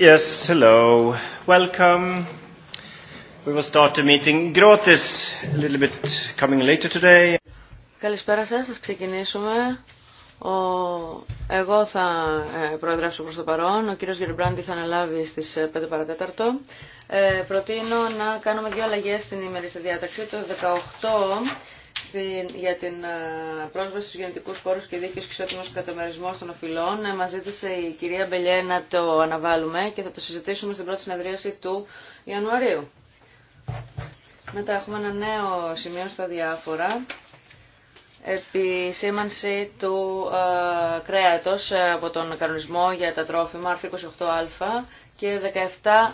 Yes, hello. Welcome. We will start the meeting Grotis, a little bit coming later today. Καλησπέρα σας, σας ξεκινήσουμε. Ο... Εγώ θα ε, προεδρεύσω προς το παρόν, ο κύριος Γερμπράντη θα αναλάβει στις 5 ε, παρατέταρτο. Ε, προτείνω να κάνουμε δύο αλλαγές στην ημερήσια διάταξη. Το 18 για την ε, πρόσβαση στους γενετικούς χώρους και δίκαιος και ισότιμος καταμερισμός των οφειλών. Ε, μας ζήτησε η κυρία Μπελιέ να το αναβάλουμε και θα το συζητήσουμε στην πρώτη συνεδρίαση του Ιανουαρίου. Μετά έχουμε ένα νέο σημείο στα διάφορα. Επισήμανση του ε, κρέατος ε, από τον κανονισμό για τα τρόφιμα, αρθή 28α και 17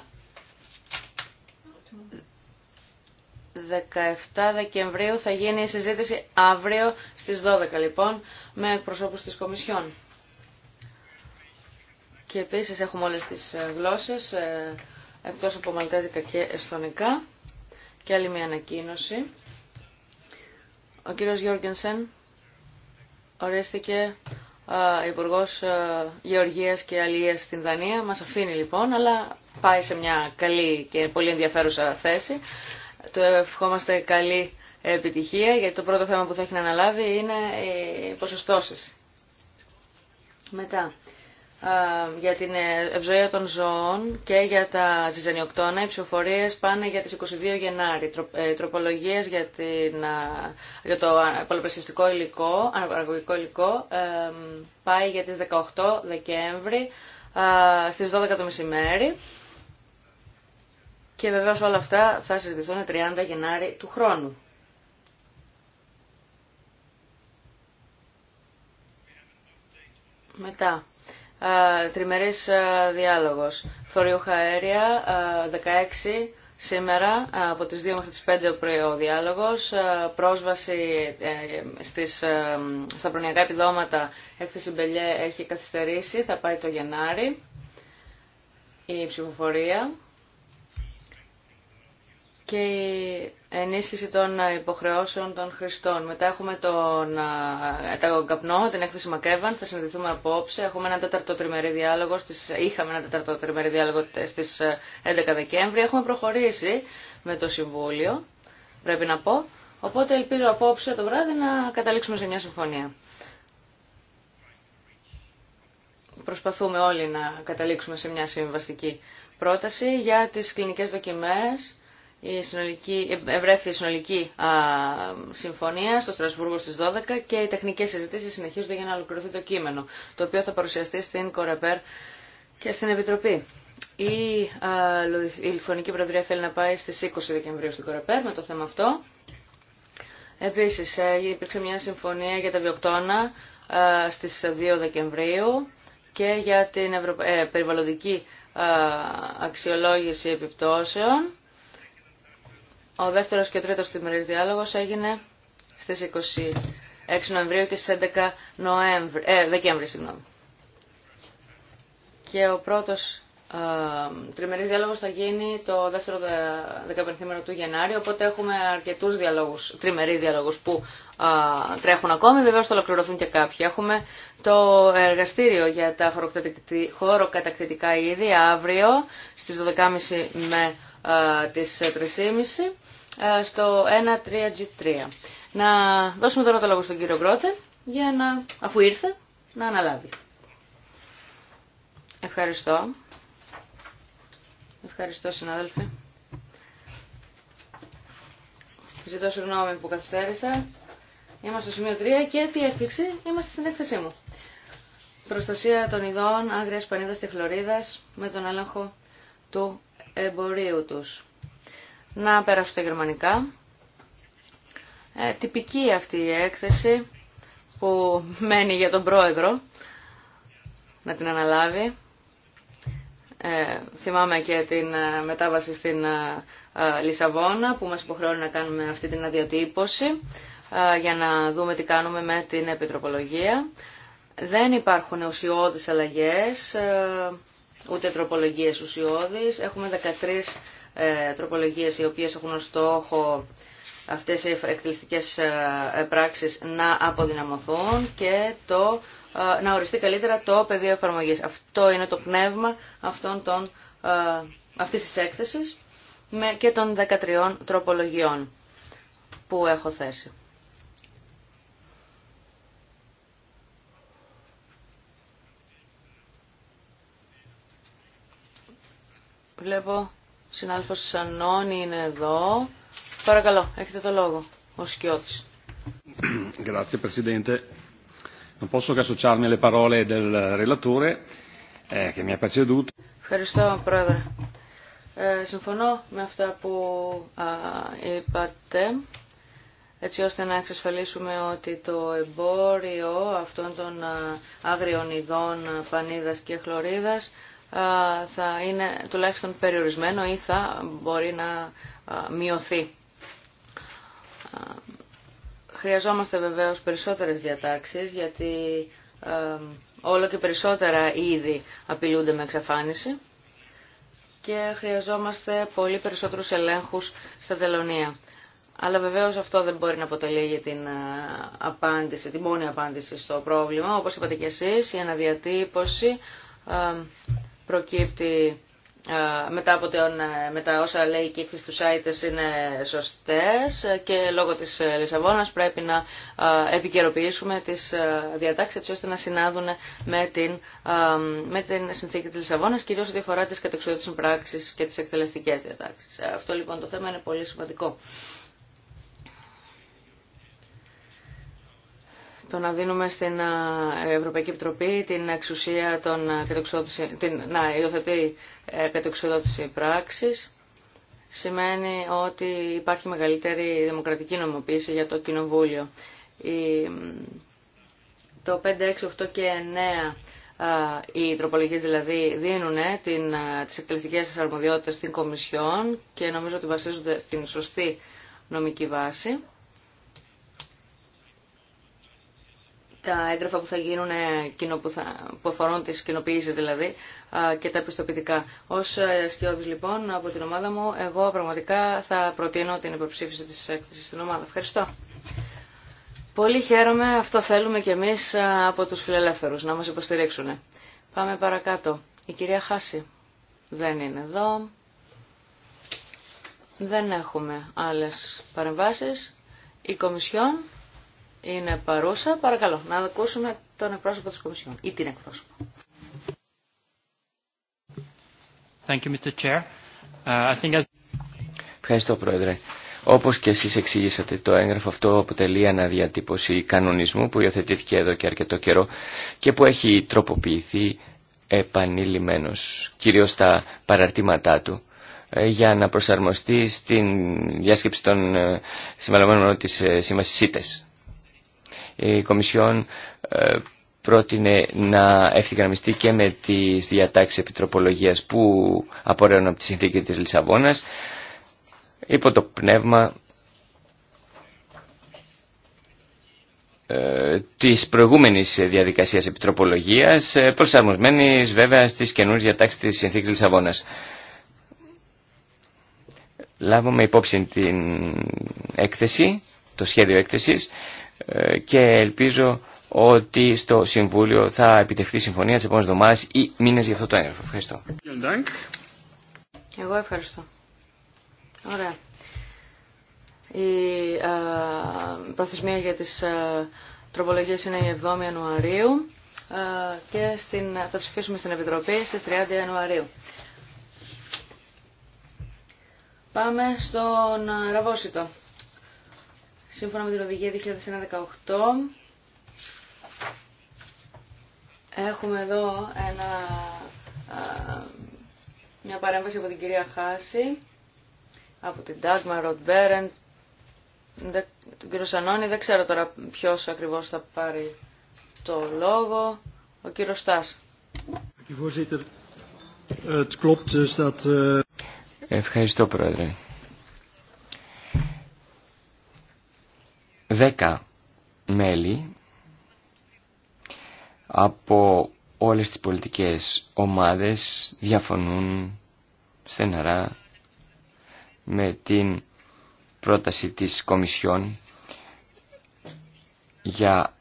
17 Δεκεμβρίου θα γίνει η συζήτηση αύριο στις 12 λοιπόν με εκπροσώπους της Κομισιόν. Και επίσης έχουμε όλες τις ε, γλώσσες ε, εκτός από Μαλτέζικα και Εσθονικά και άλλη μια ανακοίνωση. Ο κύριος Γιώργενσεν ορίστηκε ε, Υπουργό Γεωργίας και αλληλία στην Δανία. Μας αφήνει λοιπόν, αλλά πάει σε μια καλή και πολύ ενδιαφέρουσα θέση του ευχόμαστε καλή επιτυχία, γιατί το πρώτο θέμα που θα έχει να αναλάβει είναι οι ποσοστώσεις. Μετά, για την ε, ευζοία των ζώων και για τα ζυζανιοκτώνα, οι ψηφοφορίες πάνε για τις 22 Γενάρη. Ε, τροπολογίες για, για το πολυπλασιαστικό υλικό, αναπαραγωγικό υλικό, ε, πάει για τις 18 Δεκέμβρη στις 12 το μεσημέρι. Και βεβαίω όλα αυτά θα συζητηθούν 30 Γενάρη του χρόνου. Μετά. Τριμερής διάλογος. Θωριούχα αέρια, 16 σήμερα, από τις 2 μέχρι τις 5 ο πρωί ο διάλογος. Πρόσβαση ε, στις, στα προνοιακά επιδόματα έκθεση Μπελιέ έχει καθυστερήσει, θα πάει το Γενάρη η ψηφοφορία και η ενίσχυση των υποχρεώσεων των χρηστών. Μετά έχουμε τον, καπνό, την έκθεση Μακέβαν, θα συναντηθούμε απόψε. Έχουμε ένα τέταρτο τριμερή διάλογο, στις, είχαμε ένα τέταρτο τριμερή διάλογο στις 11 ε, Δεκέμβρη. Έχουμε προχωρήσει με το Συμβούλιο, πρέπει να πω. Οπότε ελπίζω απόψε το βράδυ να καταλήξουμε σε μια συμφωνία. Προσπαθούμε όλοι να καταλήξουμε σε μια συμβαστική πρόταση για τις κλινικές δοκιμές η συνολική, ευρέθη η συνολική α, συμφωνία στο Στρασβούργο στις 12 και οι τεχνικές συζητήσεις συνεχίζονται για να ολοκληρωθεί το κείμενο, το οποίο θα παρουσιαστεί στην Κορεπέρ και στην Επιτροπή. Η, α, η Λιθουανική Προεδρία θέλει να πάει στις 20 Δεκεμβρίου στην Κορεπέρ με το θέμα αυτό. Επίσης, ε, υπήρξε μια συμφωνία για τα βιοκτώνα α, στις 2 Δεκεμβρίου και για την Ευρω... Ε, περιβαλλοντική αξιολόγηση επιπτώσεων ο δεύτερος και ο τρίτος τριμερής διάλογος έγινε στις 26 Νοεμβρίου και στις 11 ε, Δεκέμβρη. Συγγνώμη. Και ο πρώτος ε, τριμερής διάλογος θα γίνει το δεύτερο δεκαπενθήμερο του Γενάρη, οπότε έχουμε αρκετούς διαλόγους, τριμερείς διαλόγους που ε, τρέχουν ακόμη, βεβαίω θα ολοκληρωθούν και κάποιοι. Έχουμε το εργαστήριο για τα χωροκατακτητικά είδη αύριο στις 12.30 με ε, τις 3.30. Ε, στο 3 g 3 Να δώσουμε τώρα το λόγο στον κύριο Γκρότε, για να, αφού ήρθε, να αναλάβει. Ευχαριστώ. Ευχαριστώ συνάδελφε. Ζητώ συγγνώμη που καθυστέρησα. Είμαστε στο σημείο 3 και τι έκπληξη, είμαστε στην έκθεσή μου. Προστασία των ειδών άγριας πανίδας χλωρίδας με τον έλεγχο του εμπορίου τους. Να περάσω στα γερμανικά. Ε, τυπική αυτή η έκθεση που μένει για τον πρόεδρο να την αναλάβει. Ε, θυμάμαι και την ε, μετάβαση στην ε, ε, Λισαβόνα που μας υποχρεώνει να κάνουμε αυτή την αδιατύπωση για να δούμε τι κάνουμε με την επιτροπολογία. Δεν υπάρχουν ουσιώδεις αλλαγές, ούτε τροπολογίες ουσιώδεις. Έχουμε 13 ε, τροπολογίες οι οποίες έχουν ως στόχο αυτές οι εκτελεστικές ε, ε, πράξεις να αποδυναμωθούν και το, να οριστεί καλύτερα το πεδίο εφαρμογής. Αυτό είναι το πνεύμα αυτών των, αυτής της έκθεσης και των 13 τροπολογιών που έχω θέσει. Βλέπω συνάδελφος Σανώνη είναι εδώ. Παρακαλώ, έχετε το λόγο, ο Σκιώτης. Ευχαριστώ, Πρόεδρε. Ε, συμφωνώ με αυτά που είπατε, έτσι ώστε να εξασφαλίσουμε ότι το εμπόριο αυτών των άγριων ειδών πανίδας και χλωρίδας θα είναι τουλάχιστον περιορισμένο ή θα μπορεί να μειωθεί. Χρειαζόμαστε βεβαίως περισσότερες διατάξεις γιατί όλο και περισσότερα ήδη απειλούνται με εξαφάνιση και χρειαζόμαστε πολύ περισσότερους ελέγχους στα τελωνία. Αλλά βεβαίως αυτό δεν μπορεί να αποτελεί για την απάντηση, την μόνη απάντηση στο πρόβλημα. Όπως είπατε και εσείς, η αναδιατύπωση προκύπτει ε, μετά από τον, ε, όσα λέει η κύκλη του site είναι σωστές και λόγω της Λισαβόνας πρέπει να ε, επικαιροποιήσουμε τις διατάξεις έτσι ώστε να συνάδουν με την, με την συνθήκη της Λισαβόνας κυρίως ό,τι αφορά τις κατεξοδότητες πράξεις και τις εκτελεστικές διατάξεις. Αυτό λοιπόν το θέμα είναι πολύ σημαντικό. το να δίνουμε στην Ευρωπαϊκή Επιτροπή την εξουσία των την, να υιοθετεί ε, κατεξοδότηση πράξης σημαίνει ότι υπάρχει μεγαλύτερη δημοκρατική νομοποίηση για το Κοινοβούλιο. το 5, 6, 8 και 9 οι τροπολογίες δηλαδή δίνουν την, τις εκτελεστικές αρμοδιότητες στην Κομισιόν και νομίζω ότι βασίζονται στην σωστή νομική βάση. τα έγγραφα που θα γίνουν, ε, που, θα, που αφορούν τις κοινοποιήσεις δηλαδή και τα πιστοποιητικά Ως ε, σκιώδης λοιπόν από την ομάδα μου, εγώ πραγματικά θα προτείνω την υποψήφιση της έκθεσης στην ομάδα. Ευχαριστώ. Πολύ χαίρομαι, αυτό θέλουμε κι εμείς από τους φιλελεύθερους, να μας υποστηρίξουν. Πάμε παρακάτω. Η κυρία Χάση δεν είναι εδώ. Δεν έχουμε άλλες παρεμβάσεις. Η Κομισιόν είναι παρούσα. Παρακαλώ, να ακούσουμε τον εκπρόσωπο της Κομισιόν ή την εκπρόσωπο. Thank you, Mr. Chair. Uh, I think... Ευχαριστώ, Πρόεδρε. Όπως και εσείς εξηγήσατε, το έγγραφο αυτό αποτελεί αναδιατύπωση κανονισμού που υιοθετήθηκε εδώ και αρκετό καιρό και που έχει τροποποιηθεί επανειλημμένος, κυρίως στα παραρτήματά του, ε, για να προσαρμοστεί στην διάσκεψη των ε, συμβαλωμένων της ε, Σύμβασης ΣΥΤΕΣ η Κομισιόν ε, πρότεινε να ευθυγραμμιστεί και με τις διατάξεις επιτροπολογίας που απορρέουν από τη συνθήκη της Λισαβόνας υπό το πνεύμα ε, της προηγούμενης διαδικασίας επιτροπολογίας ε, προσαρμοσμένης βέβαια στις καινούριες διατάξεις της συνθήκης Λισαβόνας. Λάβουμε υπόψη την έκθεση, το σχέδιο έκθεσης ε, και ελπίζω ότι στο Συμβούλιο θα επιτευχθεί συμφωνία τι επόμενε εβδομάδε ή μηνες για αυτό το έγγραφο. Ευχαριστώ. Εγώ ευχαριστώ. Ωραία. Η ε, παθισμια για τις τροπολογίε τροπολογίες είναι η 7η Ιανουαρίου ε, και στην, θα ψηφίσουμε στην Επιτροπή στις 30 Ιανουαρίου. Πάμε στον Ραβόσιτο σύμφωνα με την οδηγία 2018 έχουμε εδώ μια παρέμβαση από την κυρία Χάση, από την Dagmar Ροντμπέρεν, τον κύριο Σανώνη, δεν ξέρω τώρα ποιος ακριβώς θα πάρει το λόγο, ο κύριος Στάς. Ε, ε, Ευχαριστώ πρόεδρε. δέκα μέλη από όλες τις πολιτικές ομάδες διαφωνούν στεναρά με την πρόταση της Κομισιόν για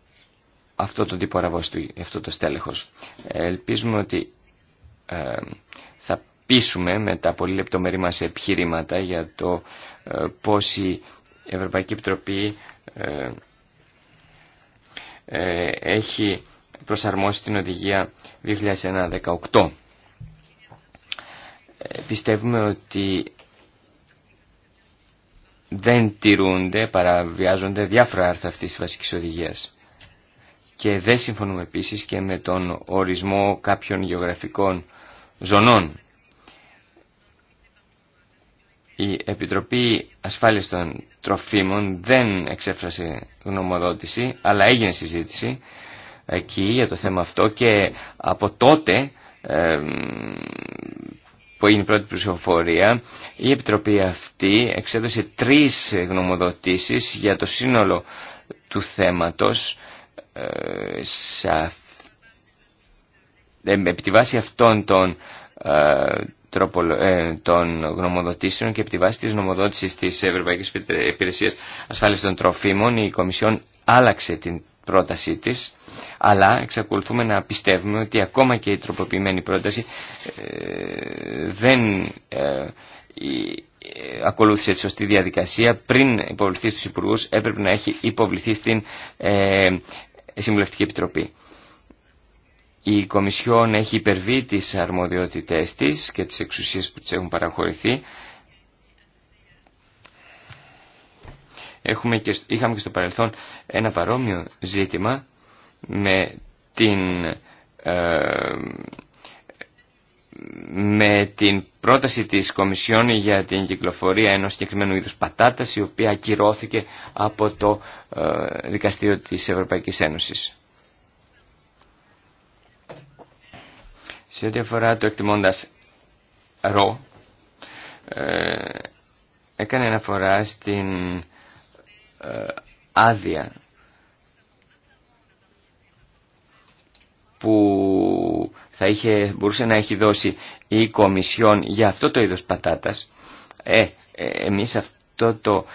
αυτό το τύπο αραβόστου, αυτό το στέλεχος. Ελπίζουμε ότι ε, θα πείσουμε με τα πολύ λεπτομερή μας επιχειρήματα για το ε, πώς η Ευρωπαϊκή Επιτροπή ε, ε, έχει προσαρμόσει την οδηγία 2018. Ε, πιστεύουμε ότι δεν τηρούνται, παραβιάζονται διάφορα άρθρα αυτής της βασικής οδηγίας. Και δεν συμφωνούμε επίσης και με τον ορισμό κάποιων γεωγραφικών ζωνών η Επιτροπή Ασφάλειας των Τροφίμων δεν εξέφρασε γνωμοδότηση, αλλά έγινε συζήτηση εκεί για το θέμα αυτό και από τότε που έγινε η πρώτη πληροφορία, η Επιτροπή αυτή εξέδωσε τρεις γνωμοδοτήσεις για το σύνολο του θέματος ε, σε, ε, επί τη βάση αυτών των ε, ε, των γνωμοδοτήσεων και από τη βάση της γνωμοδότησης της Ευρωπαϊκής Υπηρεσίας Ασφάλισης των Τροφίμων η Κομισιόν άλλαξε την πρότασή της, αλλά εξακολουθούμε να πιστεύουμε ότι ακόμα και η τροποποιημένη πρόταση ε, δεν ε, ακολούθησε τη σωστή διαδικασία. Πριν υποβληθεί στους Υπουργούς έπρεπε να έχει υποβληθεί στην Συμβουλευτική Επιτροπή η Κομισιόν έχει υπερβεί τις αρμοδιότητές της και τις εξουσίες που της έχουν παραχωρηθεί. Έχουμε και, είχαμε και στο παρελθόν ένα παρόμοιο ζήτημα με την, ε, την πρόταση της Κομισιόν για την κυκλοφορία ενός συγκεκριμένου είδους πατάτας η οποία ακυρώθηκε από το ε, Δικαστήριο της Ευρωπαϊκής Ένωσης. Σε ό,τι αφορά το εκτιμώντας ρο, ε, έκανε αναφορά στην ε, άδεια που θα είχε, μπορούσε να έχει δώσει η Κομισιόν για αυτό το είδος πατάτας. Ε, ε εμείς αυτό το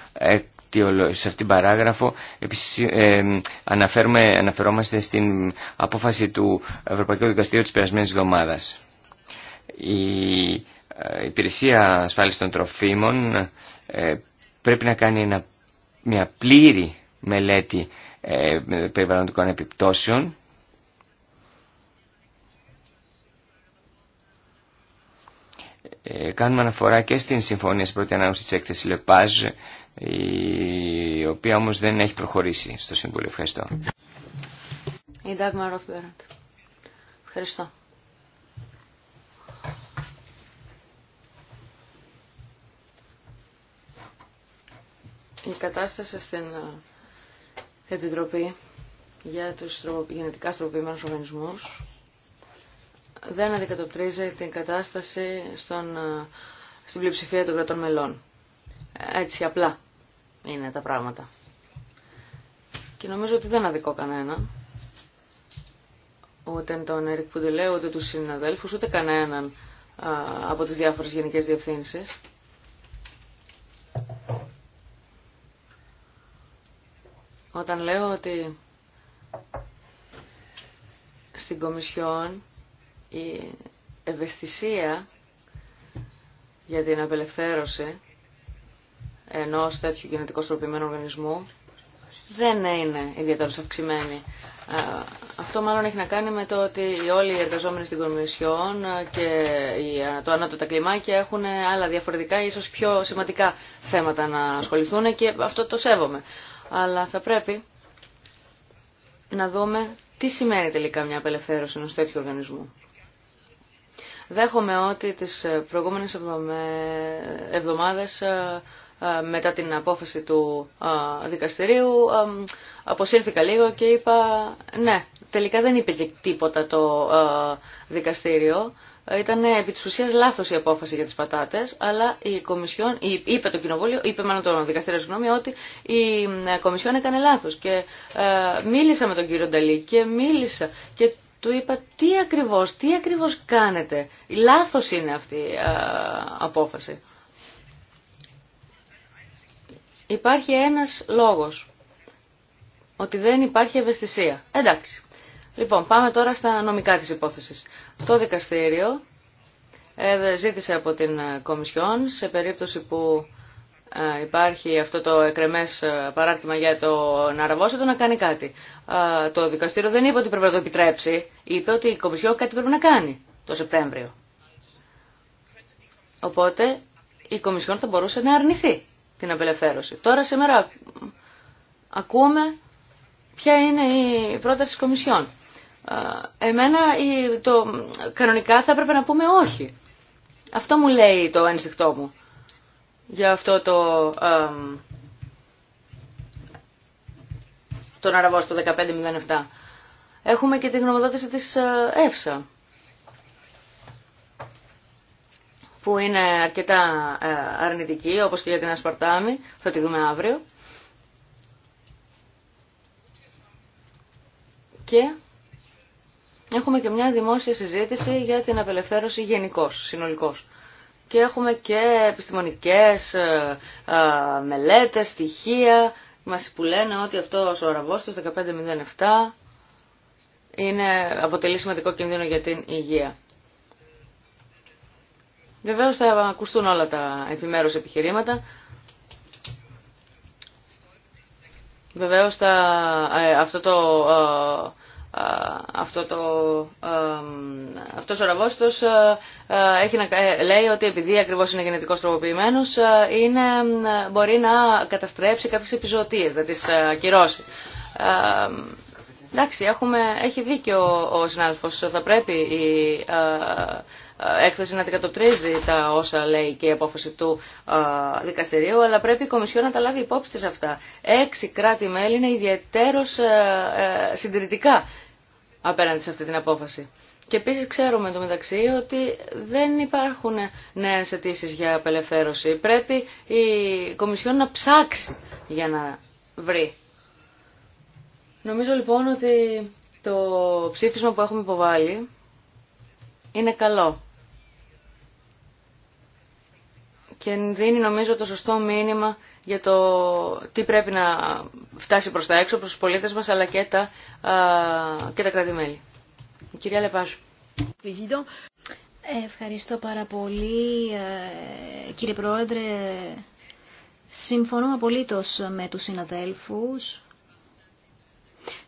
σε αυτήν την παράγραφο ε, αναφερόμαστε στην απόφαση του Ευρωπαϊκού Δικαστηρίου της περασμένης εβδομάδας. Η ε, Υπηρεσία Ασφάλισης των Τροφίμων ε, πρέπει να κάνει μια πλήρη μελέτη περιβαλλοντικών επιπτώσεων κάνουμε αναφορά και στην συμφωνία στην πρώτη ανάγνωση της έκθεσης Λεπάζ η οποία όμως δεν έχει προχωρήσει στο Συμβούλιο. Ευχαριστώ. Η Ευχαριστώ. Η κατάσταση στην ε, Επιτροπή για τους γενετικά στροποποιημένους οργανισμούς δεν αντικατοπτρίζει την κατάσταση στον, ε, στην πλειοψηφία των κρατών μελών. Έτσι απλά είναι τα πράγματα. Και νομίζω ότι δεν αδικό κανένα. Ούτε τον Ερικ Πουντελέ ούτε τους συναδέλφους, ούτε κανέναν από τις διάφορες γενικές διευθύνσεις. Όταν λέω ότι στην Κομισιόν η ευαισθησία για την απελευθέρωση ενό τέτοιου γενετικό ορπημένου οργανισμού δεν είναι ιδιαίτερως αυξημένη. Αυτό μάλλον έχει να κάνει με το ότι όλοι οι εργαζόμενοι στην Κομισιόν και το ανώτατα κλιμάκια έχουν άλλα διαφορετικά, ίσως πιο σημαντικά θέματα να ασχοληθούν και αυτό το σέβομαι. Αλλά θα πρέπει να δούμε τι σημαίνει τελικά μια απελευθέρωση ενό τέτοιου οργανισμού. Δέχομαι ότι τις προηγούμενες εβδομάδες ε, μετά την απόφαση του ε, δικαστηρίου ε, αποσύρθηκα λίγο και είπα ναι, τελικά δεν είπε τίποτα το δικαστήριο. Ήταν επί της ουσίας λάθος η απόφαση για τις πατάτες, αλλά η Κομισιόν, είπε το κοινοβούλιο, είπε μάλλον το δικαστήριο συγγνώμη, ότι η Κομισιόν έκανε λάθος. Και μίλησα με τον κύριο Νταλή και μίλησα και του είπα τι ακριβώς, τι ακριβώς κάνετε. Λάθος είναι αυτή η απόφαση. Υπάρχει ένας λόγος. Ότι δεν υπάρχει ευαισθησία. Εντάξει. Λοιπόν, πάμε τώρα στα νομικά της υπόθεσης. Το δικαστήριο ε, ζήτησε από την ε, Κομισιόν σε περίπτωση που ε, υπάρχει αυτό το εκρεμές παράρτημα για το να τον το να κάνει κάτι. Το δικαστήριο δεν είπε ότι πρέπει να το επιτρέψει. Είπε ότι η Κομισιόν κάτι πρέπει να κάνει το Σεπτέμβριο. Οπότε η Κομισιόν θα μπορούσε να αρνηθεί την απελευθέρωση. Τώρα σήμερα ακούμε ποια είναι η πρόταση της Κομισιόν. Ε, εμένα το, κανονικά θα έπρεπε να πούμε όχι. Αυτό μου λέει το ένστικτό μου για αυτό το... Ε, τον Αραβό στο 1507. Έχουμε και τη γνωμοδότηση της ε, ΕΦΣΑ. που είναι αρκετά ε, αρνητική, όπως και για την Ασπαρτάμι, θα τη δούμε αύριο. Και έχουμε και μια δημόσια συζήτηση για την απελευθέρωση γενικώ, συνολικώς. Και έχουμε και επιστημονικές ε, ε, μελέτες, στοιχεία, μας που λένε ότι αυτός ο αραβός του 1507 είναι, αποτελεί σημαντικό κίνδυνο για την υγεία. Βεβαίως θα ακουστούν όλα τα επιμέρους επιχειρήματα. Βεβαίως ε, αυτό το... Ε, ε, αυτό το, αυτός ο ραβόστος έχει λέει ότι επειδή ακριβώς είναι γενετικός τροποποιημένος είναι, μπορεί να καταστρέψει κάποιες επιζωτίες, να τις ακυρώσει. Εντάξει, έχουμε, έχει δίκιο ο συνάδελφος, θα πρέπει η, ε, έκθεση να αντικατοπτρίζει τα όσα λέει και η απόφαση του ε, δικαστηρίου, αλλά πρέπει η Κομισιόν να τα λάβει υπόψη της αυτά. Έξι κράτη-μέλη είναι ιδιαίτερως ε, συντηρητικά απέναντι σε αυτή την απόφαση. Και επίση ξέρουμε το μεταξύ ότι δεν υπάρχουν νέε αιτήσει για απελευθέρωση. Πρέπει η Κομισιόν να ψάξει για να βρει. Νομίζω λοιπόν ότι το ψήφισμα που έχουμε υποβάλει είναι καλό. και δίνει νομίζω το σωστό μήνυμα για το τι πρέπει να φτάσει προς τα έξω, προς τους πολίτες μας, αλλά και τα, και τα κυρία Λεπάζου. Ευχαριστώ πάρα πολύ ε, κύριε Πρόεδρε. Συμφωνώ απολύτως με τους συναδέλφους.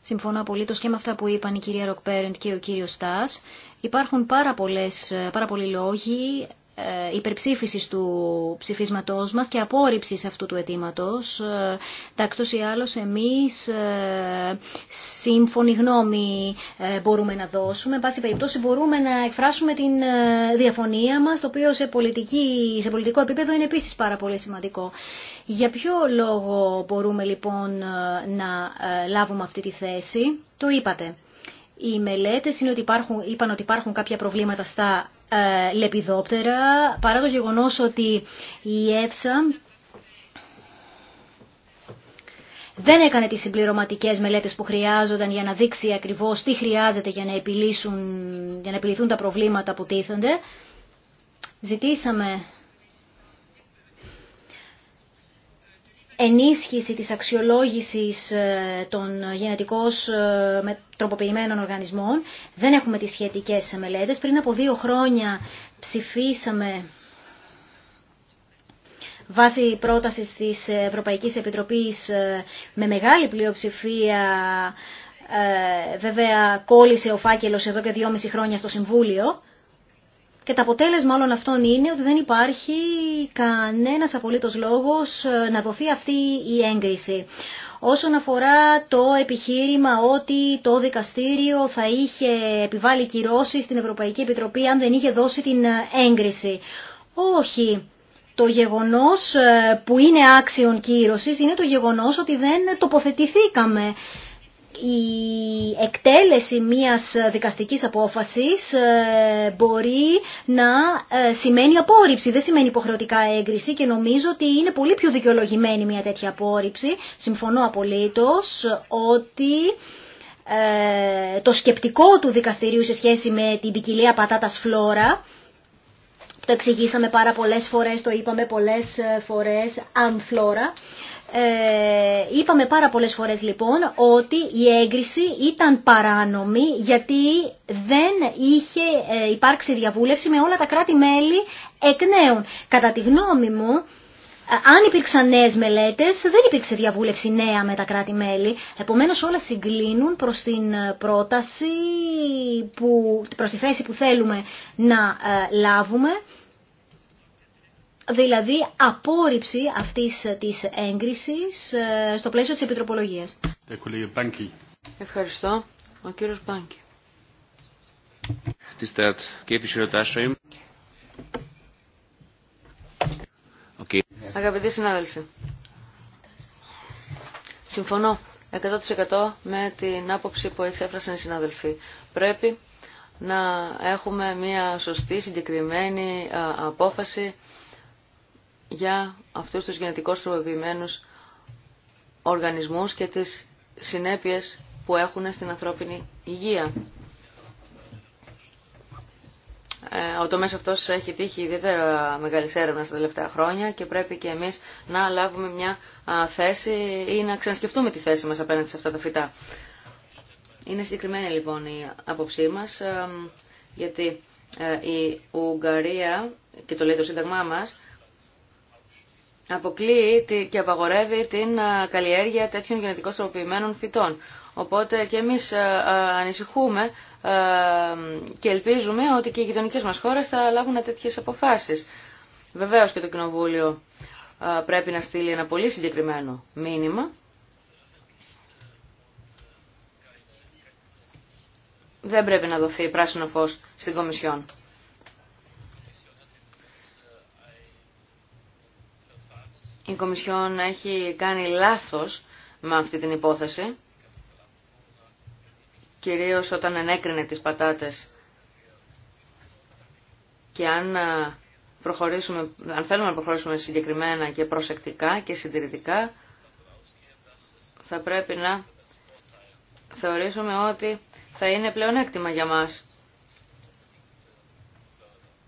Συμφωνώ απολύτως και με αυτά που είπαν η κυρία Ροκπέρεντ και ο κύριος Στάς. Υπάρχουν πάρα, πολλές, πάρα πολλοί λόγοι ε, Υπερψήφιση του ψηφισματό μα και απόρριψη αυτού του αιτήματος. Ε, τακτός ή άλλως εμείς ε, σύμφωνη γνώμη μπορούμε να δώσουμε. Εν πάση περιπτώσει μπορούμε να εκφράσουμε την διαφωνία μας, το οποίο σε, πολιτική, σε πολιτικό επίπεδο είναι επίση πάρα πολύ σημαντικό. Για ποιο λόγο μπορούμε λοιπόν να λάβουμε αυτή τη θέση, το είπατε. Οι μελέτες είναι ότι υπάρχουν, είπαν ότι υπάρχουν κάποια προβλήματα στα ε, λεπιδόπτερα, παρά το γεγονός ότι η ΕΦΣΑ δεν έκανε τις συμπληρωματικές μελέτες που χρειάζονταν για να δείξει ακριβώς τι χρειάζεται για να, επιλύσουν, για να επιληθούν τα προβλήματα που τίθενται. Ζητήσαμε ενίσχυση της αξιολόγησης ε, των γενετικώς ε, τροποποιημένων οργανισμών. Δεν έχουμε τις σχετικές μελέτες. Πριν από δύο χρόνια ψηφίσαμε βάσει πρότασης της Ευρωπαϊκής Επιτροπής ε, με μεγάλη πλειοψηφία βέβαια κόλλησε ο φάκελος εδώ και δυόμιση χρόνια στο Συμβούλιο και το αποτέλεσμα όλων αυτών είναι ότι δεν υπάρχει κανένας απολύτως λόγος ε, να δοθεί αυτή η έγκριση. Όσον αφορά το επιχείρημα ότι το δικαστήριο θα είχε επιβάλει κυρώσει στην Ευρωπαϊκή Επιτροπή αν δεν είχε δώσει την ε, έγκριση. Όχι. Το γεγονός ε, που είναι άξιον κύρωσης είναι το γεγονός ότι δεν τοποθετηθήκαμε η εκτέλεση μιας δικαστικής απόφασης ε, μπορεί να ε, σημαίνει απόρριψη, δεν σημαίνει υποχρεωτικά έγκριση και νομίζω ότι είναι πολύ πιο δικαιολογημένη μια τέτοια απόρριψη. Συμφωνώ απολύτως ότι ε, το σκεπτικό του δικαστηρίου σε σχέση με την ποικιλία πατάτας φλόρα το εξηγήσαμε πάρα πολλές φορές, το είπαμε πολλές φορές, αν φλόρα, ε, είπαμε πάρα πολλές φορές λοιπόν ότι η έγκριση ήταν παράνομη γιατί δεν είχε ε, υπάρξει διαβούλευση με όλα τα κράτη-μέλη εκ νέων. Κατά τη γνώμη μου, ε, αν υπήρξαν νέε μελέτε, δεν υπήρξε διαβούλευση νέα με τα κράτη-μέλη. Επομένω, όλα συγκλίνουν προ την πρόταση, που, τη θέση που θέλουμε να λάβουμε δηλαδή απόρριψη αυτής της έγκρισης ε, στο πλαίσιο της επιτροπολογίας. Ε, Ευχαριστώ. Ο κύριος Μπάνκη. Αγαπητοί συνάδελφοι, συμφωνώ 100% με την άποψη που εξέφρασαν οι συνάδελφοι. Πρέπει να έχουμε μια σωστή, συγκεκριμένη απόφαση για αυτούς τους γενετικώς τροποποιημένους οργανισμούς και τις συνέπειες που έχουν στην ανθρώπινη υγεία. Ε, ο τομέας αυτός έχει τύχει ιδιαίτερα μεγάλη έρευνα στα τελευταία χρόνια και πρέπει και εμείς να λάβουμε μια θέση ή να ξανασκεφτούμε τη θέση μας απέναντι σε αυτά τα φυτά. Είναι συγκεκριμένη λοιπόν η άποψή μας, γιατί ε, η Ουγγαρία, και το λέει το Σύνταγμά μας, αποκλείει και απαγορεύει την ε, καλλιέργεια τέτοιων γενετικώς τροποποιημένων φυτών. Οπότε και εμείς ε, ε, ανησυχούμε και ελπίζουμε ότι και οι γειτονικέ μας χώρες θα λάβουν τέτοιες αποφάσεις. Βεβαίως και το Κοινοβούλιο πρέπει να στείλει ένα πολύ συγκεκριμένο μήνυμα. Δεν πρέπει να δοθεί πράσινο φως στην Κομισιόν. η Κομισιόν έχει κάνει λάθος με αυτή την υπόθεση, κυρίως όταν ενέκρινε τις πατάτες. Και αν, ε, προχωρήσουμε, αν θέλουμε να προχωρήσουμε συγκεκριμένα και προσεκτικά και συντηρητικά, θα πρέπει να θεωρήσουμε ότι θα είναι πλεονέκτημα για μας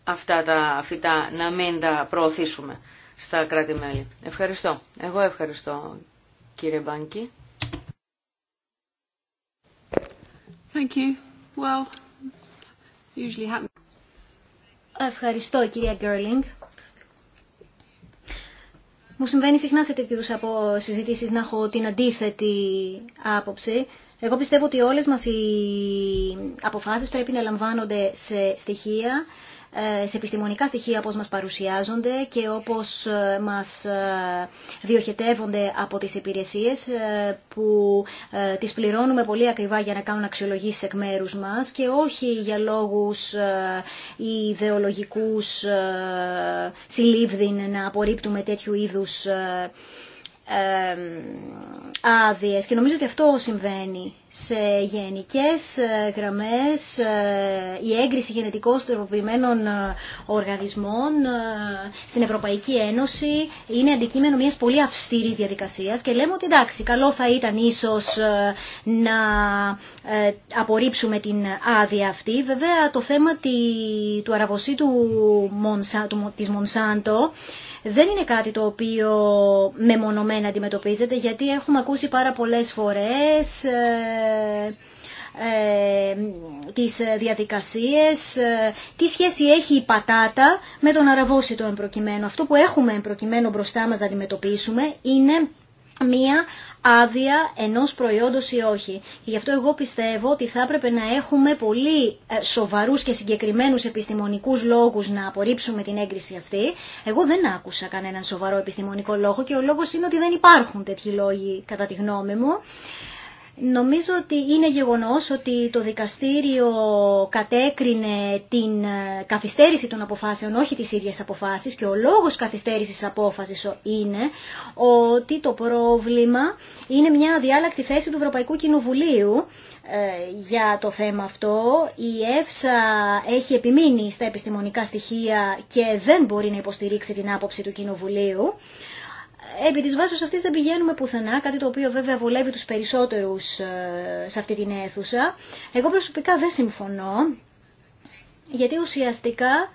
αυτά τα φυτά να μην τα προωθήσουμε στα κράτη-μέλη. Ευχαριστώ. Εγώ ευχαριστώ κύριε Μπάνκι. Thank you. Well, usually Ευχαριστώ κυρία Γκέρλινγκ. Μου συμβαίνει συχνά σε τέτοιου από συζητήσεις να έχω την αντίθετη άποψη. Εγώ πιστεύω ότι όλες μας οι αποφάσεις πρέπει να λαμβάνονται σε στοιχεία ε, σε επιστημονικά στοιχεία όπως μας παρουσιάζονται και όπως ε, μας ε, διοχετεύονται από τις υπηρεσίες που τις πληρώνουμε πολύ ακριβά για να κάνουν αξιολογήσεις εκ μέρους μας και όχι για λόγους ιδεολογικούς συλλήβδιν να απορρίπτουμε τέτοιου είδους άδειε και νομίζω ότι αυτό συμβαίνει σε γενικές ε, γραμμές ε, η έγκριση γενετικώς τροποποιημένων ε, οργανισμών στην Ευρωπαϊκή Ένωση είναι αντικείμενο μιας πολύ αυστηρής διαδικασίας και λέμε ότι εντάξει καλό θα ήταν ίσως να απορρίψουμε την άδεια αυτή βέβαια το θέμα του αραβοσίτου της Μονσάντο δεν είναι κάτι το οποίο μεμονωμένα αντιμετωπίζεται γιατί έχουμε ακούσει πάρα πολλές φορές ε, ε τις διαδικασίες, ε, τι σχέση έχει η πατάτα με τον αραβόσιτο εμπροκειμένο. Αυτό που έχουμε εμπροκειμένο μπροστά μας να αντιμετωπίσουμε είναι μία άδεια ενός προϊόντος ή όχι. Γι' αυτό εγώ πιστεύω ότι θα έπρεπε να έχουμε πολύ ε, σοβαρούς και συγκεκριμένους επιστημονικούς λόγους να απορρίψουμε την έγκριση αυτή. Εγώ δεν άκουσα κανέναν σοβαρό επιστημονικό λόγο και ο λόγος είναι ότι δεν υπάρχουν τέτοιοι λόγοι κατά τη γνώμη μου. Νομίζω ότι είναι γεγονός ότι το δικαστήριο κατέκρινε την ε, καθυστέρηση των αποφάσεων, όχι τις ίδιες αποφάσεις και ο λόγος καθυστέρησης απόφασης είναι ότι το πρόβλημα είναι μια αδιάλακτη θέση του Ευρωπαϊκού Κοινοβουλίου ε, για το θέμα αυτό. Η ΕΦΣΑ έχει επιμείνει στα επιστημονικά στοιχεία και δεν μπορεί να υποστηρίξει την άποψη του Κοινοβουλίου επί της βάσης αυτής δεν πηγαίνουμε πουθενά, κάτι το οποίο βέβαια βολεύει τους περισσότερους ε, σε αυτή την αίθουσα. Εγώ προσωπικά δεν συμφωνώ, γιατί ουσιαστικά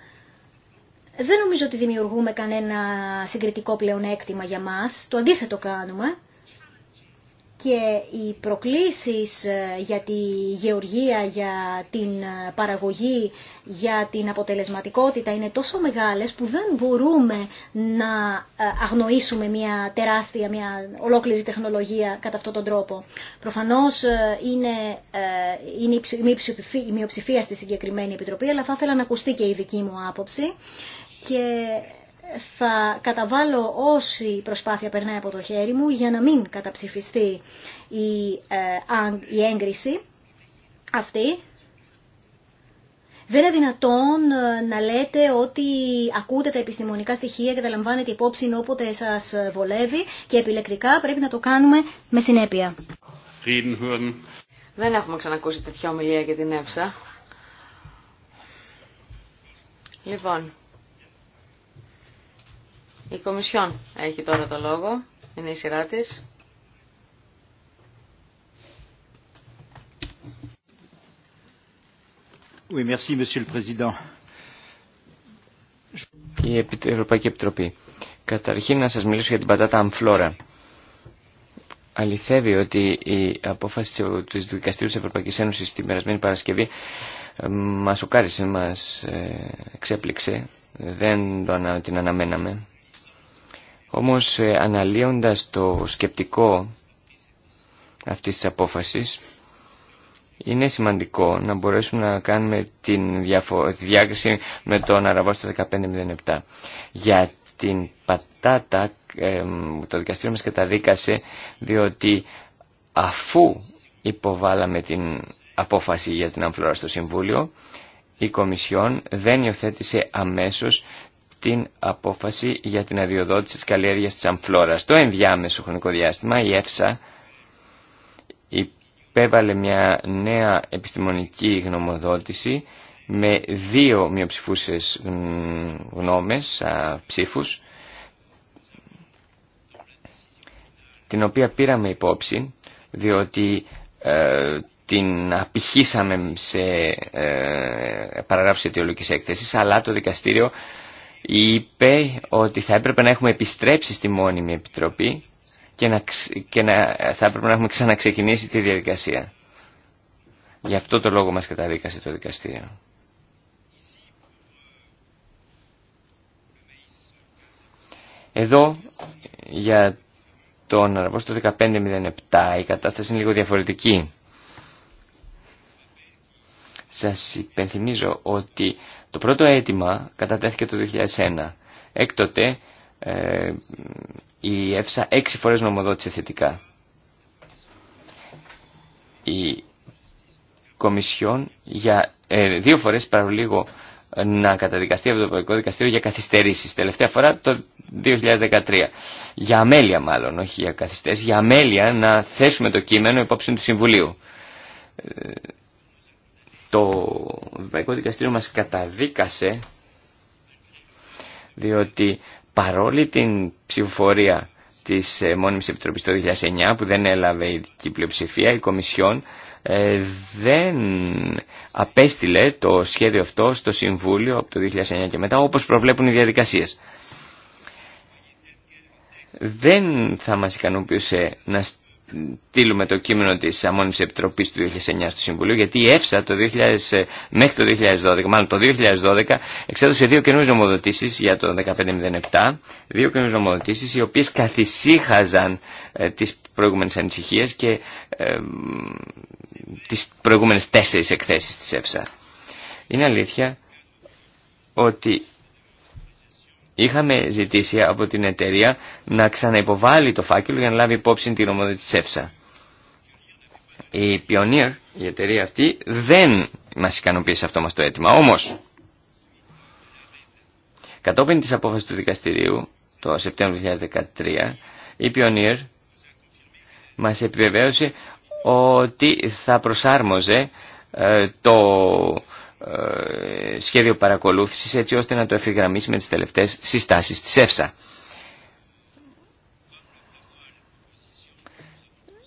δεν νομίζω ότι δημιουργούμε κανένα συγκριτικό πλεονέκτημα για μας, το αντίθετο κάνουμε και οι προκλήσεις ε, για τη γεωργία, για την ε, παραγωγή, για την αποτελεσματικότητα είναι τόσο μεγάλες που δεν μπορούμε να ε, αγνοήσουμε μια τεράστια, μια ολόκληρη τεχνολογία κατά αυτόν τον τρόπο. Προφανώς είναι, είναι η μειοψηφία στη συγκεκριμένη επιτροπή, αλλά θα ήθελα να ακουστεί και η δική μου άποψη θα καταβάλω όση προσπάθεια περνάει από το χέρι μου για να μην καταψηφιστεί η ε, έγκριση αυτή. Δεν είναι δυνατόν ε, να λέτε ότι ακούτε τα επιστημονικά στοιχεία και τα λαμβάνετε υπόψη όποτε σας βολεύει και επιλεκτικά πρέπει να το κάνουμε με συνέπεια. Δεν έχουμε ξανακούσει τέτοια ομιλία για την ΕΦΣΑ. Λοιπόν, η Κομισιόν έχει τώρα το λόγο. Είναι η σειρά της. Oui, merci, Η Ευρωπαϊκή Επιτροπή. Καταρχήν να σας μιλήσω για την πατάτα αμφλόρα. Αληθεύει ότι η απόφαση του Δικαστήριου της Ευρωπαϊκής Ένωσης την περασμένη Παρασκευή ε, μας οκάρισε, μας ε, ξέπληξε. Δεν το, την αναμέναμε. Όμως ε, αναλύοντας το σκεπτικό αυτής της απόφασης είναι σημαντικό να μπορέσουμε να κάνουμε τη διάκριση με τον Αραβό στο 1507. Για την πατάτα το δικαστήριο μας καταδίκασε διότι αφού υποβάλαμε την απόφαση για την αμφλόρα στο Συμβούλιο η Κομισιόν δεν υιοθέτησε αμέσως την απόφαση για την αδειοδότηση της καλλιέργειας της αμφλόρας. Το ενδιάμεσο χρονικό διάστημα η ΕΦΣΑ υπέβαλε μια νέα επιστημονική γνωμοδότηση με δύο μειοψηφούσες γνώμες, α, ψήφους, την οποία πήραμε υπόψη, διότι ε, την απηχήσαμε σε ε, παραγράφους αιτιολογικής έκθεσης, αλλά το δικαστήριο είπε ότι θα έπρεπε να έχουμε επιστρέψει στη μόνιμη επιτροπή και, να, και να, θα έπρεπε να έχουμε ξαναξεκινήσει τη διαδικασία. Γι' αυτό το λόγο μας καταδίκασε το δικαστήριο. Εδώ για τον Αραβό το 1507 η κατάσταση είναι λίγο διαφορετική. Σας υπενθυμίζω ότι το πρώτο αίτημα κατατέθηκε το 2001. Έκτοτε ε, η ΕΦΣΑ έξι φορές νομοδότησε θετικά. Η Κομισιόν για ε, δύο φορές παραλίγο να καταδικαστεί από το Ευρωπαϊκό Δικαστήριο για καθυστερήσεις. Τελευταία φορά το 2013. Για αμέλεια μάλλον, όχι για καθυστερήσεις. Για αμέλεια να θέσουμε το κείμενο υπόψη του Συμβουλίου. Ε, το Ευρωπαϊκό Δικαστήριο μας καταδίκασε διότι παρόλη την ψηφοφορία της ε, Μόνιμης Επιτροπής το 2009 που δεν έλαβε δική πλειοψηφία, η Κομισιόν ε, δεν απέστειλε το σχέδιο αυτό στο Συμβούλιο από το 2009 και μετά όπως προβλέπουν οι διαδικασίες. Δεν θα μας ικανοποιούσε να στείλουμε το κείμενο της Αμόνιμης Επιτροπής του 2009 στο Συμβουλίο, γιατί η ΕΦΣΑ το 2000, ε, μέχρι το 2012, μάλλον το 2012, εξέδωσε δύο καινούς νομοδοτήσεις για το 1507, δύο καινούς νομοδοτήσεις οι οποίες καθησύχαζαν ε, τις προηγούμενες ανησυχίες και ε, τις προηγούμενες τέσσερις εκθέσεις της ΕΦΣΑ. Είναι αλήθεια ότι Είχαμε ζητήσει από την εταιρεία να ξαναυποβάλει το φάκελο για να λάβει υπόψη την ομοδή της ΕΦΣΑ. Η Pioneer, η εταιρεία αυτή, δεν μας ικανοποίησε αυτό μας το αίτημα. Όμως, κατόπιν της απόφασης του δικαστηρίου, το Σεπτέμβριο 2013, η Pioneer μας επιβεβαίωσε ότι θα προσάρμοζε ε, το ε, σχέδιο παρακολούθησης έτσι ώστε να το εφηγραμμίσει με τις τελευταίες συστάσεις της ΕΦΣΑ.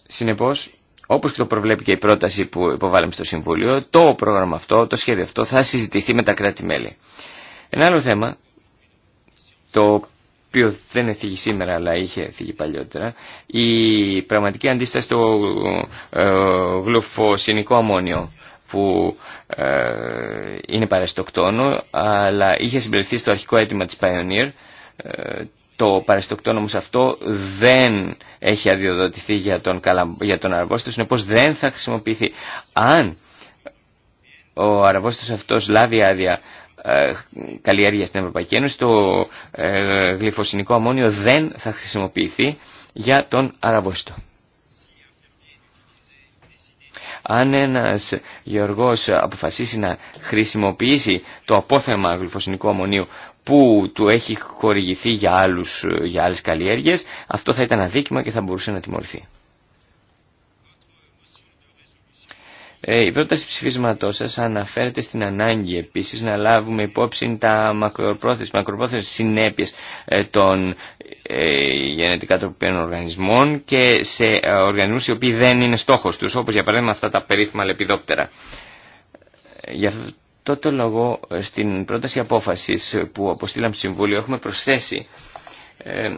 Συνεπώς, όπως και το προβλέπει και η πρόταση που υποβάλαμε στο Συμβούλιο, το πρόγραμμα αυτό, το σχέδιο αυτό θα συζητηθεί με τα κράτη-μέλη. Ένα άλλο θέμα, το οποίο δεν έφυγε σήμερα αλλά είχε φύγει παλιότερα, η πραγματική αντίσταση στο ε, γλουφοσυνικό αμμόνιο που ε, είναι παραστοκτόνο, αλλά είχε συμπληρωθεί στο αρχικό αίτημα της Pioneer. Ε, το παραστοκτόνο όμως αυτό δεν έχει αδειοδοτηθεί για τον, καλα... για τον συνεπώς δεν θα χρησιμοποιηθεί. Αν ο αραβόστος αυτός λάβει άδεια ε, καλλιέργεια στην Ευρωπαϊκή Ένωση, το γλυφοσυνικό αμμόνιο δεν θα χρησιμοποιηθεί για τον αραβόστο. Αν ένας γεωργός αποφασίσει να χρησιμοποιήσει το απόθεμα γλυφοσυνικού αμμονίου που του έχει χορηγηθεί για, άλλους, για άλλες καλλιέργειες, αυτό θα ήταν αδίκημα και θα μπορούσε να τιμωρηθεί. Ε, η πρόταση ψηφίσματό σα αναφέρεται στην ανάγκη επίσης να λάβουμε υπόψη τα μακροπρόθεσμα, μακροπρόθεσμα συνέπειες ε, των ε, γενετικά τροποποιημένων οργανισμών και σε οργανισμούς οι οποίοι δεν είναι στόχο τους, όπως για παράδειγμα αυτά τα περίφημα λεπιδόπτερα. Γι' αυτό το λόγο στην πρόταση απόφαση που αποστήλαμε στο Συμβούλιο έχουμε προσθέσει ε,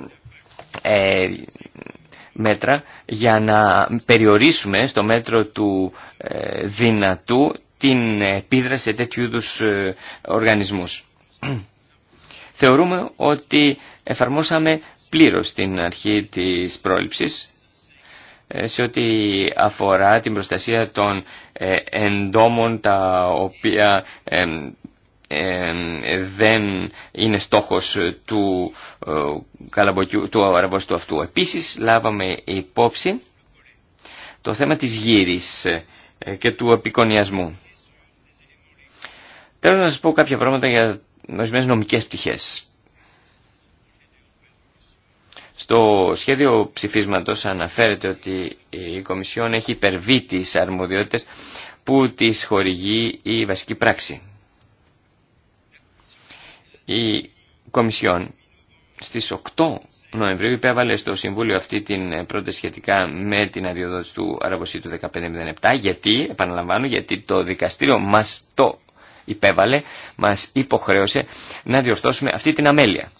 μέτρα για να περιορίσουμε στο μέτρο του ε, δυνατού την επίδραση σε τέτοιου είδου ε, οργανισμούς. Θεωρούμε ότι εφαρμόσαμε πλήρως την αρχή της πρόληψης ε, σε ό,τι αφορά την προστασία των εντόμων τα οποία δεν είναι στόχος του, ε, του αραβόστου αυτού. Επίσης λάβαμε υπόψη το θέμα της γύρης ε, και του επικονιασμού. Θέλω να σας πω κάποια πράγματα για ορισμένε νομικές πτυχές. Στο σχέδιο ψηφίσματος αναφέρεται ότι η Κομισιόν έχει υπερβεί τις αρμοδιότητες που της χορηγεί η βασική πράξη η Κομισιόν στις 8 Νοεμβρίου υπέβαλε στο Συμβούλιο αυτή την πρόταση σχετικά με την αδειοδότηση του Αραβοσίου του 1507 γιατί, επαναλαμβάνω, γιατί το δικαστήριο μας το υπέβαλε, μας υποχρέωσε να διορθώσουμε αυτή την αμέλεια.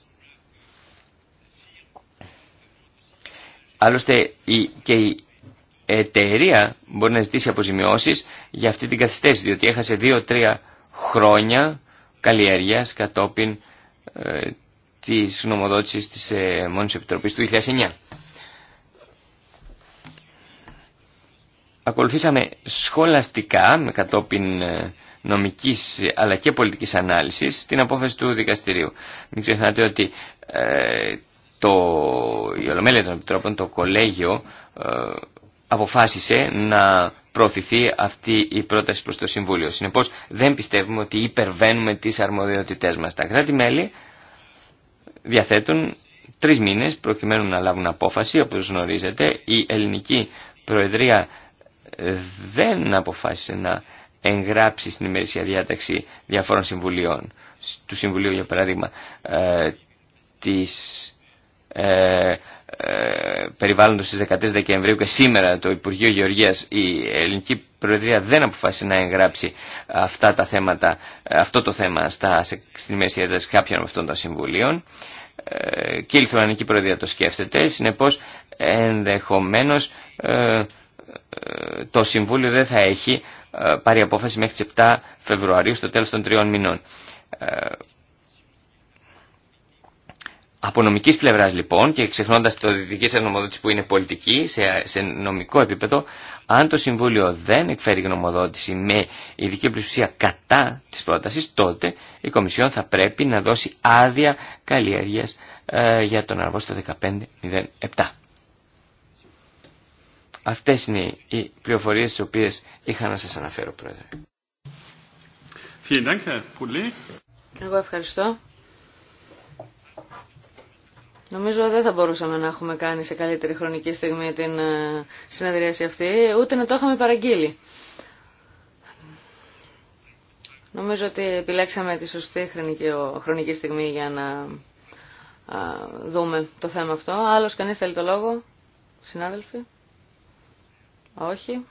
Άλλωστε και η εταιρεία μπορεί να ζητήσει αποζημιώσεις για αυτή την καθυστέρηση διότι έχασε δύο-τρία χρόνια καλλιέργειας κατόπιν τη ε, της νομοδότησης της επιτροπή Επιτροπής του 2009. Ακολουθήσαμε σχολαστικά, με κατόπιν ε, νομικής αλλά και πολιτικής ανάλυσης, την απόφαση του δικαστηρίου. Μην ξεχνάτε ότι ε, το, η Ολομέλεια των Επιτρόπων, το κολέγιο, αποφάσισε να προωθηθεί αυτή η πρόταση προς το Συμβούλιο. Συνεπώς δεν πιστεύουμε ότι υπερβαίνουμε τις αρμοδιότητές μας. Τα κράτη-μέλη διαθέτουν τρεις μήνες προκειμένου να λάβουν απόφαση, όπως γνωρίζετε. Η ελληνική προεδρία δεν αποφάσισε να εγγράψει στην ημερήσια διάταξη διαφόρων συμβουλίων. Του Συμβουλίου, για παράδειγμα, ε, της ε, ε, περιβάλλοντος στις 13 Δεκεμβρίου και σήμερα το Υπουργείο Γεωργίας η Ελληνική Προεδρία δεν αποφάσισε να εγγράψει αυτά τα θέματα, ε, αυτό το θέμα στα, στην μέση ένταση κάποιων από αυτών των συμβουλίων ε, και η Λιθουανική Προεδρία το σκέφτεται συνεπώς ενδεχομένως ε, ε το Συμβούλιο δεν θα έχει ε, πάρει απόφαση μέχρι τις 7 Φεβρουαρίου στο τέλος των τριών μηνών από νομική πλευρά λοιπόν και ξεχνώντα το δική σα που είναι πολιτική σε, σε νομικό επίπεδο, αν το Συμβούλιο δεν εκφέρει γνωμοδότηση με ειδική πλειοψηφία κατά τη πρόταση, τότε η Κομισιόν θα πρέπει να δώσει άδεια καλλιέργεια ε, για τον στο 1507. Αυτέ είναι οι πληροφορίε τι οποίε είχα να σα αναφέρω, Πρόεδρε. Εγώ ευχαριστώ. Νομίζω δεν θα μπορούσαμε να έχουμε κάνει σε καλύτερη χρονική στιγμή την ε, συνεδρίαση αυτή, ούτε να το είχαμε παραγγείλει. Νομίζω ότι επιλέξαμε τη σωστή χρονική στιγμή για να δούμε το θέμα αυτό. Άλλος κανείς θέλει το λόγο, συνάδελφοι. Όχι.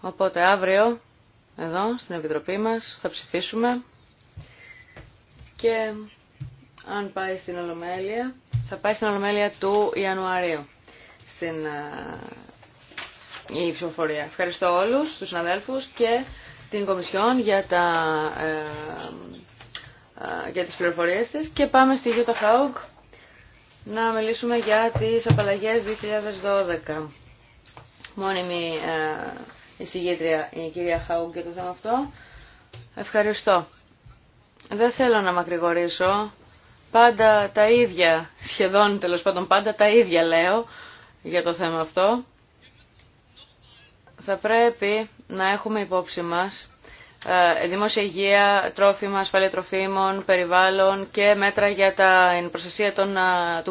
Οπότε αύριο, εδώ, στην Επιτροπή μας, θα ψηφίσουμε και αν πάει στην Ολομέλεια, θα πάει στην Ολομέλεια του Ιανουαρίου. Στην ε, η ψηφοφορία. Ευχαριστώ όλους τους συναδέλφους και την Κομισιόν για, τα, ε, ε, για τις πληροφορίες της και πάμε στη Γιούτα Χάουγκ να μιλήσουμε για τις απαλλαγές 2012. Μόνιμη εισηγήτρια η η κυρία Χάουγκ για το θέμα αυτό. Ευχαριστώ. Δεν θέλω να μακρηγορήσω πάντα τα ίδια, σχεδόν τέλο πάντων πάντα τα ίδια λέω για το θέμα αυτό. Θα πρέπει να έχουμε υπόψη μας ε, δημόσια υγεία, τρόφιμα, ασφάλεια τροφίμων, περιβάλλον και μέτρα για την προστασία των,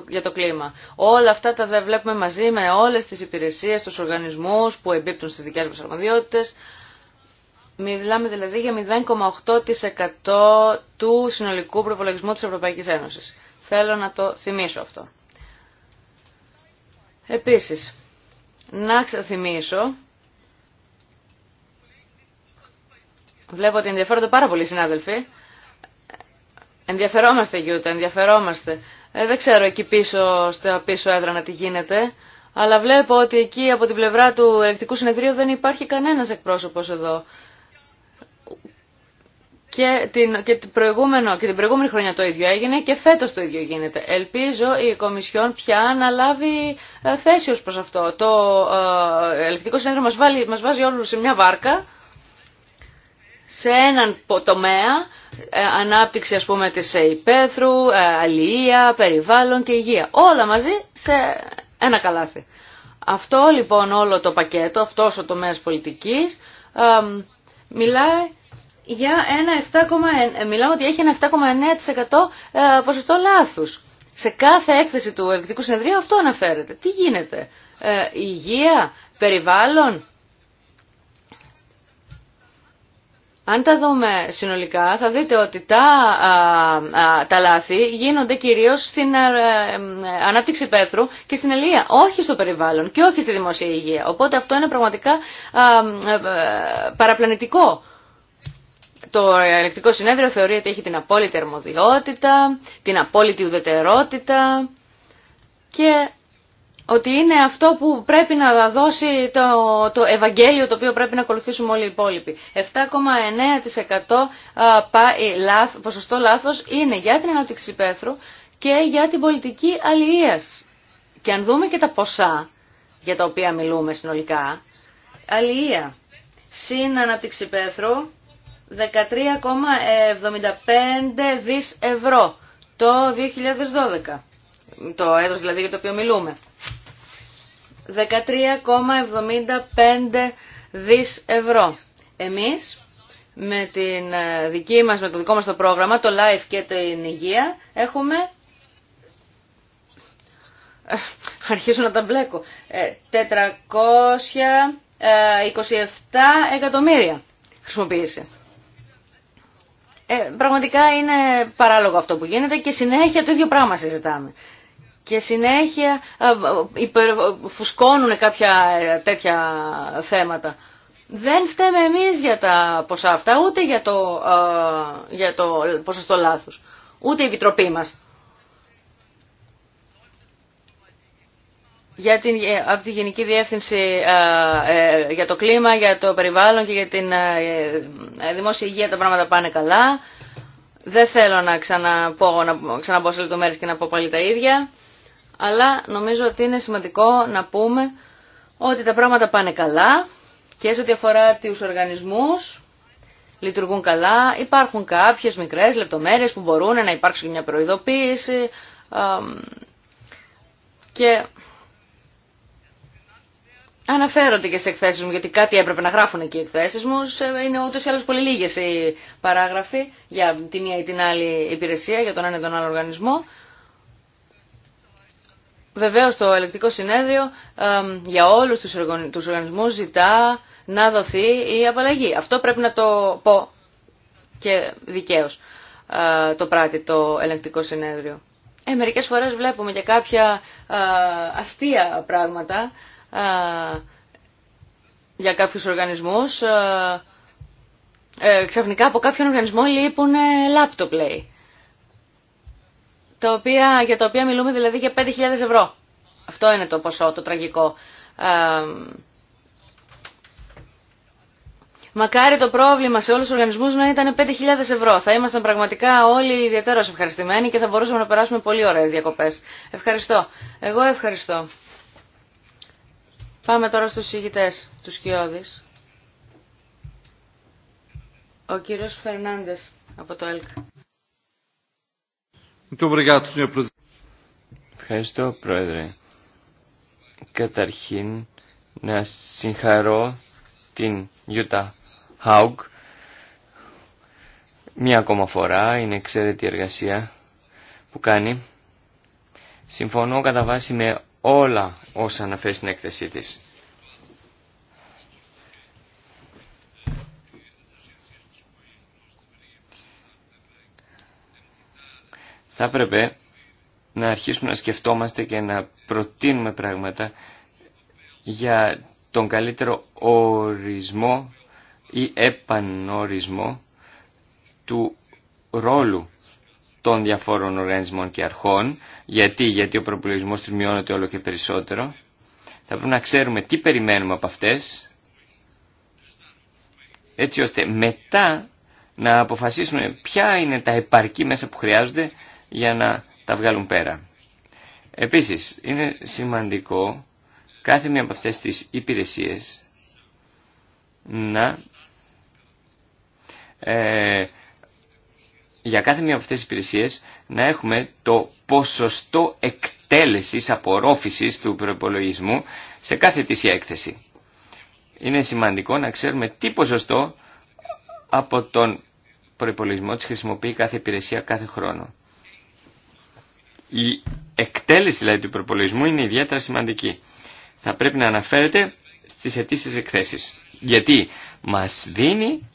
για το κλίμα. Όλα αυτά τα βλέπουμε μαζί με όλες τις υπηρεσίες, τους οργανισμούς που εμπίπτουν στις δικές μας αρμοδιότητες. Μιλάμε δηλαδή για 0,8% του συνολικού προπολογισμού της Ευρωπαϊκής Ένωσης. Θέλω να το θυμίσω αυτό. Επίσης, να ξεθυμίσω, βλέπω ότι ενδιαφέρονται πάρα πολλοί συνάδελφοι, ενδιαφερόμαστε Γιούτα, ενδιαφερόμαστε. Ε, δεν ξέρω εκεί πίσω, στο πίσω να τι γίνεται, αλλά βλέπω ότι εκεί από την πλευρά του ελεκτικού συνεδρίου δεν υπάρχει κανένας εκπρόσωπος εδώ και την, προηγούμενο, και την προηγούμενη χρονιά το ίδιο έγινε και φέτος το ίδιο γίνεται. Ελπίζω η Κομισιόν πια να λάβει ε, θέση ως προς αυτό. Το ε, ελεκτικό συνέδριο μας, βάλει, μας βάζει όλους σε μια βάρκα, σε έναν τομέα, ε, ανάπτυξη ας πούμε της υπαίθρου, ε, αλληλεία, περιβάλλον και υγεία. Όλα μαζί σε ένα καλάθι. Αυτό λοιπόν όλο το πακέτο, αυτός ο τομέας πολιτικής, ε, μιλάει για ένα 7,9, ε, μιλάμε ότι έχει ένα 7,9% ε, ποσοστό λάθους. Σε κάθε έκθεση του Ελεκτικού Συνεδρίου αυτό αναφέρεται. Τι γίνεται. Ε, υγεία, περιβάλλον. Αν τα δούμε συνολικά θα δείτε ότι τα, α, τα λάθη γίνονται κυρίως στην ε, ανάπτυξη πέθρου και στην ελεία, όχι στο περιβάλλον και όχι στη δημόσια υγεία. Οπότε αυτό είναι πραγματικά παραπλανητικό. Το ελεκτικό συνέδριο θεωρεί ότι έχει την απόλυτη αρμοδιότητα, την απόλυτη ουδετερότητα και ότι είναι αυτό που πρέπει να δώσει το, το Ευαγγέλιο το οποίο πρέπει να ακολουθήσουμε όλοι οι υπόλοιποι. 7,9% ποσοστό λάθος είναι για την ανάπτυξη πέθρου και για την πολιτική αλληλείας. Και αν δούμε και τα ποσά για τα οποία μιλούμε συνολικά, αλληλεία συν ανάπτυξη πέθρου 13,75 δις ευρώ το 2012, το έτος δηλαδή για το οποίο μιλούμε. 13,75 δις ευρώ. Εμείς με, την ε, δική μας, με το δικό μας το πρόγραμμα, το Life και την Υγεία, έχουμε... Ε, αρχίζω να τα μπλέκω. 427 ε, εκατομμύρια χρησιμοποίησε. Ε, πραγματικά είναι παράλογο αυτό που γίνεται και συνέχεια το ίδιο πράγμα συζητάμε. Και συνέχεια ε, ε, φουσκώνουν κάποια τέτοια θέματα. Δεν φταίμε εμείς για τα ποσά αυτά, ούτε για το, για το ποσοστό λάθους. Ούτε η Επιτροπή μας. για την, ε, από τη Γενική Διεύθυνση ε, ε, για το κλίμα, για το περιβάλλον και για την δημόσια υγεία τα πράγματα πάνε καλά. Δεν θέλω να ξαναπώ, να ξαναπώ σε λεπτομέρειες και να πω πάλι τα ίδια, αλλά νομίζω ότι είναι σημαντικό να πούμε ότι τα πράγματα πάνε καλά και σε ό,τι αφορά τους οργανισμούς λειτουργούν καλά. Υπάρχουν κάποιες μικρές λεπτομέρειες που μπορούν να υπάρξουν μια προειδοποίηση και αναφέρονται και σε εκθέσει μου, γιατί κάτι έπρεπε να γράφουν εκεί οι εκθέσει μου. Είναι ούτω ή άλλω πολύ λίγες οι παράγραφοι για την μία ή την άλλη υπηρεσία, για τον ένα ή τον άλλο οργανισμό. Βεβαίως το ελεκτικό συνέδριο για όλους τους οργανισμούς ζητά να δοθεί η τον αλλο οργανισμο Βεβαίω το ελεκτικο Αυτό πρέπει να το πω και δικαίως ε, το πράττει το ελεκτικό συνέδριο. Ε, μερικές φορές βλέπουμε και κάποια ε, αστεία πράγματα για κάποιους οργανισμούς. Ε, ξαφνικά από κάποιον οργανισμό λείπουν laptop λέει. οποία, για τα οποία μιλούμε δηλαδή για 5.000 ευρώ. Αυτό είναι το ποσό, το τραγικό. Μακάρι το πρόβλημα σε όλους τους οργανισμούς να ήταν 5.000 ευρώ. Θα ήμασταν πραγματικά όλοι ιδιαίτερα ευχαριστημένοι και θα μπορούσαμε να περάσουμε πολύ ωραίες διακοπές. Ευχαριστώ. Εγώ ευχαριστώ. Πάμε τώρα στους ηγητές, τους σκιώδης. Ο κύριος Φερνάντες από το ΕΛΚ. Ευχαριστώ, Πρόεδρε. Καταρχήν, να συγχαρώ την Γιούτα Χάουγκ. Μία ακόμα φορά, είναι εξαίρετη εργασία που κάνει. Συμφωνώ κατά βάση με όλα όσα αναφέρει στην έκθεσή της. Θα έπρεπε να αρχίσουμε να σκεφτόμαστε και να προτείνουμε πράγματα για τον καλύτερο ορισμό ή επανορισμό του ρόλου των διαφόρων οργανισμών και αρχών. Γιατί, γιατί ο προπολογισμό του μειώνεται όλο και περισσότερο. Θα πρέπει να ξέρουμε τι περιμένουμε από αυτές, έτσι ώστε μετά να αποφασίσουμε ποια είναι τα επαρκή μέσα που χρειάζονται για να τα βγάλουν πέρα. Επίσης, είναι σημαντικό κάθε μία από αυτές τις υπηρεσίες να ε, για κάθε μία από αυτές τις υπηρεσίες να έχουμε το ποσοστό εκτέλεσης, απορρόφησης του προπολογισμού σε κάθε τήσια έκθεση. Είναι σημαντικό να ξέρουμε τι ποσοστό από τον προπολογισμό της χρησιμοποιεί κάθε υπηρεσία κάθε χρόνο. Η εκτέλεση δηλαδή του προπολογισμού είναι ιδιαίτερα σημαντική. Θα πρέπει να αναφέρεται στις αιτήσεις εκθέσεις. Γιατί μας δίνει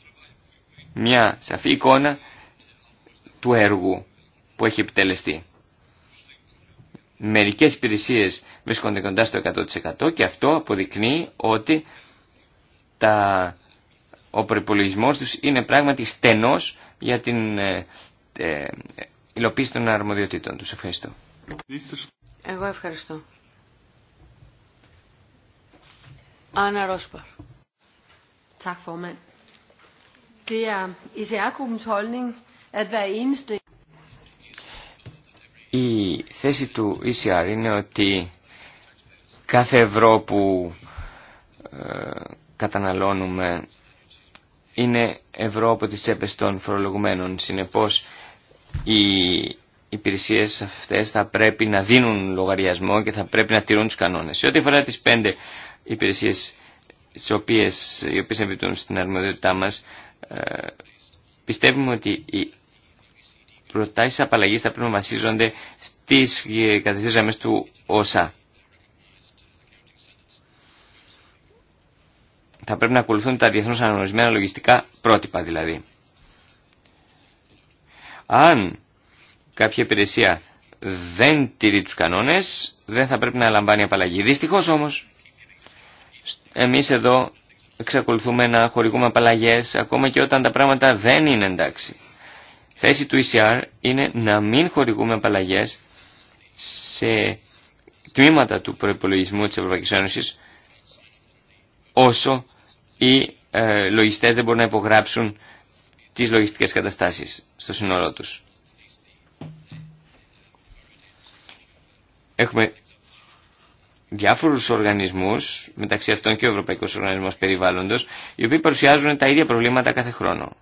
μια σαφή εικόνα του έργου που έχει επιτελεστεί. Μερικές υπηρεσίε βρίσκονται κοντά στο 100% και αυτό αποδεικνύει ότι τα, ο προπολογισμό τους είναι πράγματι στενός για την ε, ε, υλοποίηση των αρμοδιοτήτων τους. Ευχαριστώ. Εγώ ευχαριστώ. Άννα Ρόσπαρ. Det er η θέση του ECR είναι ότι κάθε ευρώ που ε, καταναλώνουμε είναι ευρώ από τις τσέπες των φορολογουμένων. Συνεπώς οι υπηρεσίες αυτές θα πρέπει να δίνουν λογαριασμό και θα πρέπει να τηρούν τους κανόνες. Σε ό,τι αφορά τις πέντε υπηρεσίες στις οποίες, οι οποίες εμπιτούν στην αρμοδιότητά μας, ε, πιστεύουμε ότι η προτάσει απαλλαγή θα πρέπει να βασίζονται στι ε, κατευθύνσεις γραμμέ του ΩΣΑ. Θα πρέπει να ακολουθούν τα διεθνώ αναγνωρισμένα λογιστικά πρότυπα δηλαδή. Αν κάποια υπηρεσία δεν τηρεί του κανόνε, δεν θα πρέπει να λαμβάνει απαλλαγή. Δυστυχώ όμω, εμεί εδώ εξακολουθούμε να χορηγούμε απαλλαγέ, ακόμα και όταν τα πράγματα δεν είναι εντάξει θέση του ECR είναι να μην χορηγούμε απαλλαγέ σε τμήματα του προπολογισμού της Ευρωπαϊκής όσο οι ε, λογιστές δεν μπορούν να υπογράψουν τις λογιστικές καταστάσεις στο σύνολό τους. Έχουμε διάφορους οργανισμούς, μεταξύ αυτών και ο Ευρωπαϊκός Οργανισμός Περιβάλλοντος, οι οποίοι παρουσιάζουν τα ίδια προβλήματα κάθε χρόνο.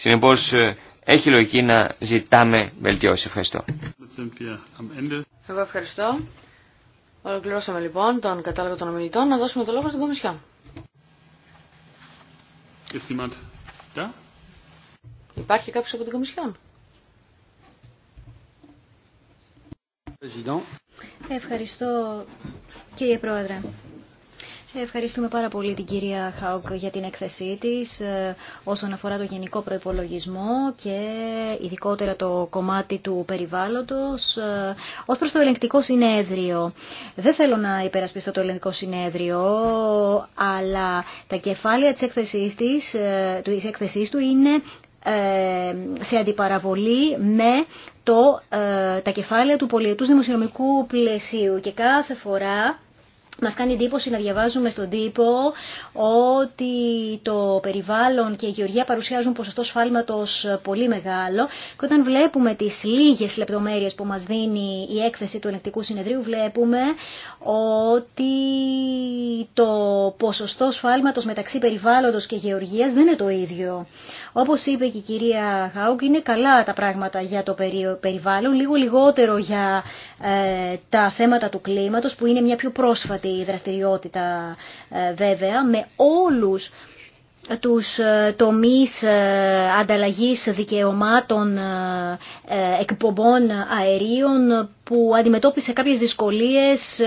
Συνεπώς ε, έχει λογική να ζητάμε βελτιώσεις. Ευχαριστώ. Εγώ ευχαριστώ. Ολοκληρώσαμε λοιπόν τον κατάλογο των ομιλητών. Να δώσουμε το λόγο στην Κομισιά. Υπάρχει κάποιος από την Κομισιόν. Ευχαριστώ κύριε Πρόεδρε. Ευχαριστούμε πάρα πολύ την κυρία Χάουκ για την έκθεσή της ε, όσον αφορά το γενικό προϋπολογισμό και ειδικότερα το κομμάτι του περιβάλλοντος. Ε, ως προς το ελεγκτικό συνέδριο, δεν θέλω να υπερασπιστώ το ελεγκτικό συνέδριο, αλλά τα κεφάλαια της έκθεσής, της, ε, του είναι σε αντιπαραβολή με το, τα κεφάλαια του πολιετούς δημοσιονομικού πλαισίου και κάθε φορά μας κάνει εντύπωση να διαβάζουμε στον τύπο ότι το περιβάλλον και η γεωργία παρουσιάζουν ποσοστό σφάλματος πολύ μεγάλο και όταν βλέπουμε τις λίγες λεπτομέρειες που μας δίνει η έκθεση του ελεκτικού συνεδρίου βλέπουμε ότι το ποσοστό σφάλματος μεταξύ περιβάλλοντος και γεωργίας δεν είναι το ίδιο. Όπως είπε και η κυρία Χάουκ, είναι καλά τα πράγματα για το περιβάλλον, λίγο λιγότερο για ε, τα θέματα του κλίματος, που είναι μια πιο πρόσφατη δραστηριότητα ε, βέβαια, με όλους τους ε, τομείς ε, ανταλλαγής δικαιωμάτων ε, εκπομπών αερίων που αντιμετώπισε κάποιες δυσκολίες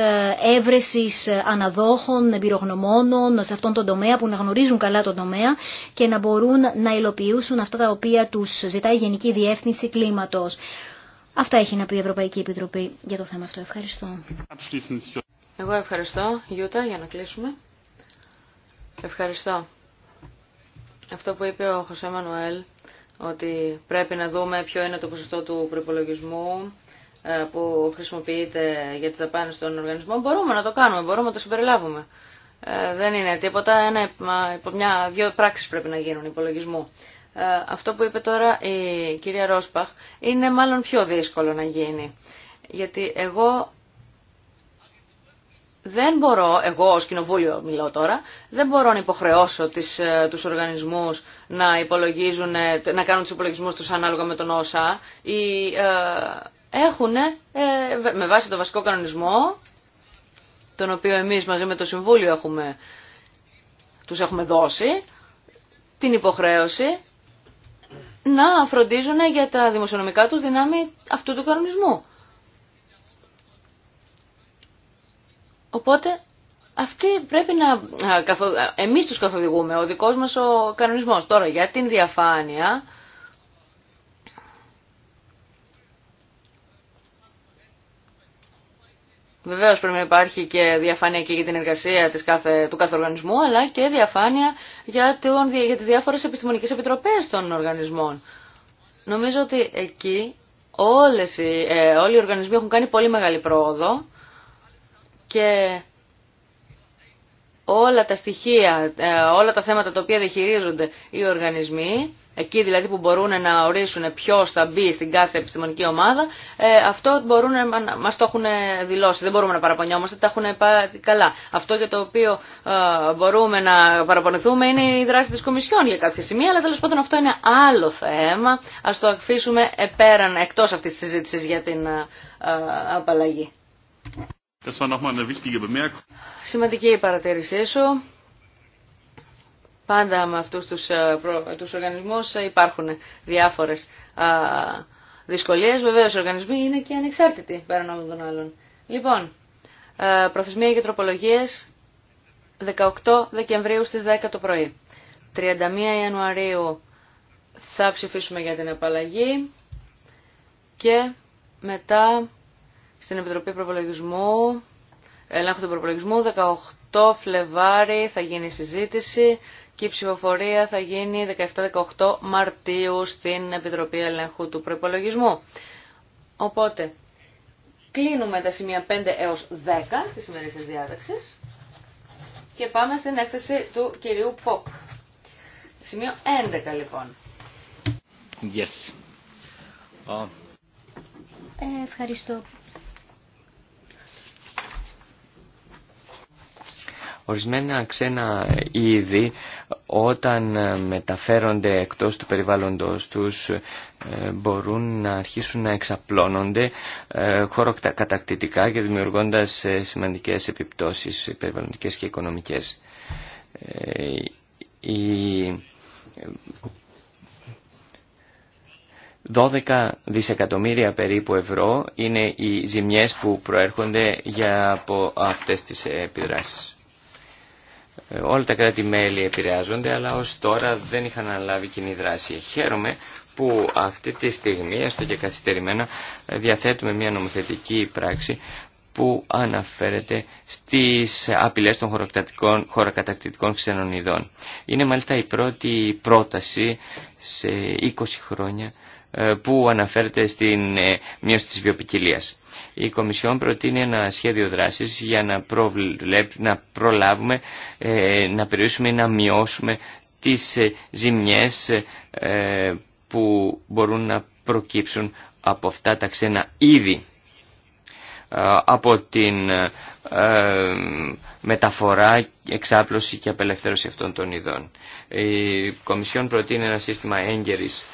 έβρεσης αναδόχων, εμπειρογνωμόνων σε αυτόν τον τομέα που να γνωρίζουν καλά τον τομέα και να μπορούν να υλοποιήσουν αυτά τα οποία τους ζητάει η Γενική Διεύθυνση Κλίματος. Αυτά έχει να πει η Ευρωπαϊκή Επιτροπή για το θέμα αυτό. Ευχαριστώ. Εγώ ευχαριστώ, Γιούτα, για να κλείσουμε. Ευχαριστώ αυτό που είπε ο Χωσέ Μανουέλ, ότι πρέπει να δούμε ποιο είναι το ποσοστό του προπολογισμού ε, που χρησιμοποιείται για τη δαπάνη στον οργανισμό, μπορούμε να το κάνουμε, μπορούμε να το συμπεριλάβουμε. Ε, δεν είναι τίποτα, ένα, μια, δύο πράξεις πρέπει να γίνουν υπολογισμού. Ε, αυτό που είπε τώρα η κυρία Ρόσπαχ είναι μάλλον πιο δύσκολο να γίνει. Γιατί εγώ δεν μπορώ, εγώ ως κοινοβούλιο μιλώ τώρα, δεν μπορώ να υποχρεώσω τις, ε, τους οργανισμούς να, υπολογίζουν, ε, να κάνουν τους υπολογισμούς τους ανάλογα με τον ΩΣΑ. Ε, έχουν με βάση το βασικό κανονισμό, τον οποίο εμείς μαζί με το Συμβούλιο έχουμε, τους έχουμε δώσει, την υποχρέωση να φροντίζουν για τα δημοσιονομικά τους δυνάμει αυτού του κανονισμού. Οπότε αυτοί πρέπει να... Εμείς τους καθοδηγούμε, ο δικός μας ο κανονισμός. Τώρα για την διαφάνεια... Βεβαίως πρέπει να υπάρχει και διαφάνεια και για την εργασία της κάθε, του κάθε οργανισμού, αλλά και διαφάνεια για, τον, για τις διάφορες επιστημονικές επιτροπές των οργανισμών. Νομίζω ότι εκεί όλες οι, ε, όλοι οι οργανισμοί έχουν κάνει πολύ μεγάλη πρόοδο και όλα τα στοιχεία, ε, όλα τα θέματα τα οποία διαχειρίζονται οι οργανισμοί, εκεί δηλαδή που μπορούν να ορίσουν ποιο θα μπει στην κάθε επιστημονική ομάδα, ε, αυτό μπορούν να μας το έχουν δηλώσει. Δεν μπορούμε να παραπονιόμαστε, τα έχουν πάει καλά. Αυτό για το οποίο ε, μπορούμε να παραπονηθούμε είναι η δράση της Κομισιόν για κάποια σημεία, αλλά τέλος πάντων αυτό είναι άλλο θέμα. Ας το αφήσουμε πέραν, εκτός αυτής της συζήτησης για την απαλλαγή. Σημαντική η παρατήρησή σου. Πάντα με αυτούς τους, ε, τους οργανισμούς ε, υπάρχουν διάφορες α, δυσκολίες. Βεβαίως οι οργανισμοί είναι και ανεξάρτητοι πέραν από τον άλλον. Λοιπόν, ε, προθεσμία για τροπολογίες 18 Δεκεμβρίου στις 10 το πρωί. 31 Ιανουαρίου θα ψηφίσουμε για την απαλλαγή και μετά στην Επιτροπή Προπολογισμού, Ελέγχου του Προπολογισμού, 18 Φλεβάρι θα γίνει η συζήτηση και η ψηφοφορία θα γίνει 17-18 Μαρτίου στην Επιτροπή Ελέγχου του Προπολογισμού. Οπότε, κλείνουμε τα σημεία 5 έως 10 της σημερινής διάταξης και πάμε στην έκθεση του κυρίου Ποκ. Σημείο 11 λοιπόν. Yes. Ε, ευχαριστώ Ορισμένα ξένα είδη όταν ε, μεταφέρονται εκτός του περιβάλλοντος τους ε, μπορούν να αρχίσουν να εξαπλώνονται ε, χωροκατακτητικά και δημιουργώντας σημαντικές επιπτώσεις περιβαλλοντικές και οικονομικές. Οι 12 δισεκατομμύρια περίπου ευρώ είναι οι ζημιές που προέρχονται για από αυτές τις επιδράσεις. Ε, όλα τα κράτη-μέλη επηρεάζονται, αλλά ως τώρα δεν είχαν αναλάβει κοινή δράση. Χαίρομαι που αυτή τη στιγμή, έστω και καθυστερημένα, ε, διαθέτουμε μια νομοθετική πράξη που αναφέρεται στις απειλές των χωροκατακτητικών ξενονιδών. Είναι μάλιστα η πρώτη πρόταση σε 20 χρόνια ε, που αναφέρεται στην ε, μείωση της βιοπικιλίας. Η Κομισιόν προτείνει ένα σχέδιο δράσης για να, να προλάβουμε, ε, να περιορίσουμε ή να μειώσουμε τις ζημιές που μπορούν να προκύψουν από αυτά τα ξένα είδη από την μεταφορά, εξάπλωση και απελευθέρωση αυτών των ειδών. Η Κομισιόν προτείνει ένα σύστημα έγκαιρης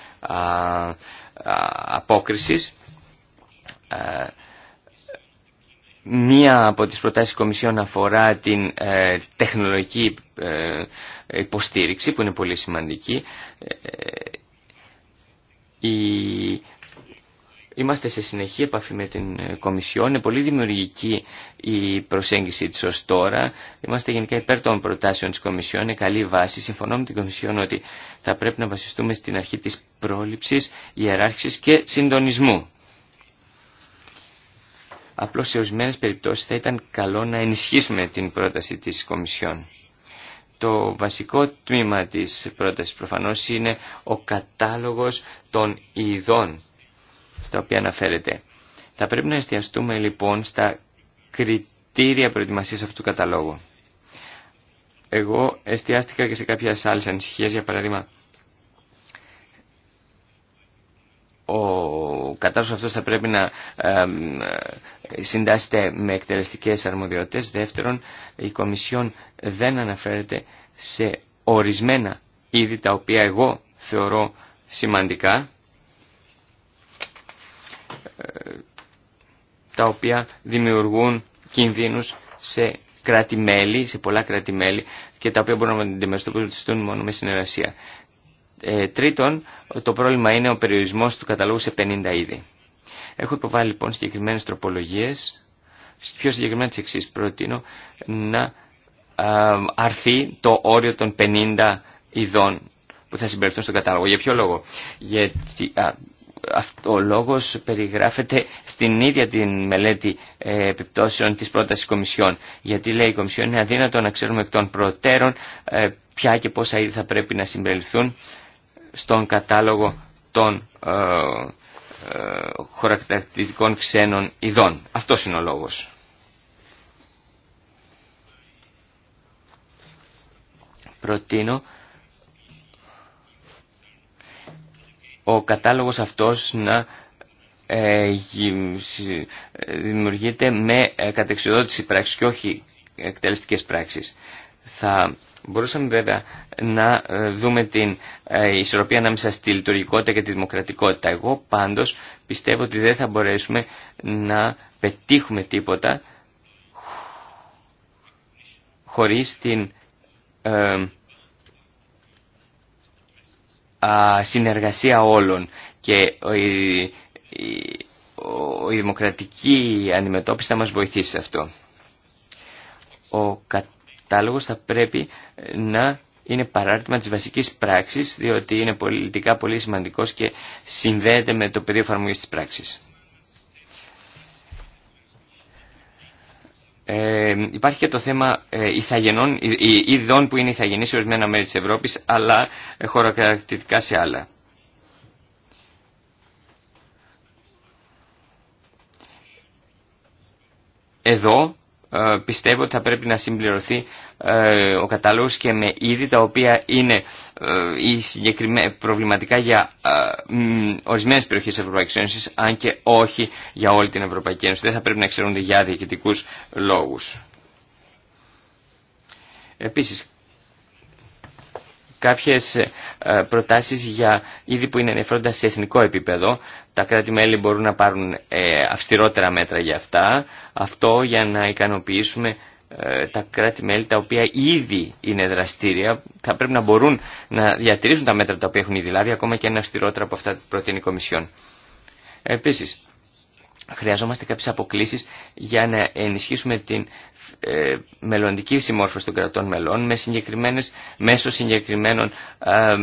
απόκρισης. Ε, μία από τις προτάσεις της Κομισιόν αφορά την ε, τεχνολογική ε, υποστήριξη που είναι πολύ σημαντική. Είμαστε σε συνεχή επαφή με την ε, Κομισιόν. Είναι πολύ δημιουργική η προσέγγιση της ως τώρα. Είμαστε γενικά υπέρ των προτάσεων της Κομισιόν. Είναι καλή βάση. Συμφωνώ με την Κομισιόν ότι θα πρέπει να βασιστούμε στην αρχή της πρόληψης, ιεράρχησης και συντονισμού. Απλώς σε ορισμένε περιπτώσεις θα ήταν καλό να ενισχύσουμε την πρόταση της Κομισιόν. Το βασικό τμήμα της πρότασης προφανώς είναι ο κατάλογος των ειδών στα οποία αναφέρεται. Θα πρέπει να εστιαστούμε λοιπόν στα κριτήρια προετοιμασίας αυτού του καταλόγου. Εγώ εστιάστηκα και σε κάποιε άλλε ανησυχίε, για παράδειγμα, ο κατάλογο αυτό θα πρέπει να συντάσσεται με εκτελεστικές αρμοδιότητες. Δεύτερον, η Κομισιόν δεν αναφέρεται σε ορισμένα είδη τα οποία εγώ θεωρώ σημαντικά τα οποία δημιουργούν κινδύνους σε κράτη-μέλη, σε πολλά κράτη-μέλη και τα οποία μπορούν να αντιμετωπιστούν μόνο με συνεργασία. Ε, τρίτον, το πρόβλημα είναι ο περιορισμός του καταλόγου σε 50 είδη. Έχω υποβάλει λοιπόν συγκεκριμένες τροπολογίες, πιο συγκεκριμένα τις εξής προτείνω, να αρθεί το όριο των 50 ειδών που θα συμπεριφθούν στο κατάλογο. Για ποιο λόγο. Γιατί, ο λόγος περιγράφεται στην ίδια την μελέτη ε, επιπτώσεων της πρότασης Κομισιόν. Γιατί λέει η Κομισιόν είναι αδύνατο να ξέρουμε εκ των προτέρων ε, ποια και πόσα είδη θα πρέπει να συμπεριληφθούν στον κατάλογο των ε, ε ξένων ειδών. Αυτός είναι ο λόγος. Προτείνω ο κατάλογος αυτός να ε, δημιουργείται με ε, κατεξοδότηση πράξη και όχι εκτελεστικές πράξεις. Θα μπορούσαμε βέβαια να ε, δούμε την ισορροπία ανάμεσα στη λειτουργικότητα και τη δημοκρατικότητα. Εγώ πάντως πιστεύω ότι δεν θα μπορέσουμε να πετύχουμε τίποτα χωρίς την συνεργασία όλων και η δημοκρατική αντιμετώπιση θα μας βοηθήσει σε αυτό. Ο κατάλογος θα πρέπει να είναι παράρτημα της βασικής πράξης διότι είναι πολιτικά πολύ σημαντικός και συνδέεται με το πεδίο εφαρμογή της πράξης. Ε, υπάρχει και το θέμα ε, ηθαγενών, ε, ε, ειδών που είναι ηθαγενείς σε ορισμένα μέρη της Ευρώπης, αλλά ε, σε άλλα. Εδώ ε, πιστεύω ότι θα πρέπει να συμπληρωθεί ε, ο κατάλογος και με είδη τα οποία είναι ε, προβληματικά για ορισμένες περιοχές της Ευρωπαϊκής Ένωσης αν και όχι για όλη την Ευρωπαϊκή Ένωση. Δεν θα πρέπει να εξαιρούνται για διοικητικούς λόγους. Επίσης, κάποιες ε, προτάσεις για είδη που είναι ενεφρόντα σε εθνικό επίπεδο. Τα κράτη-μέλη μπορούν να πάρουν ε, αυστηρότερα μέτρα για αυτά. Αυτό για να ικανοποιήσουμε ε, τα κράτη-μέλη τα οποία ήδη είναι δραστήρια θα πρέπει να μπορούν να διατηρήσουν τα μέτρα τα οποία έχουν ήδη λάβει ακόμα και ένα αυστηρότερα από αυτά που προτείνει η Κομισιόν. Επίσης, χρειαζόμαστε κάποιες αποκλήσεις για να ενισχύσουμε την ε, μελλοντική συμμόρφωση των κρατών μελών με συγκεκριμένες, μέσω συγκεκριμένων ε,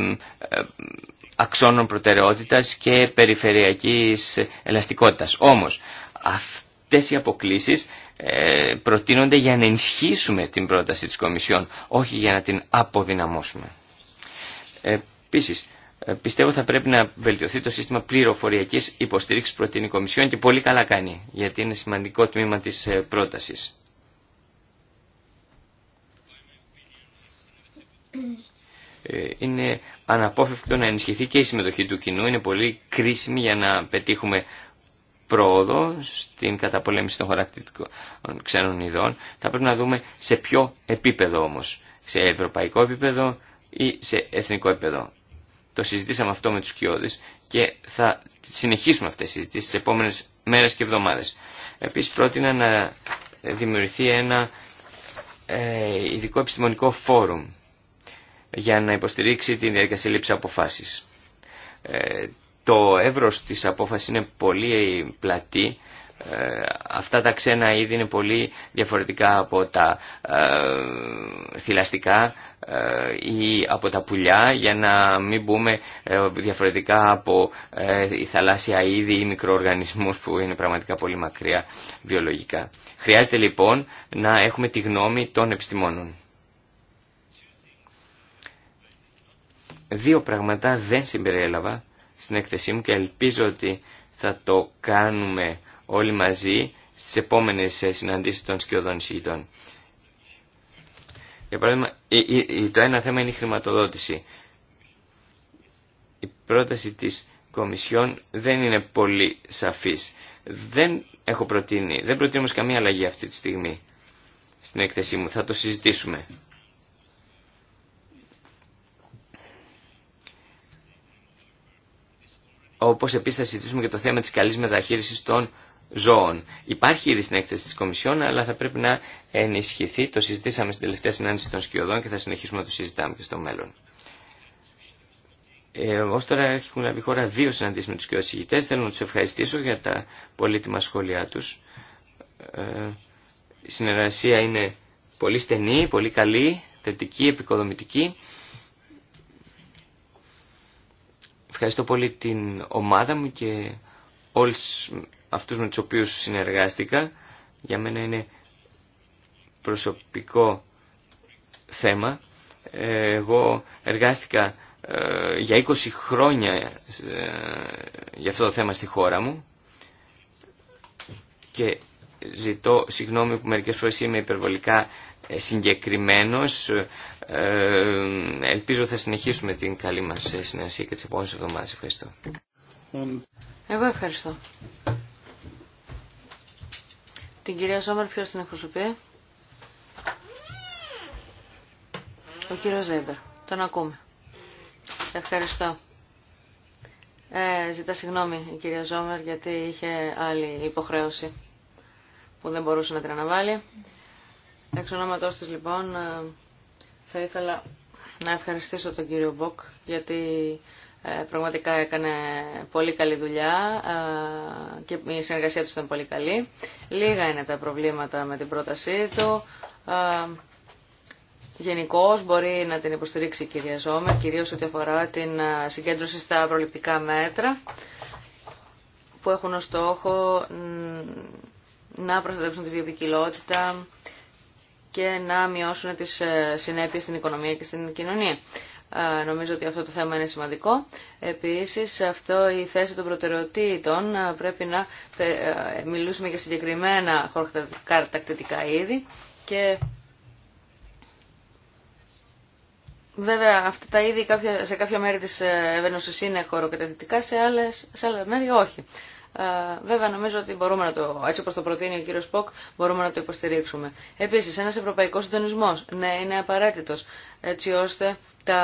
αξώνων προτεραιότητας και περιφερειακής ελαστικότητας. Όμως, αυτές οι αποκλήσεις ε, προτείνονται για να ενισχύσουμε την πρόταση της Κομισιόν, όχι για να την αποδυναμώσουμε. Επίσης, ε, πιστεύω θα πρέπει να βελτιωθεί το σύστημα πληροφοριακή υποστήριξη προτείνει η Κομισιόν και πολύ καλά κάνει, γιατί είναι σημαντικό τμήμα τη ε, πρόταση. Ε, είναι αναπόφευκτο να ενισχυθεί και η συμμετοχή του κοινού. Είναι πολύ κρίσιμη για να πετύχουμε πρόοδο στην καταπολέμηση των χωρακτητικών ξένων ειδών. Θα πρέπει να δούμε σε ποιο επίπεδο όμως. Σε ευρωπαϊκό επίπεδο ή σε εθνικό επίπεδο το συζητήσαμε αυτό με τους κοιόδες και θα συνεχίσουμε αυτές τις συζητήσεις τις επόμενες μέρες και εβδομάδες. Επίσης πρότεινα να δημιουργηθεί ένα ε, ειδικό επιστημονικό φόρουμ για να υποστηρίξει την διαδικασία λήψη αποφάσεις. Ε, το εύρος της απόφασης είναι πολύ πλατή, ε, αυτά τα ξένα είδη είναι πολύ διαφορετικά από τα ε, θηλαστικά ε, ή από τα πουλιά για να μην πούμε διαφορετικά από η θαλάσσια είδη ή μικροοργανισμούς που είναι πραγματικά πολύ μακριά βιολογικά. Χρειάζεται λοιπόν να έχουμε τη γνώμη των επιστημόνων. Δύο πράγματα δεν συμπεριέλαβα στην έκθεσή μου και ελπίζω ότι θα το κάνουμε όλοι μαζί στις επόμενες ε, συναντήσεις των σκιωδών εισηγητών. Για παράδειγμα, το ένα θέμα είναι η χρηματοδότηση. Η πρόταση της Κομισιόν δεν είναι πολύ σαφής. Δεν έχω προτείνει, δεν προτείνω καμία αλλαγή αυτή τη στιγμή στην έκθεσή μου. Θα το συζητήσουμε. Όπως επίσης θα συζητήσουμε και το θέμα της καλής μεταχείρισης των ζώων. Υπάρχει ήδη στην έκθεση της Κομισιόν, αλλά θα πρέπει να ενισχυθεί. Το συζητήσαμε στην τελευταία συνάντηση των σκιωδών και θα συνεχίσουμε να το συζητάμε και στο μέλλον. Ε, Ω τώρα έχουν λάβει χώρα δύο συναντήσει με του και ηγητέ. Θέλω να του ευχαριστήσω για τα πολύτιμα σχόλιά του. Ε, η συνεργασία είναι πολύ στενή, πολύ καλή, θετική, επικοδομητική Ευχαριστώ πολύ την ομάδα μου και όλους αυτούς με τους οποίους συνεργάστηκα. Για μένα είναι προσωπικό θέμα. Ε, εγώ εργάστηκα ε, για 20 χρόνια ε, για αυτό το θέμα στη χώρα μου και ζητώ συγγνώμη που μερικές φορές είμαι υπερβολικά ε, συγκεκριμένος. Ε, ε, ελπίζω θα συνεχίσουμε την καλή μας συνεργασία και τις επόμενες εβδομάδες. Ευχαριστώ. Εγώ ευχαριστώ. Την κυρία Ζόμερ ποιος την εκπροσωπεί. Ο κύριος Ζέμπερ. Τον ακούμε. Ευχαριστώ. Ε, ζητά συγγνώμη η κυρία Ζόμερ γιατί είχε άλλη υποχρέωση που δεν μπορούσε να την αναβάλει. Εξ ονόματός της λοιπόν ε, θα ήθελα να ευχαριστήσω τον κύριο Μποκ γιατί ε, πραγματικά έκανε πολύ καλή δουλειά ε, και η συνεργασία του ήταν πολύ καλή. Λίγα είναι τα προβλήματα με την πρότασή του. Γενικώ μπορεί να την υποστηρίξει η κυρία κυρίω κυρίως ό,τι αφορά την συγκέντρωση στα προληπτικά μέτρα που έχουν ως στόχο να προστατεύσουν τη βιοπικιλότητα και να μειώσουν τις ε, συνέπειες στην οικονομία και στην κοινωνία. Ε, νομίζω ότι αυτό το θέμα είναι σημαντικό. Επίσης, αυτό η θέση των προτεραιοτήτων ε, πρέπει να μιλούσουμε για συγκεκριμένα χωροκατακτητικά είδη και Βέβαια, αυτά τα είδη σε κάποια μέρη της Ευένωσης είναι χωροκατακτητικά, σε, άλλες, σε άλλα μέρη όχι. Ε, βέβαια νομίζω ότι μπορούμε να το, έτσι όπω το προτείνει ο κύριο Ποκ, μπορούμε να το υποστηρίξουμε. Επίση, ένα ευρωπαϊκό συντονισμό ναι, είναι απαραίτητο έτσι ώστε τα,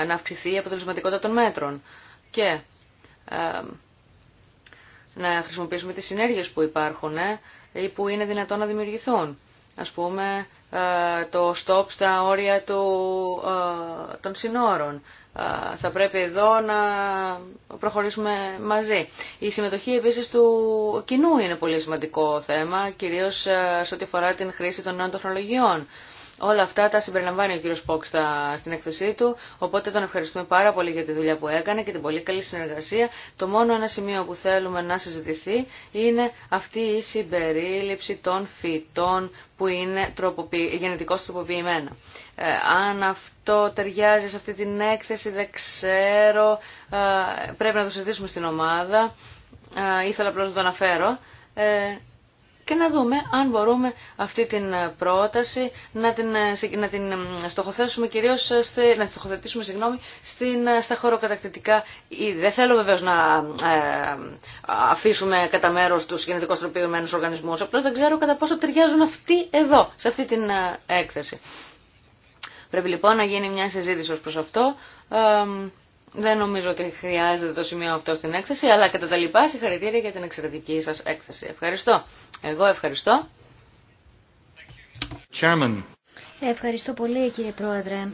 ε, να αυξηθεί η αποτελεσματικότητα των μέτρων και ε, να χρησιμοποιήσουμε τι συνέργειες που υπάρχουν ε, ή που είναι δυνατόν να δημιουργηθούν ας πούμε, ε, το stop στα όρια του, ε, των συνόρων. Ε, θα πρέπει εδώ να προχωρήσουμε μαζί. Η συμμετοχή επίσης του κοινού είναι πολύ σημαντικό θέμα, κυρίως σε ό,τι αφορά την χρήση των νέων τεχνολογιών. Όλα αυτά τα συμπεριλαμβάνει ο κύριος Πόξ στην έκθεσή του, οπότε τον ευχαριστούμε πάρα πολύ για τη δουλειά που έκανε και την πολύ καλή συνεργασία. Το μόνο ένα σημείο που θέλουμε να συζητηθεί είναι αυτή η συμπερίληψη των φυτών που είναι τροποποιη... γενετικώς τροποποιημένα. Ε, αν αυτό ταιριάζει σε αυτή την έκθεση δεν ξέρω, ε, πρέπει να το συζητήσουμε στην ομάδα, ε, ήθελα απλώς να το αναφέρω και να δούμε αν μπορούμε αυτή την ε, πρόταση να την, ε, να την ε, κυρίως, στη, να στοχοθετήσουμε συγγνώμη, στην, στα χωροκατακτητικά η Δεν θέλω βεβαίως να αφήσουμε κατά μέρος τους γενετικώς τροπιωμένους οργανισμούς, απλώς δεν ξέρω κατά πόσο ταιριάζουν αυτοί εδώ, σε αυτή την έκθεση. Πρέπει λοιπόν να γίνει μια συζήτηση ως προς αυτό. Δεν νομίζω ότι χρειάζεται το σημείο αυτό στην έκθεση, αλλά κατά τα λοιπά συγχαρητήρια για την εξαιρετική σας έκθεση. Ευχαριστώ. Εγώ ευχαριστώ. Ευχαριστώ πολύ κύριε Πρόεδρε.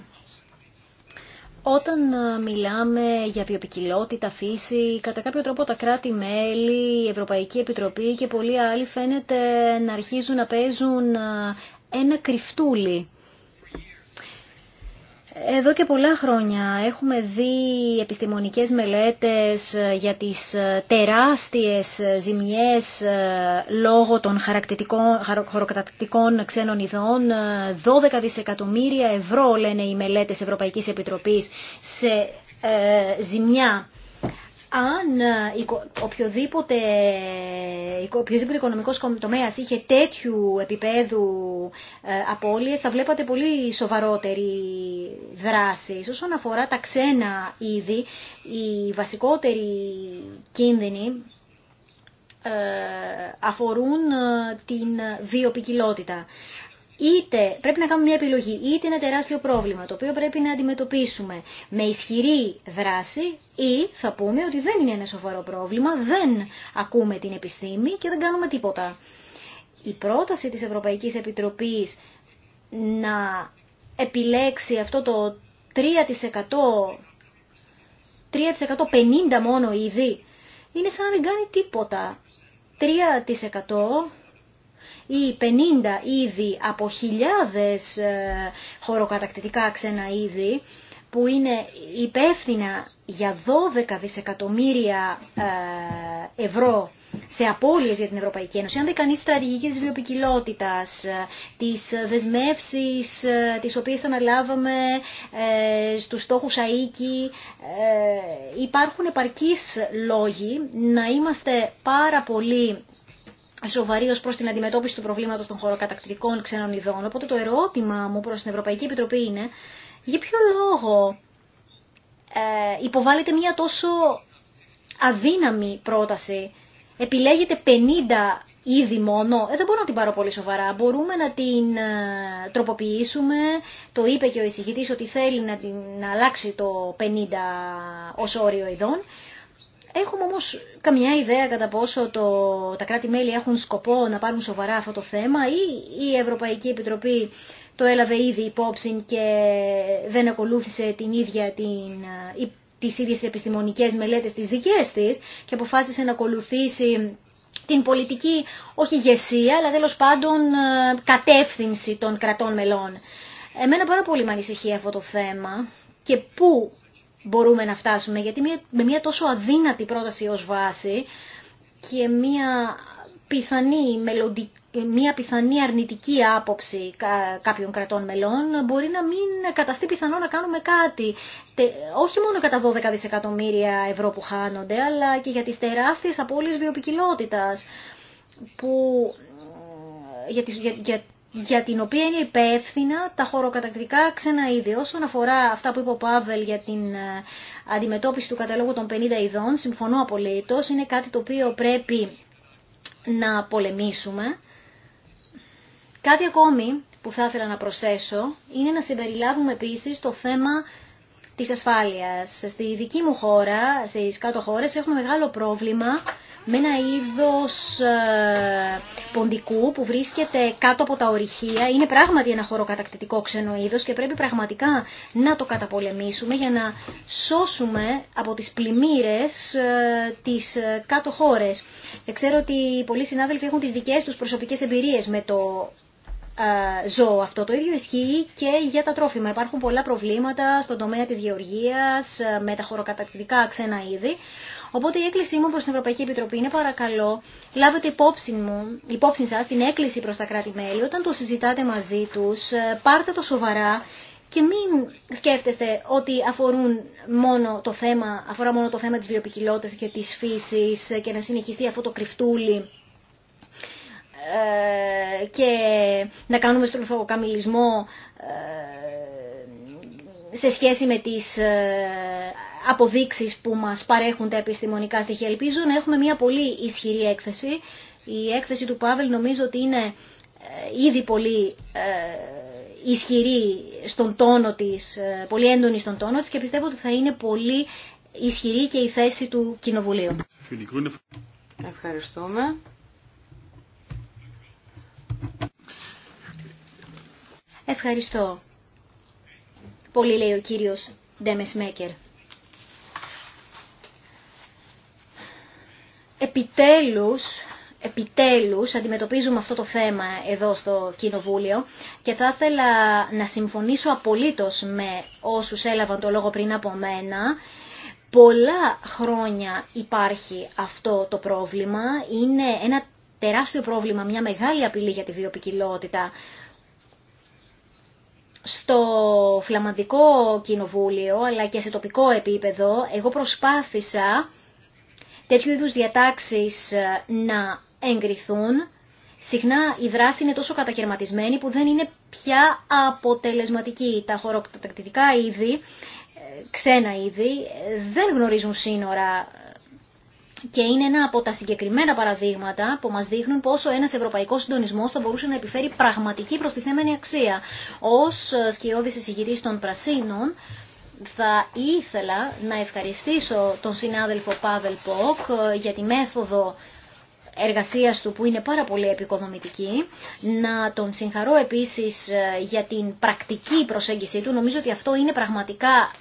Όταν ε, μιλάμε για βιοπικιλότητα, φύση, κατά κάποιο τρόπο τα κράτη-μέλη, η Ευρωπαϊκή Επιτροπή και πολλοί άλλοι φαίνεται να αρχίζουν να παίζουν ε, ένα κρυφτούλι. Εδώ και πολλά χρόνια έχουμε δει επιστημονικές μελέτες ε, για τις ε, τεράστιες ε, ζημιές λόγω των χωροκατακτικών ξένων ειδών. 12 δισεκατομμύρια ευρώ λένε οι μελέτες Ευρωπαϊκής Επιτροπής σε ζημιά αν ε, οποιοδήποτε, οποιοδήποτε οικονομικός τομέας είχε τέτοιου επίπεδου ε, απώλειες, θα βλέπατε πολύ σοβαρότερη δράση. Όσον αφορά τα ξένα είδη, οι βασικότεροι κίνδυνοι ε, αφορούν την βιοπικιλότητα. Είτε πρέπει να κάνουμε μια επιλογή, είτε ένα τεράστιο πρόβλημα το οποίο πρέπει να αντιμετωπίσουμε με ισχυρή δράση ή θα πούμε ότι δεν είναι ένα σοβαρό πρόβλημα, δεν ακούμε την επιστήμη και δεν κάνουμε τίποτα. Η πρόταση της Ευρωπαϊκής Επιτροπής να επιλέξει αυτό το 3%, 3% 50 μόνο ήδη, είναι σαν να μην κάνει τίποτα. 3% ή 50 είδη από χιλιάδες ε, χωροκατακτητικά ξένα είδη που είναι υπεύθυνα για 12 δισεκατομμύρια ε, ευρώ σε απώλειες για την Ευρωπαϊκή Ένωση. Αν δεν κανεί στρατηγική της βιοπικιλότητας, ε, τις δεσμεύσεις τις οποίες αναλάβαμε στους στόχους ΑΕΚΙ, υπάρχουν επαρκείς λόγοι να είμαστε πάρα πολύ σοβαρή ω προς την αντιμετώπιση του προβλήματος των χωροκατακτητικών ξένων ειδών. Οπότε το ερώτημα μου προς την Ευρωπαϊκή Επιτροπή είναι για ποιο λόγο ε, υποβάλλεται μια τόσο αδύναμη πρόταση. Επιλέγεται 50 ήδη μόνο, ε, δεν μπορώ να την πάρω πολύ σοβαρά. Μπορούμε να την ε, τροποποιήσουμε. Το είπε και ο εισηγητής ότι θέλει να, την, να αλλάξει το 50 ως όριο ειδών. Έχουμε όμως καμιά ιδέα κατά πόσο το, τα κράτη-μέλη έχουν σκοπό να πάρουν σοβαρά αυτό το θέμα ή η Ευρωπαϊκή Επιτροπή το έλαβε ήδη υπόψη και δεν ακολούθησε την ίδια την, ε, τις ίδιες επιστημονικές μελέτες τις δικές της και αποφάσισε να ακολουθήσει την πολιτική, όχι ηγεσία, αλλά τέλο πάντων ε, κατεύθυνση των κρατών μελών. Εμένα πάρα πολύ με ανησυχεί αυτό το θέμα και πού μπορούμε να φτάσουμε, γιατί με μια τόσο αδύνατη πρόταση ως βάση και μια πιθανή, μια πιθανή αρνητική άποψη κάποιων κρατών μελών μπορεί να μην καταστεί πιθανό να κάνουμε κάτι. όχι μόνο τα 12 δισεκατομμύρια ευρώ που χάνονται, αλλά και για τις τεράστιες απώλειες βιοπικιλότητας που για, τις, για, για την οποία είναι υπεύθυνα τα χωροκατακτικά ξένα είδη. Όσον αφορά αυτά που είπε ο Πάβελ για την ε, αντιμετώπιση του καταλόγου των 50 ειδών, συμφωνώ απολύτως, είναι κάτι το οποίο πρέπει να πολεμήσουμε. Κάτι ακόμη που θα ήθελα να προσθέσω είναι να συμπεριλάβουμε επίσης το θέμα της ασφάλειας. Στη δική μου χώρα, στις κάτω χώρες, έχουμε μεγάλο πρόβλημα με ένα είδος ε, ποντικού που βρίσκεται κάτω από τα ορυχεία. Είναι πράγματι ένα χωροκατακτητικό ξένο είδος και πρέπει πραγματικά να το καταπολεμήσουμε για να σώσουμε από τις πλημμύρες ε, τις ε, κάτω χώρες. Ξέρω ότι πολλοί συνάδελφοι έχουν τις δικές τους προσωπικές εμπειρίες με το ζώο αυτό. Το ίδιο ισχύει και για τα τρόφιμα. Υπάρχουν πολλά προβλήματα στον τομέα της γεωργίας με τα χωροκατακτητικά ξένα είδη. Οπότε η έκκλησή μου προς την Ευρωπαϊκή Επιτροπή είναι παρακαλώ λάβετε υπόψη, μου, υπόψη σας την έκκληση προς τα κράτη-μέλη όταν το συζητάτε μαζί τους, ε, πάρτε το σοβαρά και μην σκέφτεστε ότι αφορούν μόνο το θέμα, αφορά μόνο το θέμα της βιοπικιλότητας και της φύσης ε, και να συνεχιστεί αυτό το κρυφτούλι ε, και να κάνουμε στον σε σχέση με τις αποδείξεις που μας παρέχουν τα επιστημονικά στοιχεία. Ελπίζω να έχουμε μια πολύ ισχυρή έκθεση. Η έκθεση του Πάβελ νομίζω ότι είναι ε, ήδη πολύ ε, ισχυρή στον τόνο της, ε, πολύ έντονη στον τόνο της και πιστεύω ότι θα είναι πολύ ισχυρή και η θέση του Κοινοβουλίου. Ευχαριστούμε. Ευχαριστώ. Πολύ λέει ο κύριος Ντέμες Μέκερ. επιτέλους επιτέλους αντιμετωπίζουμε αυτό το θέμα εδώ στο Κοινοβούλιο και θα ήθελα να συμφωνήσω απολύτως με όσους έλαβαν το λόγο πριν από μένα. Πολλά χρόνια υπάρχει αυτό το πρόβλημα. Είναι ένα τεράστιο πρόβλημα, μια μεγάλη απειλή για τη βιοπικιλότητα. Στο φλαμαντικό Κοινοβούλιο αλλά και σε τοπικό επίπεδο εγώ προσπάθησα τέτοιου είδους διατάξεις ε, να εγκριθούν, συχνά η δράση είναι τόσο κατακαιρματισμένη που δεν είναι πια αποτελεσματική. Τα χωροκτακτητικά είδη, ε, ξένα είδη, ε, δεν γνωρίζουν σύνορα και είναι ένα από τα συγκεκριμένα παραδείγματα που μας δείχνουν πόσο ένας ευρωπαϊκός συντονισμός θα μπορούσε να επιφέρει πραγματική προστιθέμενη αξία. Ως σκιώδης εισηγητής των Πρασίνων, θα ήθελα να ευχαριστήσω τον συνάδελφο Πάβελ Ποκ ε, για τη μέθοδο εργασίας του που είναι πάρα πολύ επικοδομητική. Να τον συγχαρώ επίσης ε, για την πρακτική προσέγγιση του. Νομίζω ότι αυτό είναι πραγματικά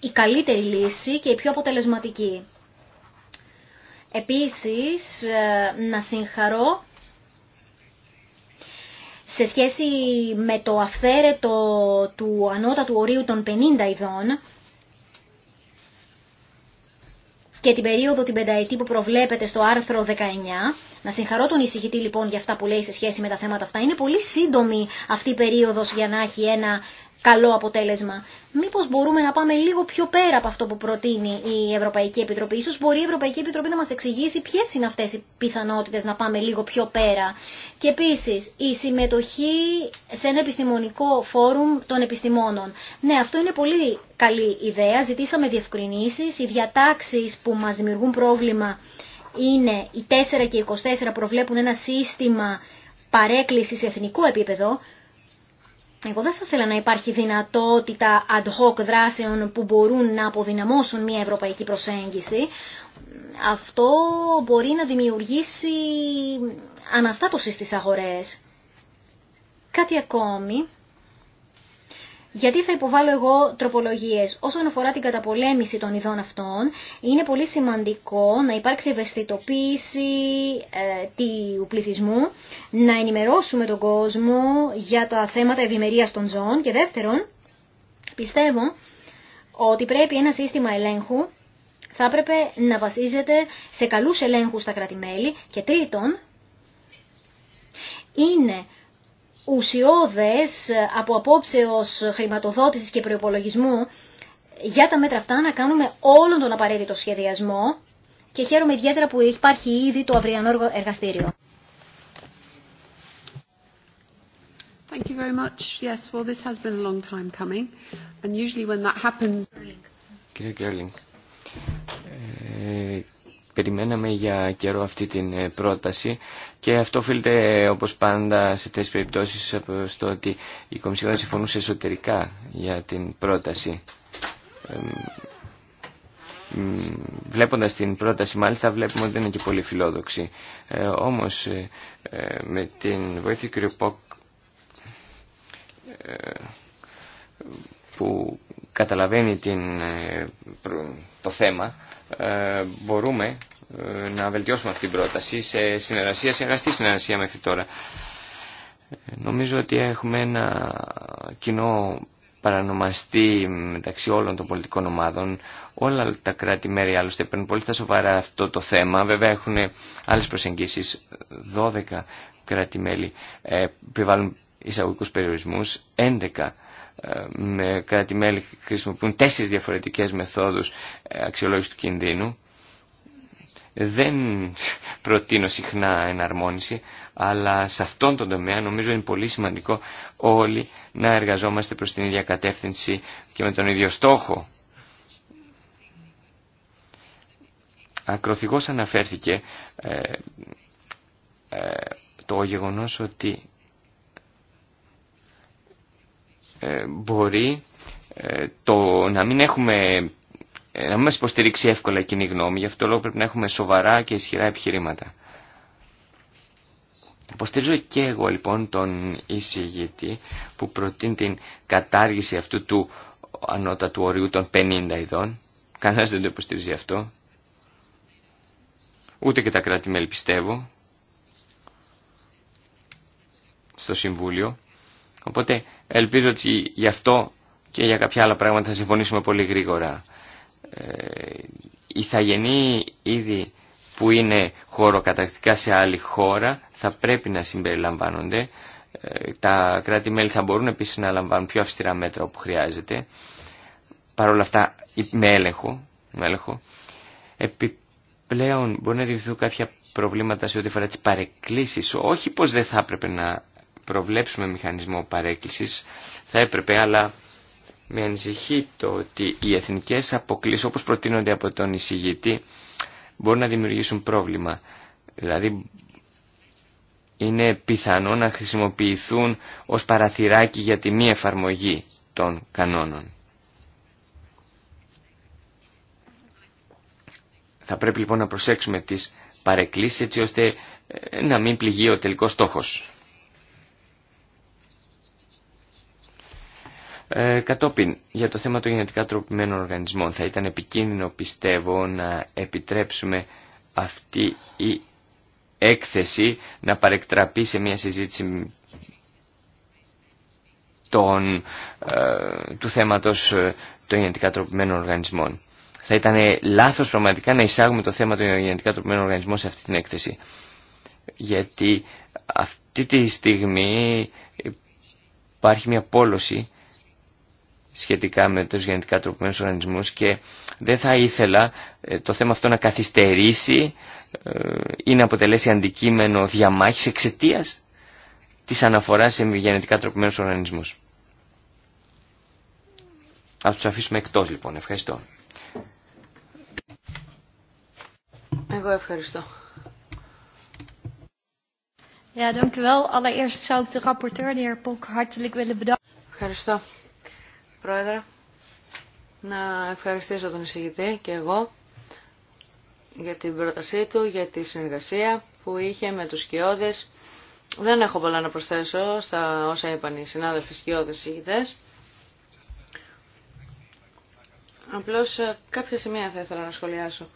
η καλύτερη λύση και η πιο αποτελεσματική. Επίσης, ε, να συγχαρώ σε σχέση με το αυθαίρετο του ανώτατου ορίου των 50 ειδών και την περίοδο την πενταετή που προβλέπεται στο άρθρο 19. Να συγχαρώ τον εισηγητή λοιπόν για αυτά που λέει σε σχέση με τα θέματα αυτά. Είναι πολύ σύντομη αυτή η περίοδος για να έχει ένα καλό αποτέλεσμα. Μήπως μπορούμε να πάμε λίγο πιο πέρα από αυτό που προτείνει η Ευρωπαϊκή Επιτροπή. Ίσως μπορεί η Ευρωπαϊκή Επιτροπή να μας εξηγήσει ποιες είναι αυτές οι πιθανότητες να πάμε λίγο πιο πέρα. Και επίσης η συμμετοχή σε ένα επιστημονικό φόρουμ των επιστημόνων. Ναι, αυτό είναι πολύ καλή ιδέα. Ζητήσαμε διευκρινήσεις. Οι διατάξεις που μας δημιουργούν πρόβλημα είναι οι 4 και οι 24 προβλέπουν ένα σύστημα παρέκκληση σε εθνικό επίπεδο εγώ δεν θα ήθελα να υπάρχει δυνατότητα ad hoc δράσεων που μπορούν να αποδυναμώσουν μια ευρωπαϊκή προσέγγιση. Αυτό μπορεί να δημιουργήσει αναστάτωση στις αγορές. Κάτι ακόμη γιατί θα υποβάλω εγώ τροπολογίες. Όσον αφορά την καταπολέμηση των ειδών αυτών, είναι πολύ σημαντικό να υπάρξει ευαισθητοποίηση ε, του πληθυσμού, να ενημερώσουμε τον κόσμο για τα θέματα ευημερία των ζώων και δεύτερον, πιστεύω ότι πρέπει ένα σύστημα ελέγχου θα έπρεπε να βασίζεται σε καλούς ελέγχους στα κρατημέλη και τρίτον, είναι ουσιώδες από απόψεως χρηματοδότησης και προϋπολογισμού για τα μέτρα αυτά να κάνουμε όλον τον απαραίτητο σχεδιασμό και χαίρομαι ιδιαίτερα που υπάρχει ήδη το αυριανό εργαστήριο περιμέναμε για καιρό αυτή την ε, πρόταση και αυτό οφείλεται όπως πάντα σε τέτοιες περιπτώσεις στο ότι η Κομισιόν συμφωνούσε εσωτερικά για την πρόταση. Βλέποντας την πρόταση μάλιστα βλέπουμε ότι δεν είναι και πολύ φιλόδοξη. Ε, όμως ε, με την βοήθεια του κ. Ποκ που καταλαβαίνει την, το θέμα ε, μπορούμε ε, να βελτιώσουμε αυτή την πρόταση σε συνεργασία, σε εργαστή συνεργασία μέχρι τώρα. Ε, νομίζω ότι έχουμε ένα κοινό παρανομαστή μεταξύ όλων των πολιτικών ομάδων. Όλα τα κράτη-μέρη άλλωστε παίρνουν πολύ στα σοβαρά αυτό το θέμα. Βέβαια έχουν άλλες προσεγγίσεις. 12 κράτη-μέλη επιβάλλουν εισαγωγικούς περιορισμούς. 11 ε, με κράτη-μέλη χρησιμοποιούν τέσσερις διαφορετικές μεθόδους ε, αξιολόγησης του κινδύνου. Δεν προτείνω συχνά εναρμόνιση, αλλά σε αυτόν τον τομέα νομίζω είναι πολύ σημαντικό όλοι να εργαζόμαστε προς την ίδια κατεύθυνση και με τον ίδιο στόχο. Ακροθυγώς αναφέρθηκε ε, το γεγονός ότι ε, μπορεί ε, το να μην έχουμε ε, να μας υποστηρίξει εύκολα κοινή γνώμη, γι' αυτό λόγο πρέπει να έχουμε σοβαρά και ισχυρά επιχειρήματα. Υποστηρίζω και εγώ λοιπόν τον εισηγητή που προτείνει την κατάργηση αυτού του ανώτατου ορίου των 50 ειδών. Κανένας δεν το υποστηρίζει αυτό. Ούτε και τα κράτη-μέλη πιστεύω στο Συμβούλιο. Οπότε ελπίζω ότι γι' αυτό και για κάποια άλλα πράγματα θα συμφωνήσουμε πολύ γρήγορα. Ε, οι θαγενή ήδη που είναι χωροκατακτικά σε άλλη χώρα θα πρέπει να συμπεριλαμβάνονται. Ε, τα κράτη-μέλη θα μπορούν επίσης να λαμβάνουν πιο αυστηρά μέτρα όπου χρειάζεται. Παρ' όλα αυτά με έλεγχο. Με έλεγχο. Επιπλέον μπορεί να δημιουργηθούν κάποια προβλήματα σε ό,τι αφορά τις παρεκκλήσεις. Όχι πως δεν θα έπρεπε να προβλέψουμε μηχανισμό παρέκκλησης θα έπρεπε, αλλά με ανησυχεί το ότι οι εθνικές αποκλήσεις όπως προτείνονται από τον εισηγητή μπορούν να δημιουργήσουν πρόβλημα. Δηλαδή είναι πιθανό να χρησιμοποιηθούν ως παραθυράκι για τη μη εφαρμογή των κανόνων. Θα πρέπει λοιπόν να προσέξουμε τις παρεκκλήσεις έτσι ώστε να μην πληγεί ο τελικός στόχος. Ε, κατόπιν, για το θέμα των γενετικά τροπημένων οργανισμών, θα ήταν επικίνδυνο, πιστεύω, να επιτρέψουμε αυτή η έκθεση να παρεκτραπεί σε μια συζήτηση των, ε, του θέματος ε, των γενετικά τροπημένων οργανισμών. Θα ήταν λάθος πραγματικά να εισάγουμε το θέμα των γενετικά τροπημένων οργανισμών σε αυτή την έκθεση. Γιατί αυτή τη στιγμή υπάρχει μια πόλωση σχετικά με τους γενετικά τροπημένους οργανισμούς και δεν θα ήθελα ε, το θέμα αυτό να καθυστερήσει ε, ή να αποτελέσει αντικείμενο διαμάχης εξαιτία της αναφοράς σε γενετικά τροπημένους οργανισμούς. Ας τους αφήσουμε εκτός λοιπόν. Ευχαριστώ. Εγώ ευχαριστώ. Ja, dank u wel. Allereerst zou ik de rapporteur, de heer hartelijk willen bedanken. Ευχαριστώ. Πρόεδρε, να ευχαριστήσω τον εισηγητή και εγώ για την πρότασή του, για τη συνεργασία που είχε με τους σκιώδες. Δεν έχω πολλά να προσθέσω στα όσα είπαν οι συνάδελφοι σκιώδες εισηγητές. Απλώς ε, κάποια σημεία θα ήθελα να σχολιάσω.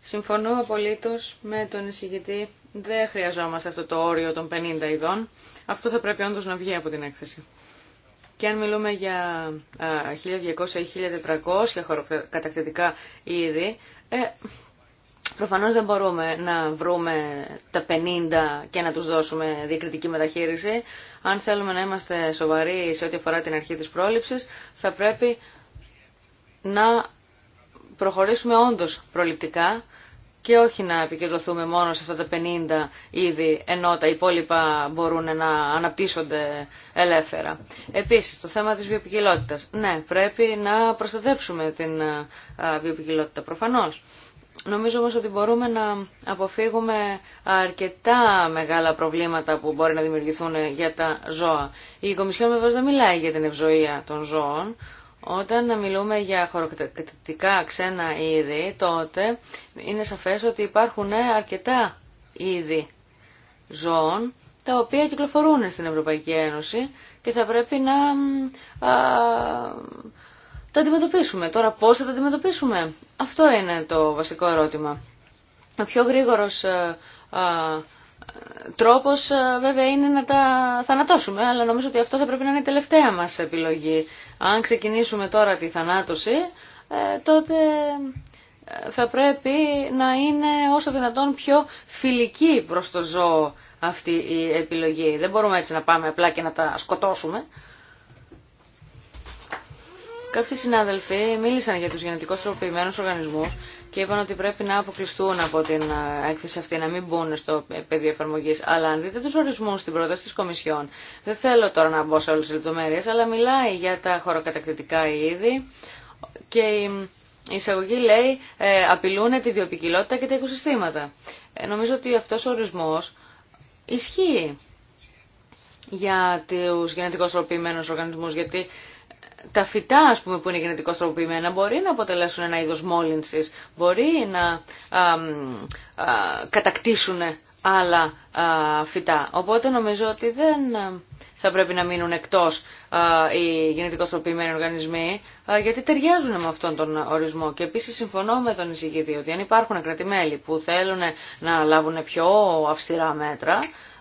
Συμφωνώ απολύτως με τον εισηγητή. Δεν χρειαζόμαστε αυτό το όριο των 50 ειδών. Αυτό θα πρέπει όντως να βγει από την έκθεση. Και αν μιλούμε για 1.200 ή 1.400 κατακτητικά είδη, ε, προφανώς δεν μπορούμε να βρούμε τα 50 και να τους δώσουμε διακριτική μεταχείριση. Αν θέλουμε να είμαστε σοβαροί σε ό,τι αφορά την αρχή της πρόληψης, θα πρέπει να προχωρήσουμε όντως προληπτικά και όχι να επικεντρωθούμε μόνο σε αυτά τα 50 είδη, ενώ τα υπόλοιπα μπορούν να αναπτύσσονται ελεύθερα. Επίσης, το θέμα της βιοπικιλότητας. Ναι, πρέπει να προστατεύσουμε την ε, βιοπικιλότητα προφανώς. Νομίζω όμως ότι μπορούμε να αποφύγουμε αρκετά μεγάλα προβλήματα που μπορεί να δημιουργηθούν για τα ζώα. Η Κομισιόν βεβαίως δεν μιλάει για την ευζοία των ζώων, όταν μιλούμε για χωροκτητικά ξένα είδη, τότε είναι σαφές ότι υπάρχουν αρκετά είδη ζώων, τα οποία κυκλοφορούν στην Ευρωπαϊκή Ένωση και θα πρέπει να τα αντιμετωπίσουμε. Τώρα πώς θα τα αντιμετωπίσουμε, αυτό είναι το βασικό ερώτημα. Ο πιο γρήγορος ε, α, τρόπος ε, βέβαια είναι να τα θανατώσουμε, αλλά νομίζω ότι αυτό θα πρέπει να είναι η τελευταία μας επιλογή. Αν ξεκινήσουμε τώρα τη θανάτωση, ε, τότε ε, θα πρέπει να είναι όσο δυνατόν πιο φιλική προς το ζώο αυτή η επιλογή. Δεν μπορούμε έτσι να πάμε απλά και να τα σκοτώσουμε. Κάποιοι συνάδελφοι μίλησαν για τους γενετικώς τροποποιημένους οργανισμούς και είπαν ότι πρέπει να αποκλειστούν από την ε, έκθεση αυτή, να μην μπουν στο πεδίο εφαρμογή. Αλλά αν δείτε του ορισμού στην πρόταση τη Κομισιόν, δεν θέλω τώρα να μπω σε όλε τι λεπτομέρειε, αλλά μιλάει για τα χωροκατακτητικά είδη και η εισαγωγή λέει ε, απειλούν τη βιοπικιλότητα και τα οικοσυστήματα. Ε, νομίζω ότι αυτό ο ορισμό ισχύει για τους γενετικώ οργανισμούς, γιατί τα φυτά ας πούμε, που είναι γενετικώς τροποποιημένα μπορεί να αποτελέσουν ένα είδος μόλυνσης, μπορεί να κατακτήσουν άλλα φυτά. Οπότε νομίζω ότι δεν θα πρέπει να μείνουν εκτός οι γενετικώς τροποποιημένοι οργανισμοί, γιατί ταιριάζουν με αυτόν τον ορισμό. Και επίσης συμφωνώ με τον εισηγητή ότι αν υπάρχουν κρατημέλη που θέλουν να λάβουν πιο αυστηρά μέτρα,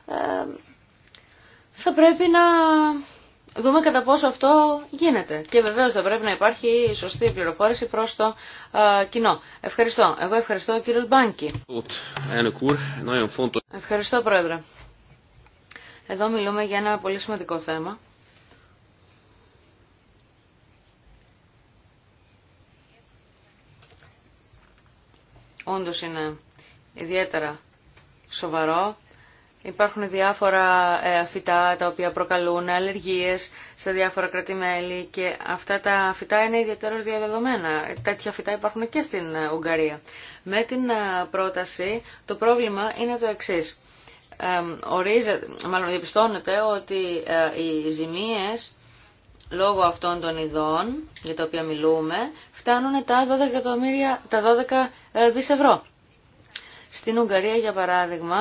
ε, θα πρέπει να δούμε κατά πόσο αυτό γίνεται. Και βεβαίω θα πρέπει να υπάρχει η σωστή πληροφόρηση προ το ε, κοινό. Ευχαριστώ. Εγώ ευχαριστώ κύριο κύριος Μπάνκι. Ευχαριστώ πρόεδρε. Εδώ μιλούμε για ένα πολύ σημαντικό θέμα. Όντως είναι ιδιαίτερα σοβαρό Υπάρχουν διάφορα ε, φυτά τα οποία προκαλούν αλλεργίες σε διάφορα κρατημέλη και αυτά τα φυτά είναι ιδιαίτερως διαδεδομένα. Τέτοια φυτά υπάρχουν και στην ε, Ουγγαρία. Με την ε, πρόταση το πρόβλημα είναι το εξής. Ορίζεται, μάλλον διαπιστώνεται ότι οι ζημίες λόγω αυτών των ειδών για τα οποία μιλούμε φτάνουν τα 12, τα 12 Στην Ουγγαρία, για παράδειγμα,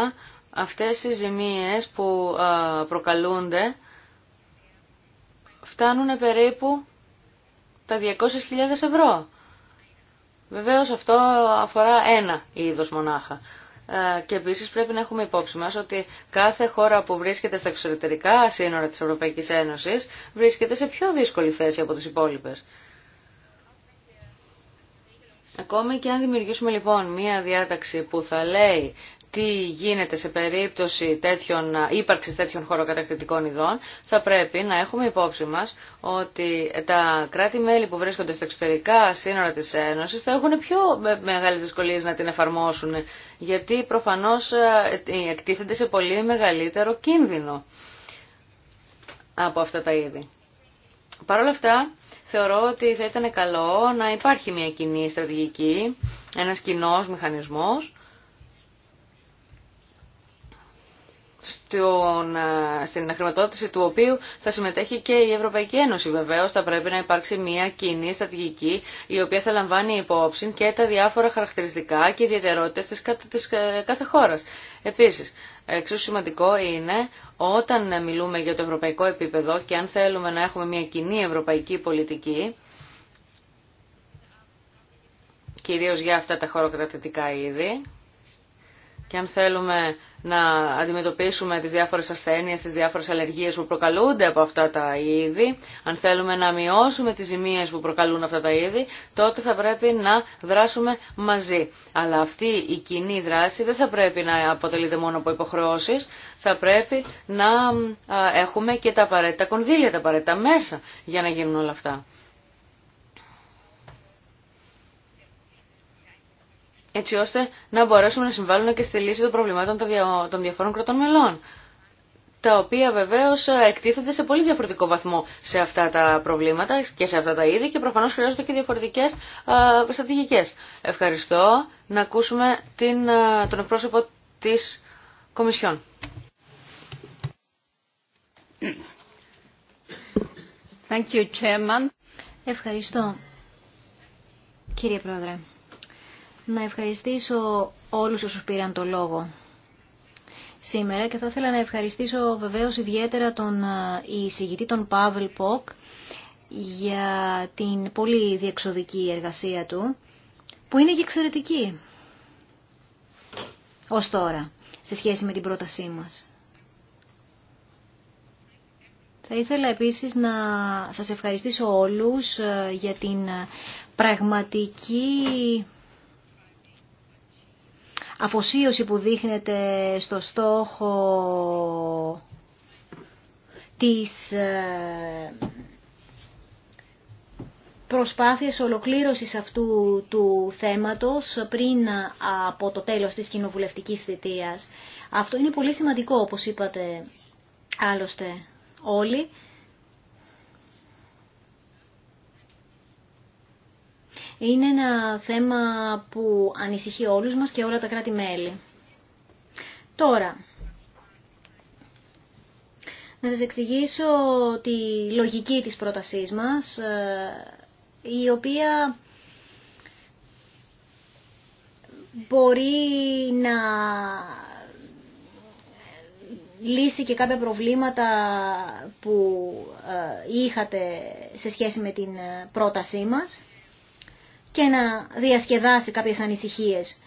αυτές οι ζημίες που προκαλούνται φτάνουν περίπου τα 200.000 ευρώ. Βεβαίως αυτό αφορά ένα είδος μονάχα. Ε, και επίσης πρέπει να έχουμε υπόψη μας ότι κάθε χώρα που βρίσκεται στα εξωτερικά σύνορα της Ευρωπαϊκής Ένωσης βρίσκεται σε πιο δύσκολη θέση από τις υπόλοιπες. Ακόμη και αν δημιουργήσουμε λοιπόν μία διάταξη που θα λέει τι γίνεται σε περίπτωση τέτοιων, ύπαρξης τέτοιων χωροκατακτητικών ειδών, θα πρέπει να έχουμε υπόψη μας ότι τα κράτη-μέλη που βρίσκονται στα εξωτερικά σύνορα της Ένωσης θα έχουν πιο μεγάλες δυσκολίες να την εφαρμόσουν, γιατί προφανώς ε, ε, εκτίθενται σε πολύ μεγαλύτερο κίνδυνο από αυτά τα είδη. Παρ' όλα αυτά, θεωρώ ότι θα ήταν καλό να υπάρχει μια κοινή στρατηγική, ένας κοινός μηχανισμός, στον, ε, στην χρηματοδότηση του οποίου θα συμμετέχει και η Ευρωπαϊκή Ένωση. Βεβαίω, θα πρέπει να υπάρξει μια κοινή στρατηγική η οποία θα λαμβάνει υπόψη και τα διάφορα χαρακτηριστικά και ιδιαιτερότητε τη ε, κάθε χώρα. Επίση, εξίσου σημαντικό είναι όταν μιλούμε για το ευρωπαϊκό επίπεδο και αν θέλουμε να έχουμε μια κοινή ευρωπαϊκή πολιτική, κυρίως για αυτά τα χωροκρατητικά είδη, και αν θέλουμε να αντιμετωπίσουμε τις διάφορες ασθένειες, τις διάφορες αλλεργίες που προκαλούνται από αυτά τα είδη, αν θέλουμε να μειώσουμε τις ζημίες που προκαλούν αυτά τα είδη, τότε θα πρέπει να δράσουμε μαζί. Αλλά αυτή η κοινή δράση δεν θα πρέπει να αποτελείται μόνο από υποχρεώσεις, θα πρέπει να έχουμε και τα απαραίτητα κονδύλια, τα απαραίτητα μέσα για να γίνουν όλα αυτά. έτσι ώστε να μπορέσουμε να συμβάλλουν και στη λύση των προβλημάτων των διαφόρων κρατών μελών, τα οποία βεβαίω ε, εκτίθενται σε πολύ διαφορετικό βαθμό σε αυτά τα προβλήματα και σε αυτά τα είδη και προφανώς χρειάζονται και διαφορετικές στρατηγικές. Ευχαριστώ να ακούσουμε την, τον εκπρόσωπο της Κομισιόν. Thank you, Ευχαριστώ, κύριε Πρόεδρε να ευχαριστήσω όλους όσους πήραν το λόγο σήμερα και θα ήθελα να ευχαριστήσω βεβαίως ιδιαίτερα τον ε, εισηγητή τον Παύλ Ποκ για την πολύ διεξοδική εργασία του που είναι και εξαιρετική ως τώρα σε σχέση με την πρότασή μας. Θα ήθελα επίσης να σας ευχαριστήσω όλους ε, για την ε, πραγματική αφοσίωση που δείχνεται στο στόχο της ε, προσπάθειες ολοκλήρωσης αυτού του θέματος πριν από το τέλος της κοινοβουλευτικής θητείας. Αυτό είναι πολύ σημαντικό, όπως είπατε άλλωστε όλοι, είναι ένα θέμα που ανησυχεί όλους μας και όλα τα κράτη-μέλη. Τώρα, να σας εξηγήσω τη λογική της πρότασής μας, ε, η οποία μπορεί να λύσει και κάποια προβλήματα που ε, είχατε σε σχέση με την ε, πρότασή μας και να διασκεδάσει κάποιες ανησυχίες.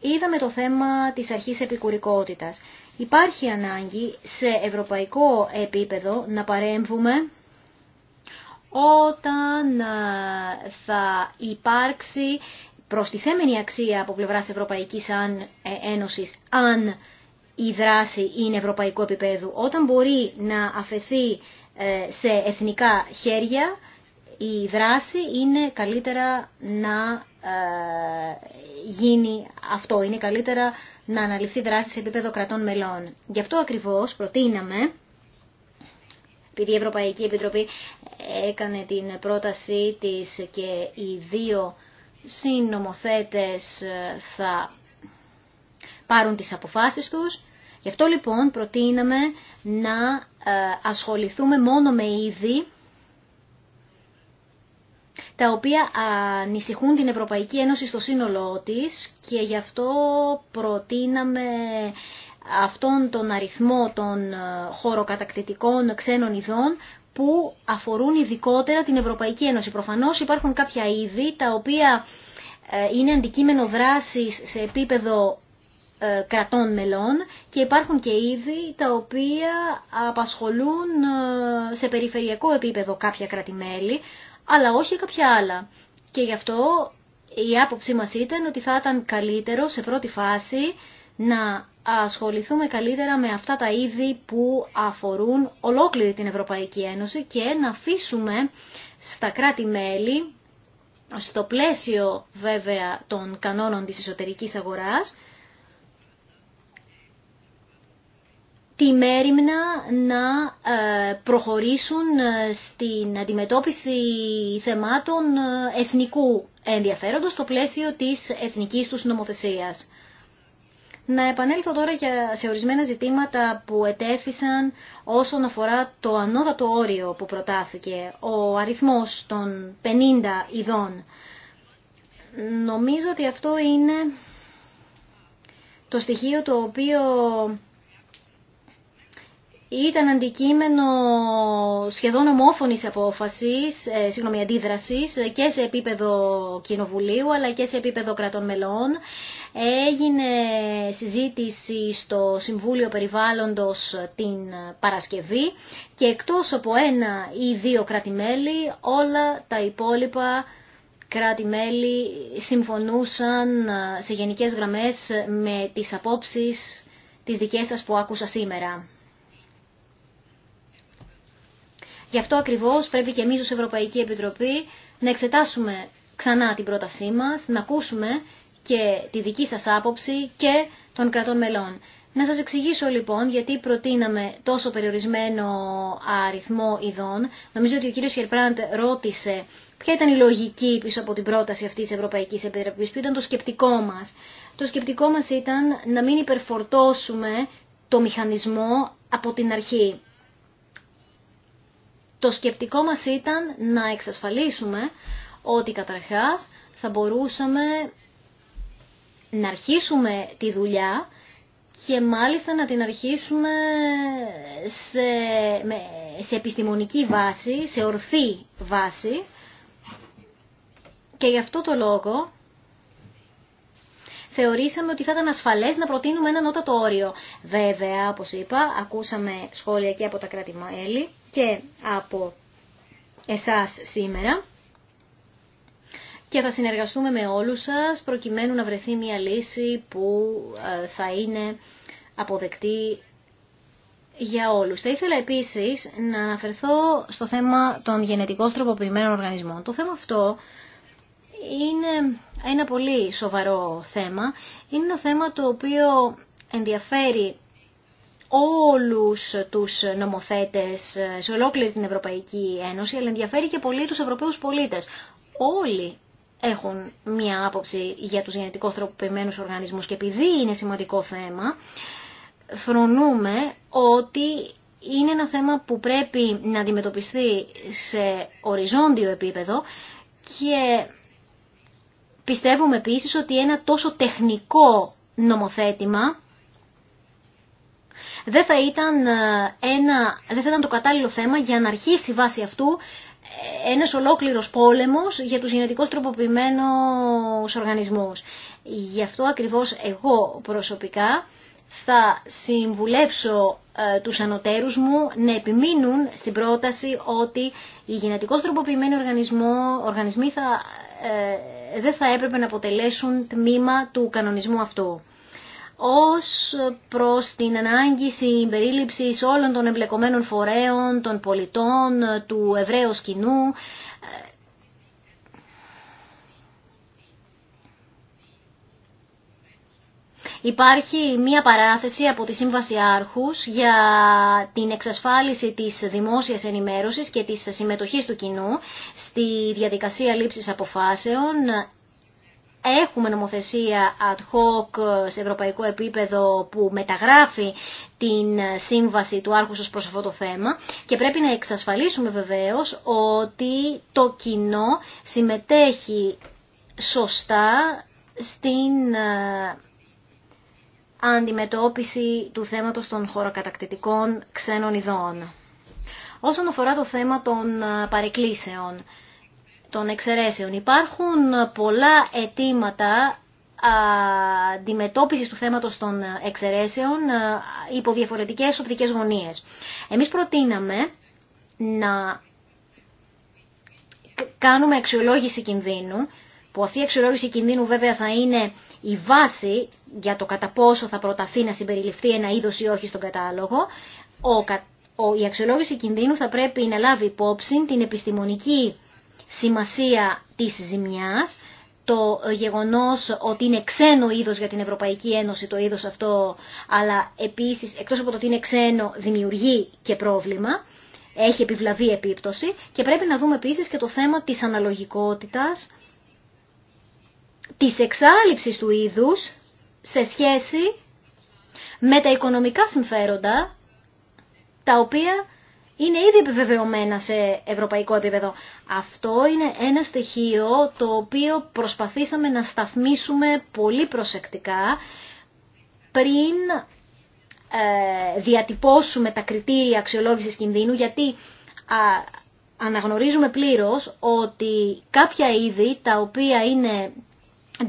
Είδαμε το θέμα της αρχής επικουρικότητας. Υπάρχει ανάγκη σε ευρωπαϊκό επίπεδο να παρέμβουμε όταν ε, θα υπάρξει προστιθέμενη αξία από πλευράς Ευρωπαϊκής ε, Ένωσης αν η δράση είναι ευρωπαϊκού επίπεδου, όταν μπορεί να αφαιθεί ε, σε εθνικά χέρια η δράση είναι καλύτερα να ε, γίνει αυτό. Είναι καλύτερα να αναλυφθεί δράση σε επίπεδο κρατών μελών. Γι' αυτό ακριβώς προτείναμε, επειδή η Ευρωπαϊκή Επιτροπή έκανε την πρότασή της και οι δύο συνομοθέτες ε, θα πάρουν τις αποφάσεις τους, γι' αυτό λοιπόν προτείναμε να ε, ασχοληθούμε μόνο με είδη τα οποία ανησυχούν την Ευρωπαϊκή Ένωση στο σύνολό της και γι' αυτό προτείναμε αυτόν τον αριθμό των ε, χωροκατακτητικών ξένων ειδών που αφορούν ειδικότερα την Ευρωπαϊκή Ένωση. Προφανώς υπάρχουν κάποια είδη τα οποία ε, είναι αντικείμενο δράσης σε επίπεδο ε, κρατών μελών και υπάρχουν και είδη τα οποία απασχολούν σε περιφερειακό επίπεδο κάποια κρατημέλη αλλά όχι κάποια άλλα. Και γι' αυτό η άποψή μας ήταν ότι θα ήταν καλύτερο σε πρώτη φάση να ασχοληθούμε καλύτερα με αυτά τα είδη που αφορούν ολόκληρη την Ευρωπαϊκή Ένωση και να αφήσουμε στα κράτη-μέλη, στο πλαίσιο βέβαια των κανόνων της εσωτερικής αγοράς, τη μέρημνα να ε, προχωρήσουν ε, στην αντιμετώπιση θεμάτων ε, εθνικού ενδιαφέροντος στο πλαίσιο της εθνικής τους νομοθεσίας. Να επανέλθω τώρα σε ορισμένα ζητήματα που ετέθησαν όσον αφορά το ανώδατο όριο που προτάθηκε, ο αριθμός των 50 ειδών. Νομίζω ότι αυτό είναι το στοιχείο το οποίο ήταν αντικείμενο σχεδόν ομόφωνης απόφασης, ε, αντίδρασης και σε επίπεδο κοινοβουλίου αλλά και σε επίπεδο κρατών μελών. Έγινε συζήτηση στο Συμβούλιο Περιβάλλοντος την Παρασκευή και εκτός από ένα ή κρατημέλη όλα τα υπόλοιπα κράτη-μέλη συμφωνούσαν ε, σε γενικές γραμμές με τις απόψεις τις δικές σας που άκουσα σήμερα. Γι' αυτό ακριβώς πρέπει και εμείς ως Ευρωπαϊκή Επιτροπή να εξετάσουμε ξανά την πρότασή μας, να ακούσουμε και τη δική σας άποψη και των κρατών μελών. Να σας εξηγήσω λοιπόν γιατί προτείναμε τόσο περιορισμένο αριθμό ειδών. Νομίζω ότι ο κύριος Χερπράντ ρώτησε ποια ήταν η λογική πίσω από την πρόταση αυτή της Ευρωπαϊκής Επιτροπής, ποιο ήταν το σκεπτικό μας. Το σκεπτικό μας ήταν να μην υπερφορτώσουμε το μηχανισμό από την αρχή. Το σκεπτικό μας ήταν να εξασφαλίσουμε ότι καταρχάς θα μπορούσαμε να αρχίσουμε τη δουλειά και μάλιστα να την αρχίσουμε σε, επιστημονική βάση, σε ορθή βάση και γι' αυτό το λόγο θεωρήσαμε ότι θα ήταν ασφαλές να προτείνουμε ένα νότατο όριο. Βέβαια, όπως είπα, ακούσαμε σχόλια και από τα κρατη και από εσάς σήμερα και θα συνεργαστούμε με όλους σας προκειμένου να βρεθεί μια λύση που ε, θα είναι αποδεκτή για όλους. Θα ήθελα επίσης να αναφερθώ στο θέμα των γενετικώς τροποποιημένων οργανισμών. Το θέμα αυτό είναι ένα πολύ σοβαρό θέμα. Είναι ένα θέμα το οποίο ενδιαφέρει όλους τους νομοθέτες ε, σε ολόκληρη την Ευρωπαϊκή Ένωση, αλλά ενδιαφέρει και πολύ τους Ευρωπαίους πολίτες. Όλοι έχουν μία άποψη για τους γενετικώς τροποποιημένους οργανισμούς και επειδή είναι σημαντικό θέμα, φρονούμε ότι είναι ένα θέμα που πρέπει να αντιμετωπιστεί σε οριζόντιο επίπεδο και πιστεύουμε επίσης ότι ένα τόσο τεχνικό νομοθέτημα δεν θα ήταν, ε, ένα, δεν θα το κατάλληλο θέμα για να αρχίσει βάσει αυτού ε, ένας ολόκληρος πόλεμος για τους γενετικώς τροποποιημένους οργανισμούς. Γι' αυτό ακριβώς εγώ προσωπικά θα συμβουλέψω ε, τους ανωτέρους μου να επιμείνουν στην πρόταση ότι οι γενετικώς τροποποιημένοι οργανισμοί θα, δεν θα έπρεπε να αποτελέσουν τμήμα του κανονισμού αυτού ως προς την ανάγκη συμπερίληψης όλων των εμπλεκομένων φορέων, των πολιτών, του Εβραίου κοινού. Υπάρχει μία παράθεση από τη Σύμβαση Άρχους για την εξασφάλιση της δημόσιας ενημέρωσης και της συμμετοχής του κοινού στη διαδικασία λήψης αποφάσεων. Έχουμε νομοθεσία ad hoc σε ευρωπαϊκό επίπεδο που μεταγράφει την σύμβαση του Άρχουσος προς αυτό το θέμα και πρέπει να εξασφαλίσουμε βεβαίως ότι το κοινό συμμετέχει σωστά στην ε, αντιμετώπιση του θέματος των χωροκατακτητικών ξένων ειδών. Όσον αφορά το θέμα των ε, παρεκκλήσεων, των εξαιρέσεων. Υπάρχουν πολλά αιτήματα αντιμετώπιση του θέματος των εξαιρέσεων υπό διαφορετικές οπτικές γωνίες. Εμείς προτείναμε να κάνουμε αξιολόγηση κινδύνου, που αυτή η αξιολόγηση κινδύνου βέβαια θα είναι η βάση για το κατά πόσο θα προταθεί να συμπεριληφθεί ένα είδος ή όχι στον κατάλογο. Ο, η αξιολόγηση κινδύνου θα πρέπει να λάβει υπόψη την επιστημονική σημασία της ζημιάς, το γεγονός ότι είναι ξένο είδος για την Ευρωπαϊκή Ένωση το είδος αυτό, αλλά επίσης εκτός από το ότι είναι ξένο δημιουργεί και πρόβλημα, έχει επιβλαβή επίπτωση και πρέπει να δούμε επίσης και το θέμα της αναλογικότητας, της εξάλληψης του είδους σε σχέση με τα οικονομικά συμφέροντα τα οποία είναι ήδη επιβεβαιωμένα σε ευρωπαϊκό επίπεδο. Αυτό είναι ένα στοιχείο το οποίο προσπαθήσαμε να σταθμίσουμε πολύ προσεκτικά πριν ε, διατυπώσουμε τα κριτήρια αξιολόγησης κινδύνου γιατί αναγνωρίζουμε πλήρως ότι κάποια είδη τα οποία είναι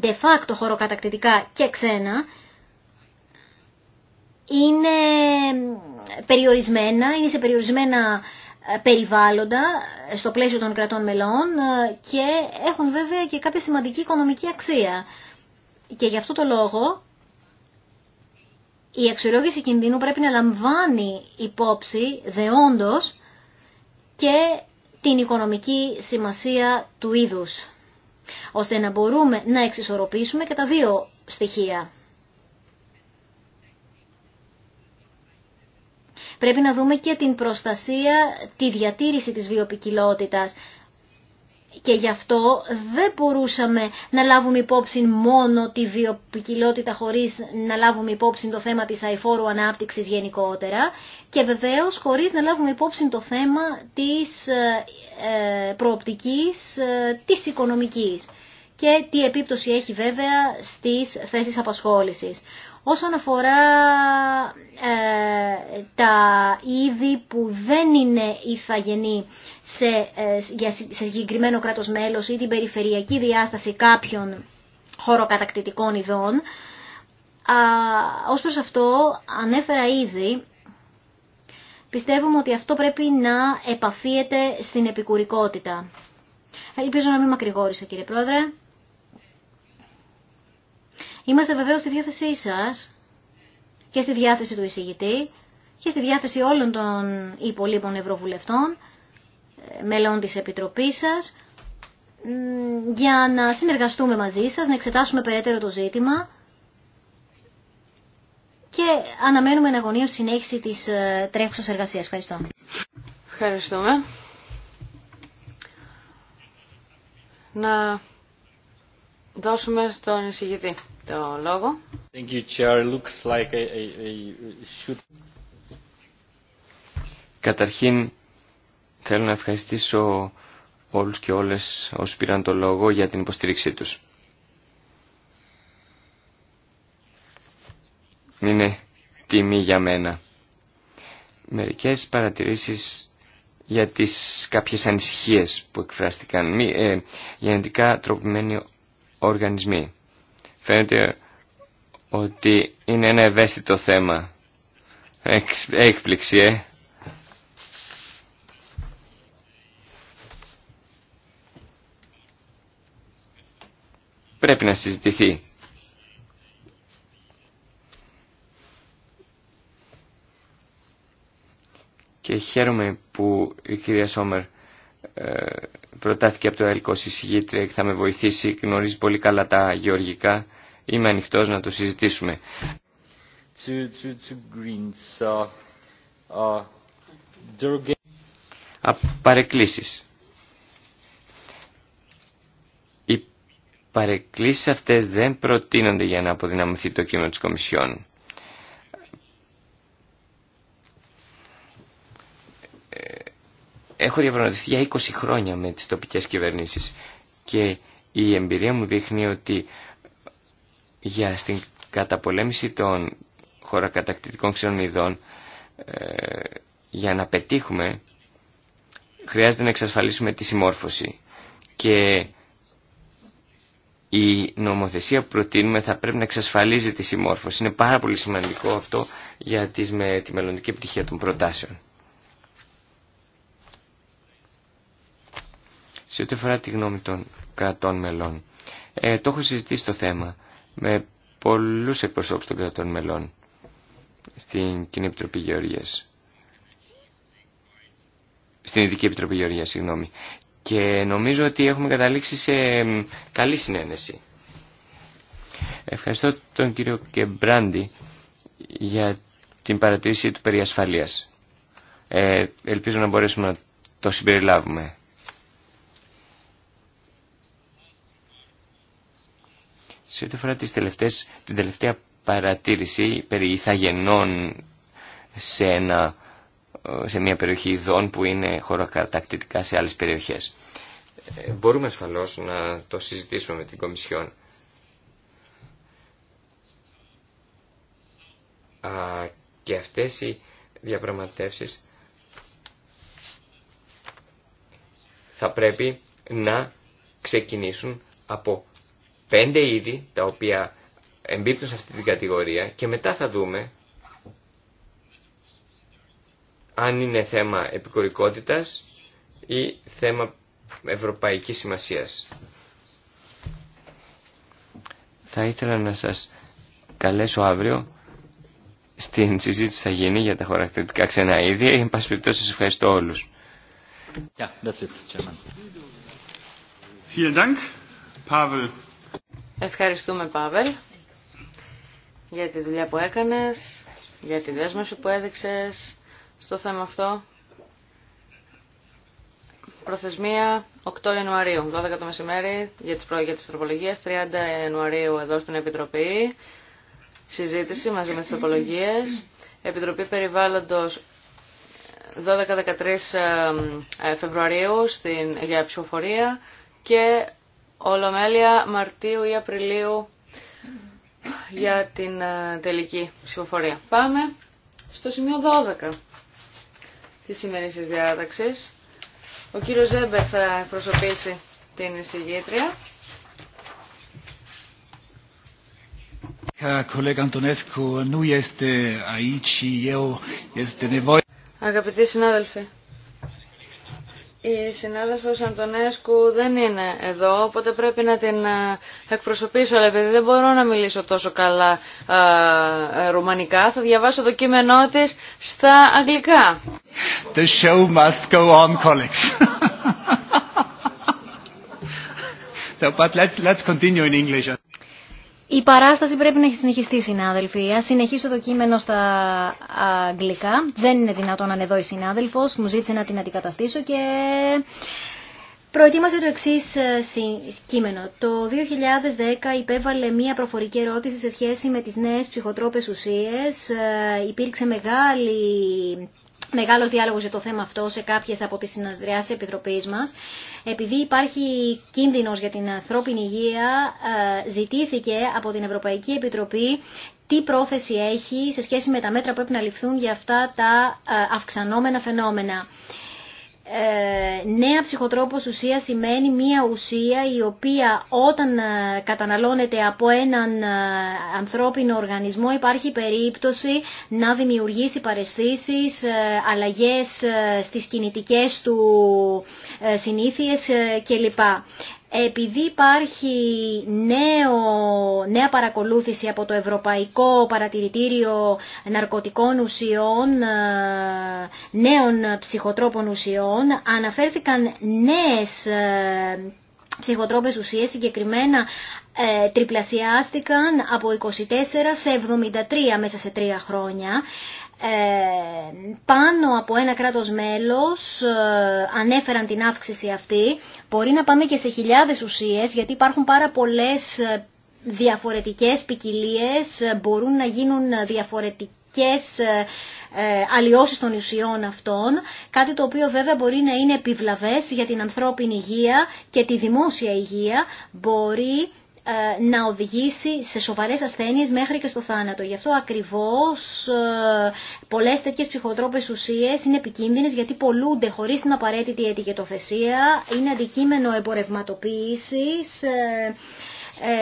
de facto χωροκατακτητικά και ξένα είναι περιορισμένα, είναι σε περιορισμένα ε, περιβάλλοντα ε, στο πλαίσιο των κρατών μελών ε, και έχουν βέβαια και κάποια σημαντική οικονομική αξία. Και γι' αυτό το λόγο η αξιολόγηση κινδύνου πρέπει να λαμβάνει υπόψη δεόντως και την οικονομική σημασία του είδους, ώστε να μπορούμε να εξισορροπήσουμε και τα δύο στοιχεία. Πρέπει να δούμε και την προστασία, τη διατήρηση της βιοπικιλότητας. Και γι' αυτό δεν μπορούσαμε να λάβουμε υπόψη μόνο τη βιοπικιλότητα χωρίς να λάβουμε υπόψη το θέμα της αηφόρου ανάπτυξης γενικότερα και βεβαίως χωρίς να λάβουμε υπόψη το θέμα της ε, ε, προοπτικής, ε, της οικονομικής και τι επίπτωση έχει βέβαια στις θέσεις απασχόλησης. Όσον αφορά ε, τα είδη που δεν είναι ηθαγενή σε, ε, σε συγκεκριμένο κράτος μέλος ή την περιφερειακή διάσταση κάποιων χωροκατακτητικών ειδών, α, ως προς αυτό ανέφερα ήδη πιστεύουμε ότι αυτό πρέπει να επαφίεται στην επικουρικότητα. Ελπίζω να μην μακρηγόρησα κύριε Πρόεδρε. Είμαστε βεβαίως στη διάθεσή σας και στη διάθεση του εισηγητή και στη διάθεση όλων των υπολείπων ευρωβουλευτών, ε, μελών της Επιτροπής σας, για να συνεργαστούμε μαζί σας, να εξετάσουμε περαιτέρω το ζήτημα και αναμένουμε εναγωνίως συνέχιση της ε, τρέχουσας εργασίας. Ευχαριστώ. Ευχαριστούμε. Να δώσουμε στον εισηγητή το λόγο. Καταρχήν θέλω να ευχαριστήσω όλους και όλες όσους πήραν το λόγο για την υποστήριξή τους. Είναι τιμή για μένα. Μερικές παρατηρήσεις για τις κάποιες ανησυχίες που εκφράστηκαν. Μη, ε, γενετικά τροπημένοι οργανισμοί. Φαίνεται ότι είναι ένα ευαίσθητο θέμα. έκπληξη, ε. Πρέπει να συζητηθεί. Και χαίρομαι που η κυρία Σόμερ ε, προτάθηκε από το ΕΛΚΟ συσυγήτρια και θα με βοηθήσει, γνωρίζει πολύ καλά τα γεωργικά. Είμαι ανοιχτό να το συζητήσουμε. Uh, uh, παρεκκλήσεις. Οι παρεκκλήσεις αυτές δεν προτείνονται για να αποδυναμωθεί το κείμενο της Κομισιόν. έχω διαπραγματευτεί για 20 χρόνια με τις τοπικές κυβερνήσεις και η εμπειρία μου δείχνει ότι για στην καταπολέμηση των χωρακατακτητικών ξένων ε, για να πετύχουμε χρειάζεται να εξασφαλίσουμε τη συμμόρφωση και η νομοθεσία που προτείνουμε θα πρέπει να εξασφαλίζει τη συμμόρφωση. Είναι πάρα πολύ σημαντικό αυτό για με, τη μελλοντική επιτυχία των προτάσεων. σε ό,τι αφορά τη γνώμη των κρατών μελών. Ε, το έχω συζητήσει το θέμα με πολλούς εκπροσώπους των κρατών μελών στην Κοινή Επιτροπή Γεωργίας. Στην Ειδική Επιτροπή Γεωργίας, συγγνώμη. Και νομίζω ότι έχουμε καταλήξει σε καλή συνένεση. Ευχαριστώ τον κύριο Κεμπράντη για την παρατήρηση του περί ασφαλείας. Ε, ελπίζω να μπορέσουμε να το συμπεριλάβουμε Σε ό,τι αφορά τις τελευταίες, την τελευταία παρατήρηση περί ηθαγενών σε, ένα, σε μια περιοχή ειδών που είναι χωροκατακτητικά σε άλλες περιοχές. Ε, μπορούμε ασφαλώς να το συζητήσουμε με την Κομισιόν. και αυτές οι διαπραγματεύσεις θα πρέπει να ξεκινήσουν από πέντε είδη τα οποία εμπίπτουν σε αυτή την κατηγορία και μετά θα δούμε αν είναι θέμα επικορικότητας ή θέμα ευρωπαϊκής σημασίας. Θα ήθελα να σας καλέσω αύριο στην συζήτηση θα γίνει για τα χωρακτηριστικά ξένα είδη. Εν πάση περιπτώσει, σα ευχαριστώ όλους. Yeah, that's Vielen Dank, Ευχαριστούμε Πάβελ για τη δουλειά που έκανες, για τη δέσμευση που έδειξες στο θέμα αυτό. Προθεσμία 8 Ιανουαρίου, 12 το μεσημέρι για τις της τροπολογίες, 30 Ιανουαρίου εδώ στην Επιτροπή, συζήτηση μαζί με τις τροπολογίες, Επιτροπή Περιβάλλοντος 12-13 Φεβρουαρίου στην, για ψηφοφορία και Ολομέλεια Μαρτίου ή Απριλίου για την ε, τελική ψηφοφορία. Πάμε στο σημείο 12 της σημερινής διάταξης. Ο κύριος Ζέμπερ θα προσωπήσει την εισηγήτρια. Αγαπητοί συνάδελφοι, η συνάδελφος Αντωνέσκου δεν είναι εδώ, οπότε πρέπει να την ε, εκπροσωπήσω, αλλά επειδή δεν μπορώ να μιλήσω τόσο καλά ε, ε, ρουμανικά, θα διαβάσω το κείμενό της στα αγγλικά. The show must go on, colleagues. so, but let's, let's continue in English. Η παράσταση πρέπει να έχει συνεχιστεί, συνάδελφοι. Α συνεχίσω το κείμενο στα αγγλικά. Δεν είναι δυνατόν να είναι εδώ η συνάδελφο. Μου ζήτησε να την αντικαταστήσω και Προετοίμασε το εξή ε, κείμενο. Το 2010 υπέβαλε μία προφορική ερώτηση σε σχέση με τις νέες ψυχοτρόπες ουσίες. Ε, υπήρξε μεγάλη Μεγαλό διάλογο για το θέμα αυτό σε κάποιες από τις συνεδριάσεις Επιτροπή μας. Επειδή υπάρχει κίνδυνος για την ανθρώπινη υγεία, ε, ζητήθηκε από την Ευρωπαϊκή Επιτροπή τι πρόθεση έχει σε σχέση με τα μέτρα που πρέπει να ληφθούν για αυτά τα ε, αυξανόμενα φαινόμενα. Ε, νέα ψυχοτρόπος ουσία σημαίνει μία ουσία η οποία όταν ε, καταναλώνεται από έναν ε, ανθρώπινο οργανισμό υπάρχει περίπτωση να δημιουργήσει παρεστήσεις, αλλαγές στις κινητικές του συνήθειες κλπ επειδή υπάρχει νέο, νέα παρακολούθηση από το Ευρωπαϊκό Παρατηρητήριο Ναρκωτικών Ουσιών, ε, νέων ψυχοτρόπων ουσιών, αναφέρθηκαν νέες ε, ψυχοτρόπες ουσίες, συγκεκριμένα ε, τριπλασιάστηκαν από 24 σε 73 μέσα σε τρία χρόνια. Ε, πάνω από ένα κράτος μέλος ε, ανέφεραν την αύξηση αυτή. Μπορεί να πάμε και σε χιλιάδες ουσίες γιατί υπάρχουν πάρα πολλές ε, διαφορετικές ποικιλίε, μπορούν να γίνουν διαφορετικές αλλοιώσεις των ουσιών αυτών, κάτι το οποίο βέβαια μπορεί να είναι επιβλαβές για την ανθρώπινη υγεία και τη δημόσια υγεία, μπορεί ε, να οδηγήσει σε σοβαρές ασθένειες μέχρι και στο θάνατο. Γι' αυτό ακριβώς ε, πολλές τέτοιες ψυχοτρόπες ουσίες είναι επικίνδυνες γιατί πολλούνται χωρίς την απαραίτητη ετικετοθεσία, είναι αντικείμενο εμπορευματοποίησης ε,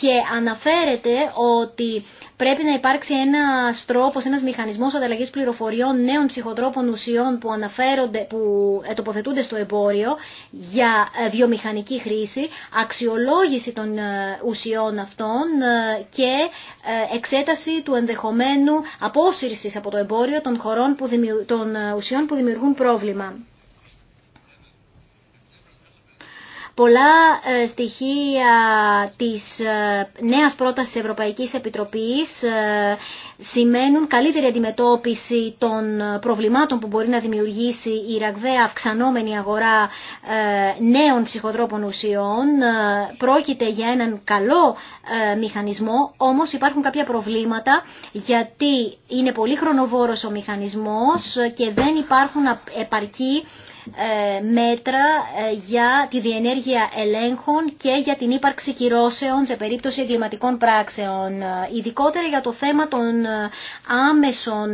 και αναφέρεται ότι πρέπει να υπάρξει ένα τρόπο, ένα μηχανισμό ανταλλαγή πληροφοριών νέων ψυχοτρόπων ουσιών που, αναφέρονται, που ε, τοποθετούνται στο εμπόριο για ε, βιομηχανική χρήση, αξιολόγηση των ε, ουσιών αυτών και εξέταση του ενδεχομένου απόσυρση από το εμπόριο των, χωρών που των ουσιών που δημιουργούν πρόβλημα. Πολλά ε, στοιχεία της ε, νέας πρότασης Ευρωπαϊκής Επιτροπής ε, σημαίνουν καλύτερη αντιμετώπιση των προβλημάτων που μπορεί να δημιουργήσει η ραγδαία αυξανόμενη αγορά νέων ψυχοτρόπων ουσιών. Πρόκειται για έναν καλό μηχανισμό, όμως υπάρχουν κάποια προβλήματα γιατί είναι πολύ χρονοβόρος ο μηχανισμός και δεν υπάρχουν επαρκή ε, μέτρα ε, για τη διενέργεια ελέγχων και για την ύπαρξη κυρώσεων σε περίπτωση εγκληματικών πράξεων. Ε, ειδικότερα για το θέμα των άμεσων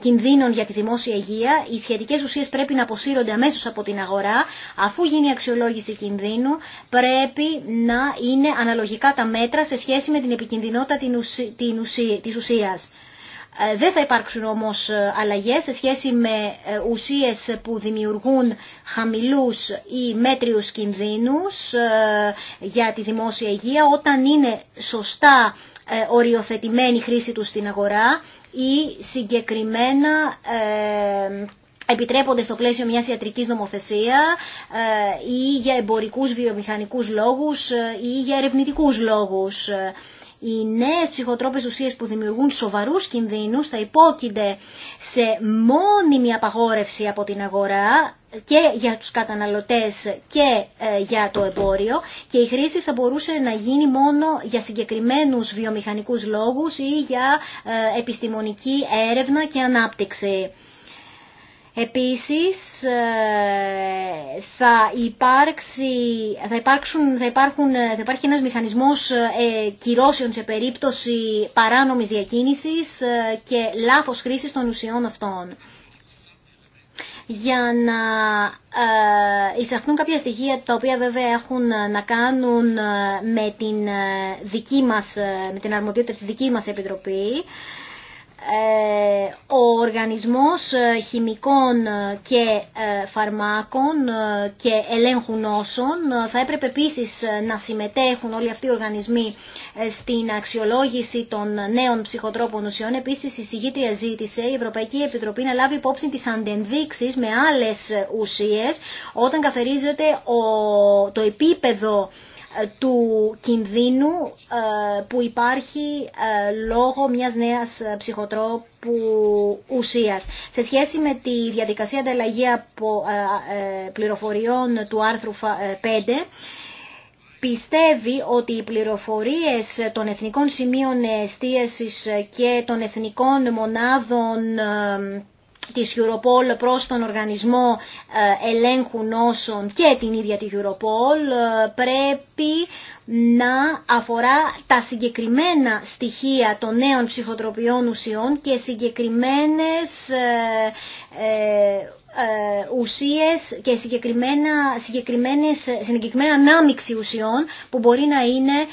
κινδύνων για τη δημόσια υγεία, οι σχετικές ουσίες πρέπει να αποσύρονται αμέσως από την αγορά. Αφού γίνει αξιολόγηση κινδύνου, πρέπει να είναι αναλογικά τα μέτρα σε σχέση με την επικινδυνότητα της ουσίας. Ε, δεν θα υπάρξουν όμως ε, αλλαγές σε σχέση με ε, ουσίες που δημιουργούν χαμηλούς ή μέτριους κινδύνους για τη δημόσια υγεία όταν είναι σωστά οριοθετημένη η χρήση τους στην αγορά ή συγκεκριμένα επιτρέπονται στο πλαίσιο μιας ιατρικής νομοθεσία ή για εμπορικούς βιομηχανικούς λόγους ή για ερευνητικούς λόγους οι νέες ψυχοτρόπες ουσίες που δημιουργούν σοβαρούς κινδύνους θα υπόκεινται σε μόνιμη απαγόρευση από την αγορά και για τους καταναλωτές και ε, για το εμπόριο και η χρήση θα μπορούσε να γίνει μόνο για συγκεκριμένους βιομηχανικούς λόγους ή για ε, επιστημονική έρευνα και ανάπτυξη. Επίσης ε, θα, υπάρξει, θα, υπάρξουν, θα, υπάρχουν, ε, θα υπάρχει ένας μηχανισμός ε, κυρώσεων σε περίπτωση παράνομης διακίνησης και λάθος χρήσης των ουσιών αυτών για να εισαχθούν κάποια στοιχεία τα οποία βέβαια έχουν να κάνουν με την δική μας, με την αρμοδιότητα της δική μας επιτροπή. Ε, ο Οργανισμός ε, Χημικών ε, και Φαρμάκων και Ελέγχου Νόσων θα έπρεπε επίσης να συμμετέχουν όλοι αυτοί οι οργανισμοί στην αξιολόγηση των νέων ψυχοτρόπων ουσιών. Επίσης η συγγήτρια ζήτησε η Ευρωπαϊκή Επιτροπή να λάβει υπόψη τις αντενδείξεις με άλλες ουσίες όταν καθαρίζεται το επίπεδο ε, του κινδύνου ε, που υπάρχει ε, λόγω μιας νέας ψυχοτρόπου ουσίας. Σε σχέση με τη διαδικασία ανταλλαγή πληροφοριών του άρθρου 5, πιστεύει ότι οι πληροφορίες των εθνικών σημείων εστίασης και των εθνικών μονάδων της Europol προς τον οργανισμό ε, ελέγχου νόσων και την ίδια τη Europol ε, πρέπει να αφορά τα συγκεκριμένα στοιχεία των νέων ψυχοτροπιών ουσιών και συγκεκριμένες ε, ουσίες και συγκεκριμένα, συγκεκριμένες, συγκεκριμένα ανάμιξη ουσιών που μπορεί να είναι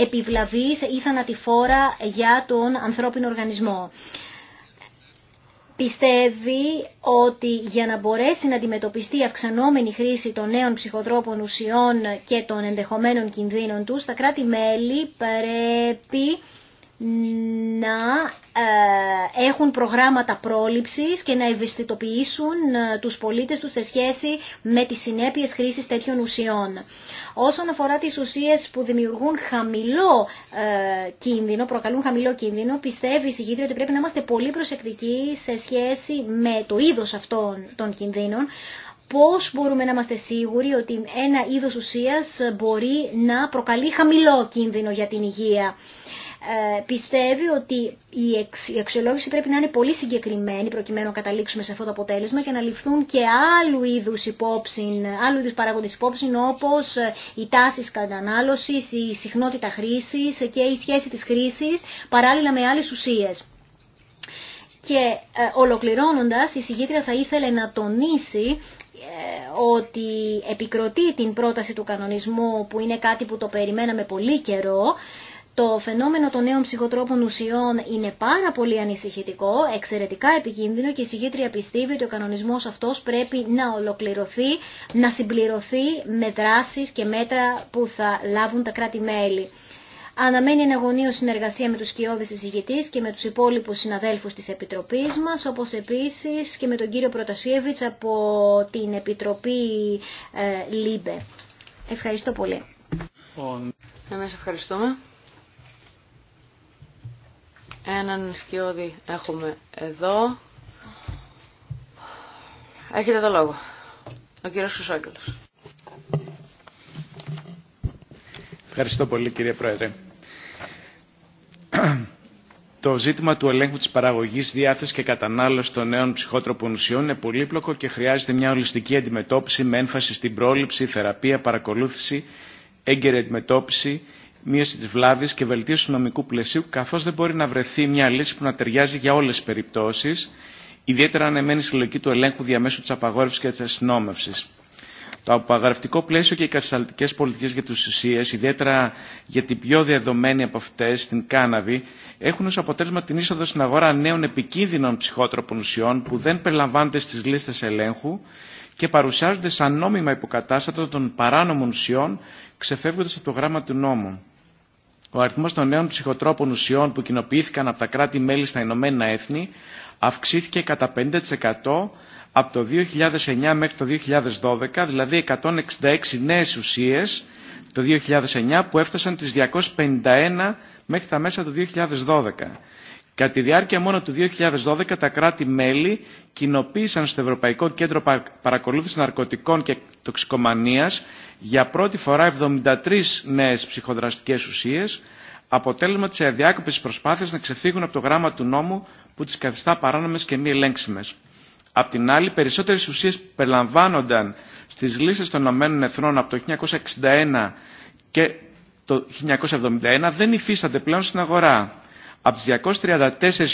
επιβλαβής ή θανατηφόρα για τον ανθρώπινο οργανισμό πιστεύει ότι για να μπορέσει να αντιμετωπιστεί η αυξανόμενη χρήση των νέων ψυχοτρόπων ουσιών και των ενδεχομένων κινδύνων τους, τα κράτη-μέλη πρέπει να ε, έχουν προγράμματα πρόληψης και να ευαισθητοποιήσουν ε, τους πολίτες τους σε σχέση με τις συνέπειες χρήσης τέτοιων ουσιών. Όσον αφορά τις ουσίες που δημιουργούν χαμηλό ε, κίνδυνο, προκαλούν χαμηλό κίνδυνο, πιστεύει η ότι πρέπει να είμαστε πολύ προσεκτικοί σε σχέση με το είδος αυτών των κινδύνων, πώς μπορούμε να είμαστε σίγουροι ότι ένα είδος ουσίας μπορεί να προκαλεί χαμηλό κίνδυνο για την υγεία. Ε, πιστεύει ότι η αξιολόγηση πρέπει να είναι πολύ συγκεκριμένη προκειμένου να καταλήξουμε σε αυτό το αποτέλεσμα και να ληφθούν και άλλου είδου υπόψη, άλλου είδου παράγοντες υπόψη όπω ε, οι τάσει κατανάλωση, η συχνότητα χρήση και η σχέση της χρήση παράλληλα με άλλε ουσίες. Και ε, ολοκληρώνοντας, η συγγήτρια θα ήθελε να τονίσει ότι επικροτεί την πρόταση του κανονισμού που είναι κάτι που το περιμέναμε πολύ καιρό το φαινόμενο των νέων ψυχοτρόπων ουσιών είναι πάρα πολύ ανησυχητικό, εξαιρετικά επικίνδυνο και η συγγήτρια πιστεύει ότι ο κανονισμός αυτός πρέπει να ολοκληρωθεί, να συμπληρωθεί με δράσεις και μέτρα που θα λάβουν τα κράτη-μέλη. Αναμένει ένα γωνίο συνεργασία με τους κοιόδης εισηγητής και με τους υπόλοιπους συναδέλφους της Επιτροπής μας, όπως επίσης και με τον κύριο Προτασίεβιτς από την Επιτροπή ε, ΛΥΜΠΕ. Ευχαριστώ πολύ. Εμείς ευχαριστούμε. Έναν σκιώδη έχουμε εδώ. Έχετε το λόγο. Ο κύριος Σουσόγγελος. Ευχαριστώ πολύ κύριε Πρόεδρε. Το ζήτημα του ελέγχου της παραγωγής, διάθεσης και κατανάλωσης των νέων ψυχότροπων ουσιών είναι πολύπλοκο και χρειάζεται μια ολιστική αντιμετώπιση με έμφαση στην πρόληψη, θεραπεία, παρακολούθηση, έγκαιρη αντιμετώπιση μείωση τη βλάβη και βελτίωση του νομικού πλαισίου, καθώ δεν μπορεί να βρεθεί μια λύση που να ταιριάζει για όλε τι περιπτώσει, ιδιαίτερα αν εμένει στη λογική του ελέγχου διαμέσου τη απαγόρευση και τη αστυνόμευση. Το απαγορευτικό πλαίσιο και οι κατασταλτικέ πολιτικέ για τι ουσίε, ιδιαίτερα για την πιο διαδομένη από αυτέ, την κάναβη, έχουν ω αποτέλεσμα την είσοδο στην αγορά νέων επικίνδυνων ψυχότροπων ουσιών που δεν περιλαμβάνονται στι λίστε ελέγχου και παρουσιάζονται σαν νόμιμα υποκατάστατα των παράνομων ουσιών, ξεφεύγοντα από το γράμμα του νόμου. Ο αριθμός των νέων ψυχοτρόπων ουσιών που κοινοποιήθηκαν από τα κράτη-μέλη στα Ηνωμένα Έθνη αυξήθηκε κατά 50% από το 2009 μέχρι το 2012, δηλαδή 166 νέες ουσίες το 2009 που έφτασαν τις 251 μέχρι τα μέσα του 2012. Κατά τη διάρκεια μόνο του 2012 τα κράτη-μέλη κοινοποίησαν στο Ευρωπαϊκό Κέντρο Παρακολούθησης Ναρκωτικών και Τοξικομανίας για πρώτη φορά 73 νέες ψυχοδραστικές ουσίες, αποτέλεσμα της αδιάκοπης προσπάθειας να ξεφύγουν από το γράμμα του νόμου που τις καθιστά παράνομες και μη ελέγξιμες. Απ' την άλλη, περισσότερες ουσίες που περιλαμβάνονταν στις λύσει των ΗΠΑ από το 1961 και το 1971 δεν υφίστανται πλέον στην αγορά. Από τις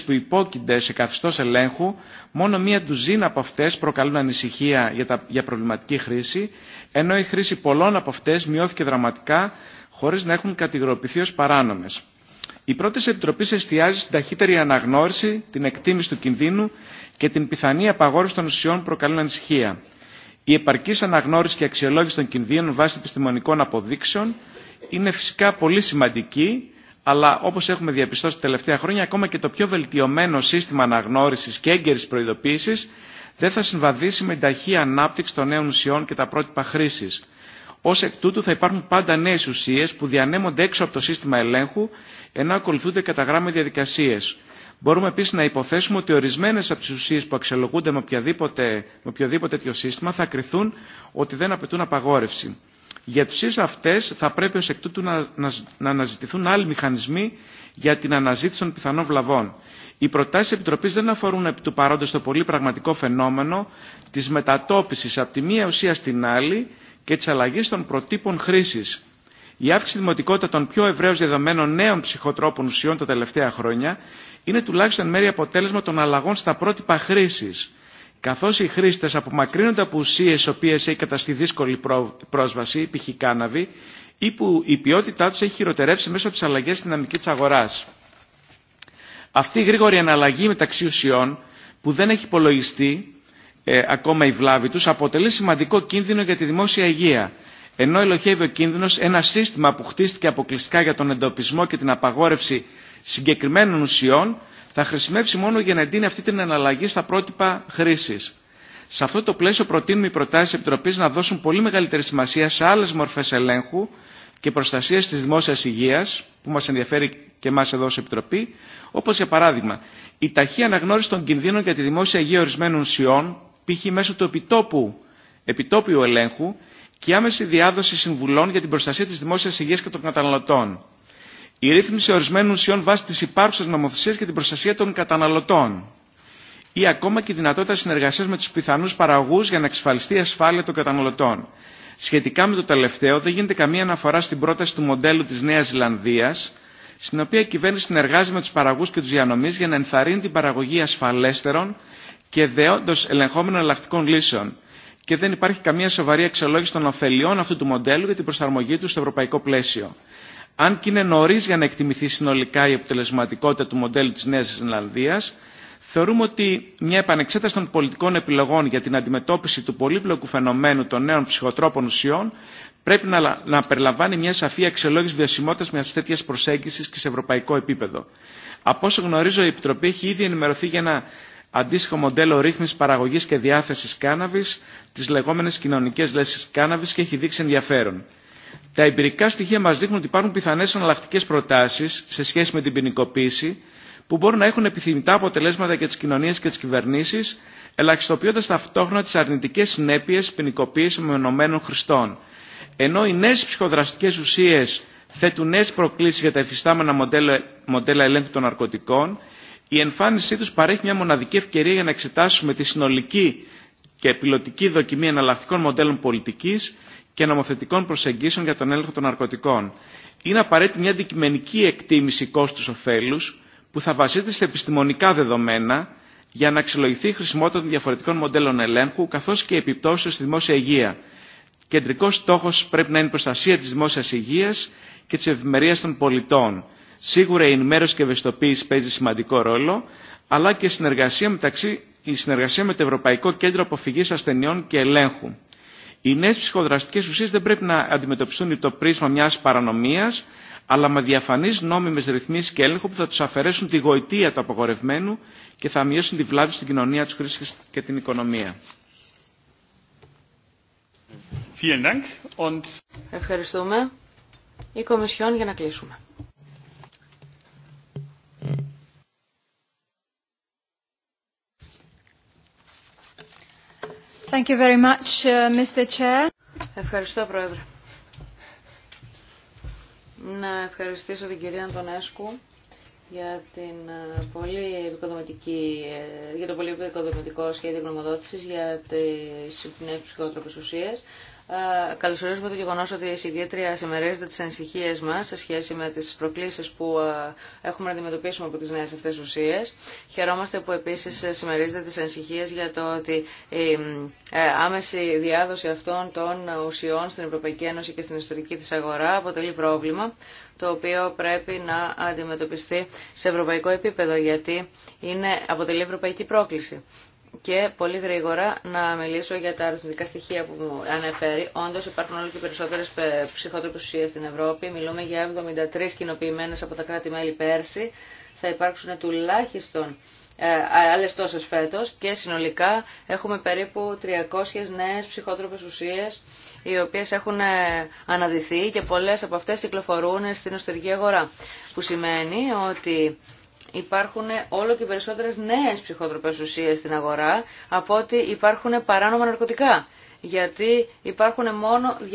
234 που υπόκεινται σε καθιστός ελέγχου, μόνο μία ντουζίνα από αυτές προκαλούν ανησυχία για, τα, για προβληματική χρήση, ενώ η χρήση πολλών από αυτές μειώθηκε δραματικά χωρίς να έχουν κατηγοροποιηθεί ως παράνομες. Η πρώτη επιτροπή εστιάζει στην ταχύτερη αναγνώριση, την εκτίμηση του κινδύνου και την πιθανή απαγόρευση των ουσιών προκαλούν ανησυχία. Η επαρκή αναγνώριση και αξιολόγηση των κινδύνων βάσει επιστημονικών αποδείξεων είναι φυσικά πολύ σημαντική αλλά όπω έχουμε διαπιστώσει τα τελευταία χρόνια, ακόμα και το πιο βελτιωμένο σύστημα αναγνώριση και έγκαιρη προειδοποίηση δεν θα συμβαδίσει με την ταχύ ανάπτυξη των νέων ουσιών και τα πρότυπα χρήση. Ω εκ τούτου θα υπάρχουν πάντα νέε ουσίε που διανέμονται έξω από το σύστημα ελέγχου, ενώ ακολουθούνται κατά γράμμα διαδικασίε. Μπορούμε επίση να υποθέσουμε ότι ορισμένε από τι ουσίε που αξιολογούνται με, οποιοδήποτε τέτοιο σύστημα θα κριθούν ότι δεν απαιτούν απαγόρευση. Για τις αυτές θα πρέπει ως εκ τούτου να, αναζητηθούν άλλοι μηχανισμοί για την αναζήτηση των πιθανών βλαβών. Οι προτάσει της Επιτροπής δεν αφορούν επί του παρόντο το πολύ πραγματικό φαινόμενο τη μετατόπιση από τη μία ουσία στην άλλη και τη αλλαγή των προτύπων χρήση. Η αύξηση δημοτικότητα των πιο ευρέως δεδομένων νέων ψυχοτρόπων ουσιών τα τελευταία χρόνια είναι τουλάχιστον μέρη αποτέλεσμα των αλλαγών στα πρότυπα χρήση καθώς οι χρήστες απομακρύνονται από ουσίες οι οποίες έχει καταστεί δύσκολη πρόσβαση, π.χ. κάναβη, ή που η ποιότητά τους έχει χειροτερεύσει μέσω της αλλαγής στη δυναμική της αγοράς. Αυτή η γρήγορη αναλλαγή μεταξύ ουσιών που δεν έχει υπολογιστεί ε, ακόμα η βλάβη τους αποτελεί σημαντικό κίνδυνο για τη δημόσια υγεία ενώ ελοχεύει ο κίνδυνος ένα σύστημα που χτίστηκε αποκλειστικά για τον εντοπισμό και την απαγόρευση συγκεκριμένων ουσιών θα χρησιμεύσει μόνο για να εντείνει αυτή την εναλλαγή στα πρότυπα χρήση. Σε αυτό το πλαίσιο προτείνουμε οι προτάσει τη Επιτροπή να δώσουν πολύ μεγαλύτερη σημασία σε άλλε μορφέ ελέγχου και προστασία τη δημόσια υγεία, που μα ενδιαφέρει και εμά εδώ ω Επιτροπή, όπω για παράδειγμα η ταχύ αναγνώριση των κινδύνων για τη δημόσια υγεία ορισμένων ουσιών, π.χ. μέσω του επιτόπου, επιτόπιου ελέγχου και άμεση διάδοση συμβουλών για την προστασία τη δημόσια υγεία και των καταναλωτών η ρύθμιση ορισμένων ουσιών βάσει τη υπάρχουσα νομοθεσία και την προστασία των καταναλωτών ή ακόμα και η δυνατότητα συνεργασία με του πιθανού παραγού για να εξασφαλιστεί η ασφάλεια των καταναλωτών. Σχετικά με το τελευταίο, δεν γίνεται καμία αναφορά στην πρόταση του μοντέλου τη Νέα Ζηλανδία, στην οποία η κυβέρνηση συνεργάζεται με του παραγού και του διανομή για να ενθαρρύνει την παραγωγή ασφαλέστερων και δεόντω ελεγχόμενων λύσεων. Και δεν υπάρχει καμία σοβαρή αξιολόγηση των ωφελιών αυτού του μοντέλου για την προσαρμογή του στο ευρωπαϊκό πλαίσιο. Αν και είναι νωρί για να εκτιμηθεί συνολικά η αποτελεσματικότητα του μοντέλου τη Νέα Ζηλανδία, θεωρούμε ότι μια επανεξέταση των πολιτικών επιλογών για την αντιμετώπιση του πολύπλοκου φαινομένου των νέων ψυχοτρόπων ουσιών πρέπει να, να περιλαμβάνει μια σαφή αξιολόγηση βιωσιμότητα μια τέτοια προσέγγιση και σε ευρωπαϊκό επίπεδο. Από όσο γνωρίζω, η Επιτροπή έχει ήδη ενημερωθεί για ένα αντίστοιχο μοντέλο ρύθμιση παραγωγή και διάθεση κάναβη, τι λεγόμενε κοινωνικέ λέσει κάναβη και έχει δείξει ενδιαφέρον. Τα εμπειρικά στοιχεία μας δείχνουν ότι υπάρχουν πιθανές αναλλακτικές προτάσεις σε σχέση με την ποινικοποίηση που μπορούν να έχουν επιθυμητά αποτελέσματα για τις κοινωνίες και τις κυβερνήσεις, ελαχιστοποιώντας ταυτόχρονα τις αρνητικές συνέπειες ποινικοποίηση μεμονωμένων χρηστών. Ενώ οι νέες ψυχοδραστικές ουσίες θέτουν νέες προκλήσεις για τα εφιστάμενα μοντέλα, μοντέλα ελέγχου των ναρκωτικών, η εμφάνισή τους παρέχει μια μοναδική ευκαιρία για να εξετάσουμε τη συνολική και επιλωτική δοκιμή εναλλακτικών μοντέλων πολιτικής και νομοθετικών προσεγγίσεων για τον έλεγχο των ναρκωτικών. Είναι απαραίτητη μια αντικειμενική εκτίμηση κόστου-οφέλου που θα βασίζεται σε επιστημονικά δεδομένα για να αξιολογηθεί η χρησιμότητα των διαφορετικών μοντέλων ελέγχου καθώ και επιπτώσει στη δημόσια υγεία. Κεντρικό στόχο πρέπει να είναι η προστασία τη δημόσια υγεία και τη ευημερία των πολιτών. Σίγουρα η ενημέρωση και ευαισθητοποίηση παίζει σημαντικό ρόλο, αλλά και συνεργασία μεταξύ, η συνεργασία με το Ευρωπαϊκό Κέντρο Αποφυγή Ασθενειών και Ελέγχου. Οι νέε ψυχοδραστικέ ουσίε δεν πρέπει να αντιμετωπιστούν υπό το πρίσμα μια παρανομία, αλλά με διαφανεί νόμιμε ρυθμίσει και έλεγχο που θα του αφαιρέσουν τη γοητεία του απαγορευμένου και θα μειώσουν τη βλάβη στην κοινωνία του χρήση και την οικονομία. Ευχαριστούμε. Η Κομισιόν για να κλείσουμε. Uh, Ευχαριστώ, Πρόεδρε. Να ευχαριστήσω την κυρία Αντωνέσκου για, την ε, πολύ ε, για το πολύ επικοδομητικό σχέδιο γνωμοδότησης για τις νέε ψυχότροπες ουσίες. Ε, καλωσορίζουμε το γεγονό ότι η συγκέντρια συμμερίζεται τις ανησυχίε μα σε σχέση με τι προκλήσει που ε, έχουμε να αντιμετωπίσουμε από τι νέε αυτέ ουσίε. Χαιρόμαστε που επίση συμμερίζεται τι ανησυχίε για το ότι η ε, άμεση διάδοση αυτών των ουσιών στην Ευρωπαϊκή Ένωση και στην ιστορική τη αγορά αποτελεί πρόβλημα το οποίο πρέπει να αντιμετωπιστεί σε ευρωπαϊκό επίπεδο, γιατί είναι, αποτελεί ευρωπαϊκή πρόκληση και πολύ γρήγορα να μιλήσω για τα αριθμητικά στοιχεία που μου αναφέρει. Όντω υπάρχουν όλο και περισσότερε ε, ψυχότροπε ουσίε στην Ευρώπη. Μιλούμε για 73 κοινοποιημένε από τα κράτη-μέλη πέρσι. Θα υπάρξουν τουλάχιστον ε, άλλε τόσε φέτο και συνολικά έχουμε περίπου 300 νέε ψυχότροπε ουσίε οι οποίε έχουν ε, αναδυθεί και πολλέ από αυτέ κυκλοφορούν στην εσωτερική αγορά. Που σημαίνει ότι υπάρχουν όλο και περισσότερε νέε ψυχότροπε ουσίε στην αγορά από ότι υπάρχουν παράνομα ναρκωτικά. Γιατί υπάρχουν μόνο 234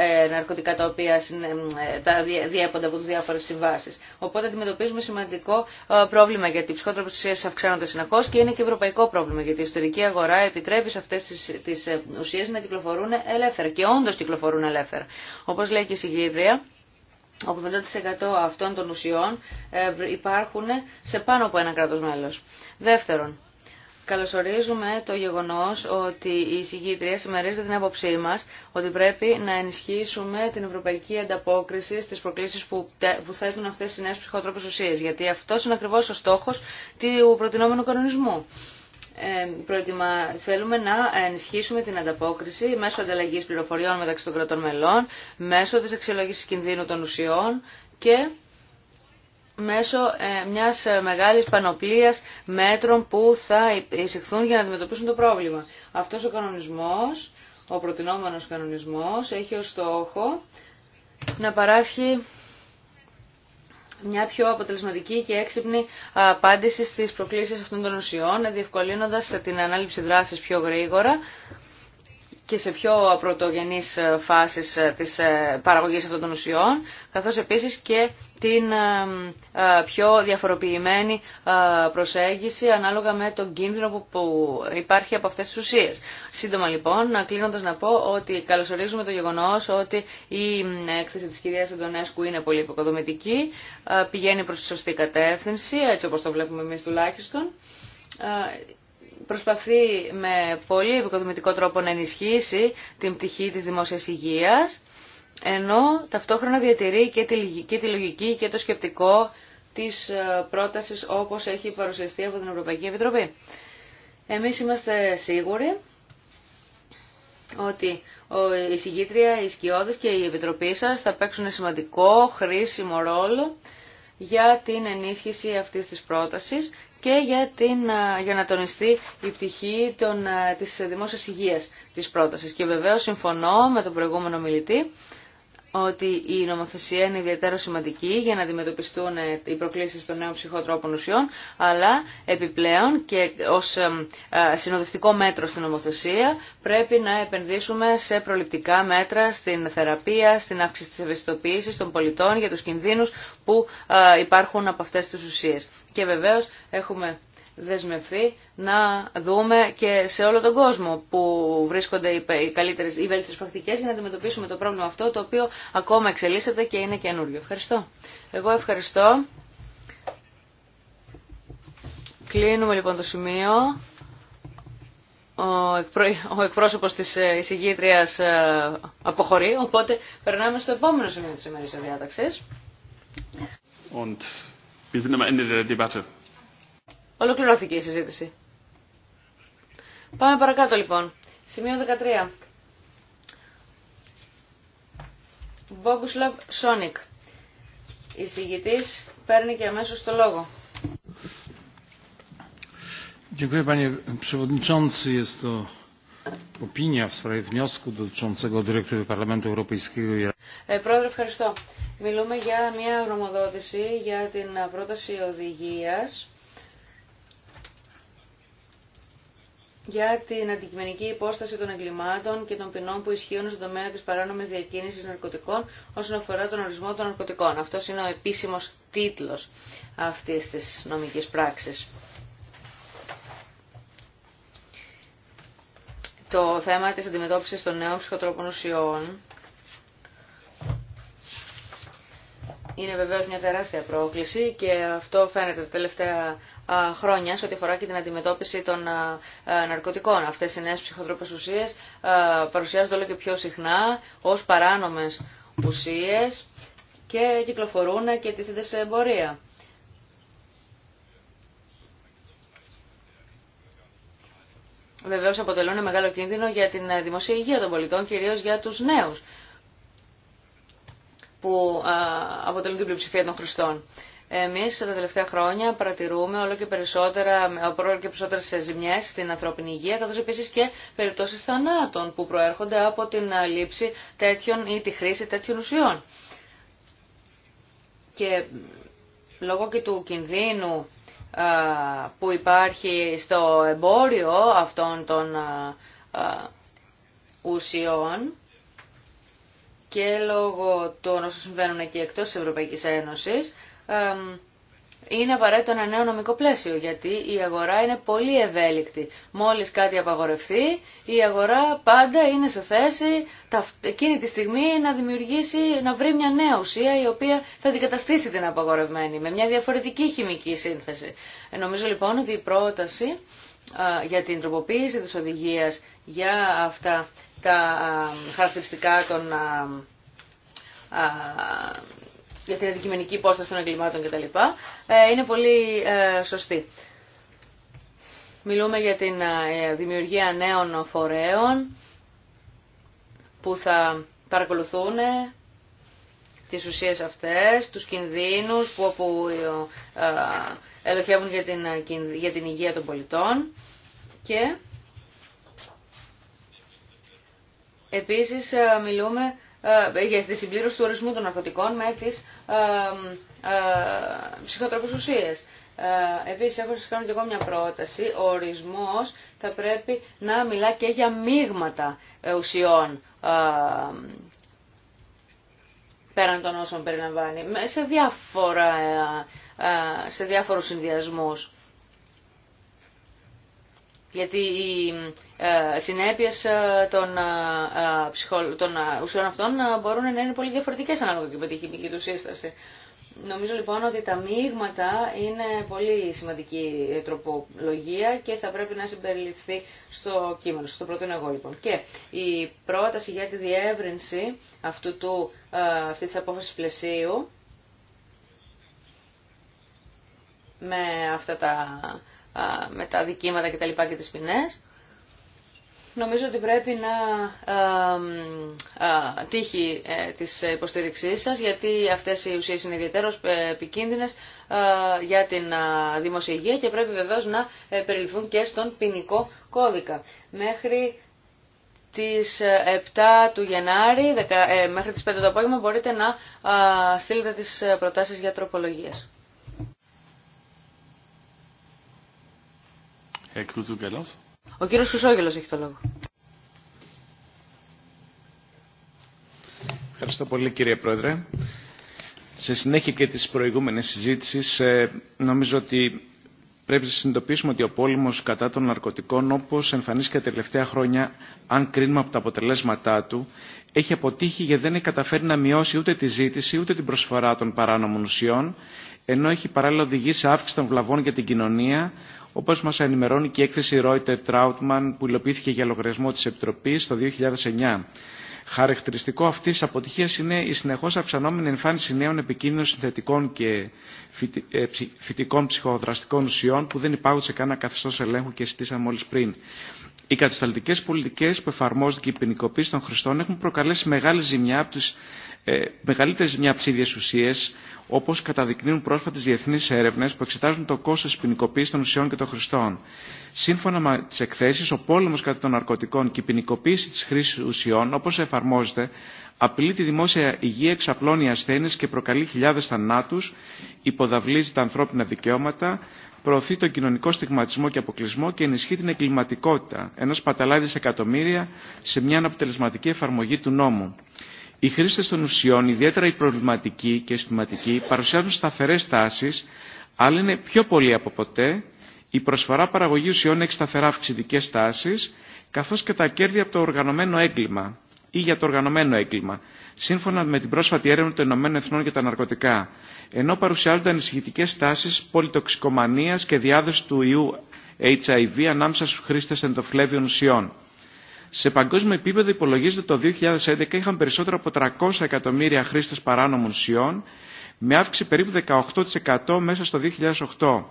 ε, ναρκωτικά τα οποία ε, τα διέπονται από τι διάφορε συμβάσει. Οπότε αντιμετωπίζουμε σημαντικό ε, πρόβλημα γιατί οι ψυχότροπες ουσίες αυξάνονται συνεχώ και είναι και ευρωπαϊκό πρόβλημα γιατί η ιστορική αγορά επιτρέπει σε αυτές τις, ε, ουσίες να κυκλοφορούν ελεύθερα και όντω κυκλοφορούν ελεύθερα. Όπω λέει και η συγκήτρια, 80% αυτών των ουσιών ε, υπάρχουν σε πάνω από ένα κράτος μέλος. Δεύτερον, καλωσορίζουμε το γεγονός ότι η συγκήτρια συμμερίζεται την άποψή μας ότι πρέπει να ενισχύσουμε την ευρωπαϊκή ανταπόκριση στις προκλήσεις που, που θέτουν αυτές οι νέες ψυχότροπες ουσίες, γιατί αυτός είναι ακριβώς ο στόχος του προτινόμενου κανονισμού. Προετοιμα... Θέλουμε να ενισχύσουμε την ανταπόκριση μέσω ανταλλαγή πληροφοριών μεταξύ των κρατών μελών, μέσω τη αξιολόγηση κινδύνου των ουσιών και μέσω ε, μιας μεγάλης πανοπλίας μέτρων που θα εισηχθούν για να αντιμετωπίσουν το πρόβλημα. Αυτός ο κανονισμός, ο προτινόμενο κανονισμός, έχει ως στόχο να παράσχει μια πιο αποτελεσματική και έξυπνη απάντηση στις προκλήσεις αυτών των ουσιών, διευκολύνοντας την ανάληψη δράσης πιο γρήγορα και σε πιο πρωτογενείς ε, φάσεις ε, της ε, παραγωγής αυτών των ουσιών, καθώς επίσης και την πιο διαφοροποιημένη προσέγγιση ανάλογα με τον κίνδυνο που υπάρχει από αυτές τις ουσίες. Σύντομα λοιπόν, κλείνοντας να πω ότι καλωσορίζουμε το γεγονός ότι η έκθεση της κυρίας Αντωνέσκου είναι πολύ υποκοδομητική, πηγαίνει προς τη σωστή κατεύθυνση, έτσι όπως το βλέπουμε εμείς τουλάχιστον, προσπαθεί με πολύ επικοδομητικό τρόπο να ενισχύσει την πτυχή της δημόσιας υγείας, ενώ ταυτόχρονα διατηρεί και τη, και λογική και το σκεπτικό της ε, πρότασης όπως έχει παρουσιαστεί από την Ευρωπαϊκή Επιτροπή. Εμείς είμαστε σίγουροι ότι η συγκήτρια, οι σκιώδες και η Επιτροπή σας θα παίξουν σημαντικό, χρήσιμο ρόλο για την ενίσχυση αυτής της πρότασης και για, την, ε, για να τονιστεί η πτυχή των, ε, της δημόσιας υγείας της πρότασης. Και βεβαίως συμφωνώ με τον προηγούμενο μιλητή ότι η νομοθεσία είναι ιδιαίτερα σημαντική για να αντιμετωπιστούν ε, οι προκλήσεις των νέων ψυχοτρόπων ουσιών, αλλά επιπλέον και ως ε, ε, συνοδευτικό μέτρο στην νομοθεσία πρέπει να επενδύσουμε σε προληπτικά μέτρα στην θεραπεία, στην αύξηση της ευαισθητοποίησης των πολιτών για τους κινδύνους που υπάρχουν από αυτές τις ουσίες. Και βεβαίως έχουμε δεσμευθεί να δούμε και σε όλο τον κόσμο που βρίσκονται οι καλύτερες, οι βέλτιστες πρακτικές για να αντιμετωπίσουμε το πρόβλημα αυτό το οποίο ακόμα εξελίσσεται και είναι καινούριο. Ευχαριστώ. Εγώ ευχαριστώ. Κλείνουμε λοιπόν το σημείο. Ο εκπρόσωπος της ε, εισηγήτριας ε, αποχωρεί, οπότε περνάμε στο επόμενο σημείο της ημερής διάταξης. Und wir sind am Ende Ολοκληρώθηκε η συζήτηση. Πάμε παρακάτω λοιπόν. Σημείο 13. Μπόγκουσλαβ Σόνικ. Η συγητής παίρνει και αμέσως το λόγο. Dziękuję panie przewodniczący. Jest to opinia w sprawie wniosku dotyczącego dyrektywy Parlamentu Europejskiego ε, Πρόεδρε, ευχαριστώ. Μιλούμε για μια γνωμοδότηση για την πρόταση οδηγίας για την αντικειμενική υπόσταση των εγκλημάτων και των ποινών που ισχύουν στον τομέα της παράνομης διακίνησης ναρκωτικών όσον αφορά τον ορισμό των ναρκωτικών. Αυτό είναι ο επίσημος τίτλος αυτής της νομικής πράξης. Το θέμα της αντιμετώπισης των νέων ψυχοτρόπων ουσιών είναι βεβαίως μια τεράστια πρόκληση και αυτό φαίνεται τα τελευταία χρόνια σε ό,τι αφορά και την αντιμετώπιση των ναρκωτικών. Αυτές οι νέες ψυχοτρόπες ουσίες παρουσιάζονται όλο και πιο συχνά ως παράνομες ουσίες και κυκλοφορούν και τίθενται σε εμπορία. Βεβαίως αποτελούν μεγάλο κίνδυνο για την δημοσία υγεία των πολιτών, κυρίως για τους νέους που αποτελούν την πλειοψηφία των χρηστών. Εμεί τα τελευταία χρόνια παρατηρούμε όλο και περισσότερα, όλο και περισσότερες ζημιές στην ανθρώπινη υγεία, καθώς επίσης και περιπτώσει θανάτων που προέρχονται από την λήψη τέτοιων ή τη χρήση τέτοιων ουσιών. Και λόγω και του κινδύνου που υπάρχει στο εμπόριο αυτών των ουσιών και λόγω των όσων συμβαίνουν εκεί εκτός της Ευρωπαϊκής Ένωσης, είναι απαραίτητο ένα νέο νομικό πλαίσιο, γιατί η αγορά είναι πολύ ευέλικτη. Μόλις κάτι απαγορευτεί, η αγορά πάντα είναι σε θέση εκείνη τη στιγμή να δημιουργήσει, να βρει μια νέα ουσία η οποία θα αντικαταστήσει την απαγορευμένη, με μια διαφορετική χημική σύνθεση. Ε, νομίζω λοιπόν ότι η πρόταση για την τροποποίηση της οδηγίας για αυτά τα χαρακτηριστικά των για την αντικειμενική υπόσταση των εγκλημάτων κτλ. Ε, είναι πολύ ε, σωστή. Μιλούμε για την ε, δημιουργία νέων φορέων που θα παρακολουθούν τις ουσίες αυτές, τους κινδύνους που, όπου ελοχεύουν για την, για την υγεία των πολιτών και επίσης μιλούμε ε, για τη συμπλήρωση του ορισμού των ναρκωτικών με τις ε, ε, ουσίες. Ε, επίσης, έχω σας κάνω και εγώ μια πρόταση. Ο ορισμός θα πρέπει να μιλά και για μείγματα ε, ουσιών πέραν των όσων περιλαμβάνει, σε, διάφορα, σε διάφορους συνδυασμούς γιατί οι ε, συνέπειε ε, των, ε, των ουσιών αυτών μπορούν να είναι πολύ διαφορετικές ανάλογα και με τη χημική του σύσταση. Νομίζω λοιπόν ότι τα μείγματα είναι πολύ σημαντική τροπολογία και θα πρέπει να συμπεριληφθεί στο κείμενο, στο πρώτο εγώ λοιπόν. Και η πρόταση για τη διεύρυνση αυτού του, αυτής της απόφασης πλαισίου με αυτά τα με τα δικήματα τα λοιπά και τις ποινές. Νομίζω ότι πρέπει να τύχει ε, της υποστήριξής σας γιατί αυτές οι ουσίες είναι ιδιαίτερα ε, επικίνδυνες για την δημοσιογεία και πρέπει βεβαίως να ε, περιληφθούν και στον ποινικό κώδικα. Μέχρι τις 7 του Γενάρη μέχρι τις 5 το απόγευμα μπορείτε να στείλετε τις προτάσεις για τροπολογίες. Ο κύριος Χρυσόγελος έχει το λόγο. Ευχαριστώ πολύ κύριε Πρόεδρε. Σε συνέχεια και της προηγούμενης συζήτησης ε, νομίζω ότι πρέπει να συνειδητοποιήσουμε ότι ο πόλεμος κατά των ναρκωτικών όπως εμφανίστηκε τα τελευταία χρόνια αν κρίνουμε από τα αποτελέσματά του έχει αποτύχει γιατί δεν έχει καταφέρει να μειώσει ούτε τη ζήτηση ούτε την προσφορά των παράνομων ουσιών ενώ έχει παράλληλα οδηγήσει σε αύξηση των βλαβών για την κοινωνία Όπω μα ενημερώνει και η έκθεση Reuter Trautmann που υλοποιήθηκε για λογαριασμό τη Επιτροπής το 2009. Χαρακτηριστικό αυτή τη αποτυχία είναι η συνεχώ αυξανόμενη εμφάνιση νέων επικίνδυνων συνθετικών και ε, φυτικών ψυχοδραστικών ουσιών που δεν υπάρχουν σε κανένα καθεστώ ελέγχου και συζητήσαμε μόλι πριν. Οι κατασταλτικέ πολιτικέ που εφαρμόζονται και η ποινικοποίηση των χρηστών έχουν προκαλέσει μεγάλη ζημιά από τι ε, μεγαλύτερε ψήδιε ουσίε, όπω καταδεικνύουν πρόσφατε διεθνεί έρευνε που εξετάζουν το κόστο τη ποινικοποίηση των ουσιών και των χρηστών. Σύμφωνα με τι εκθέσει, ο πόλεμο κατά των ναρκωτικών και η ποινικοποίηση τη χρήση ουσιών, όπω εφαρμόζεται, απειλεί τη δημόσια υγεία, εξαπλώνει ασθένειε και προκαλεί χιλιάδε θανάτου, υποδαβλίζει τα ανθρώπινα δικαιώματα, προωθεί τον κοινωνικό στιγματισμό και αποκλεισμό και ενισχύει την εγκληματικότητα, ενώ σπαταλάει δισεκατομμύρια σε μια αναποτελεσματική εφαρμογή του νόμου. Οι χρήστε των ουσιών, ιδιαίτερα οι προβληματικοί και αισθηματικοί, παρουσιάζουν σταθερέ τάσει, αλλά είναι πιο πολύ από ποτέ η προσφορά παραγωγή ουσιών έχει σταθερά αυξητικέ τάσει, καθώ και τα κέρδη από το οργανωμένο έγκλημα ή για το οργανωμένο έγκλημα, σύμφωνα με την πρόσφατη έρευνα των Ηνωμένων Εθνών για τα ναρκωτικά, ενώ παρουσιάζονται ανησυχητικέ τάσει πολυτοξικομανία και διάδοση του ιού HIV ανάμεσα στου χρήστε ενδοφλέβιων ουσιών. Σε παγκόσμιο επίπεδο υπολογίζεται το 2011 είχαν περισσότερο από 300 εκατομμύρια χρήστες παράνομων ουσιών, με αύξηση περίπου 18% μέσα στο 2008.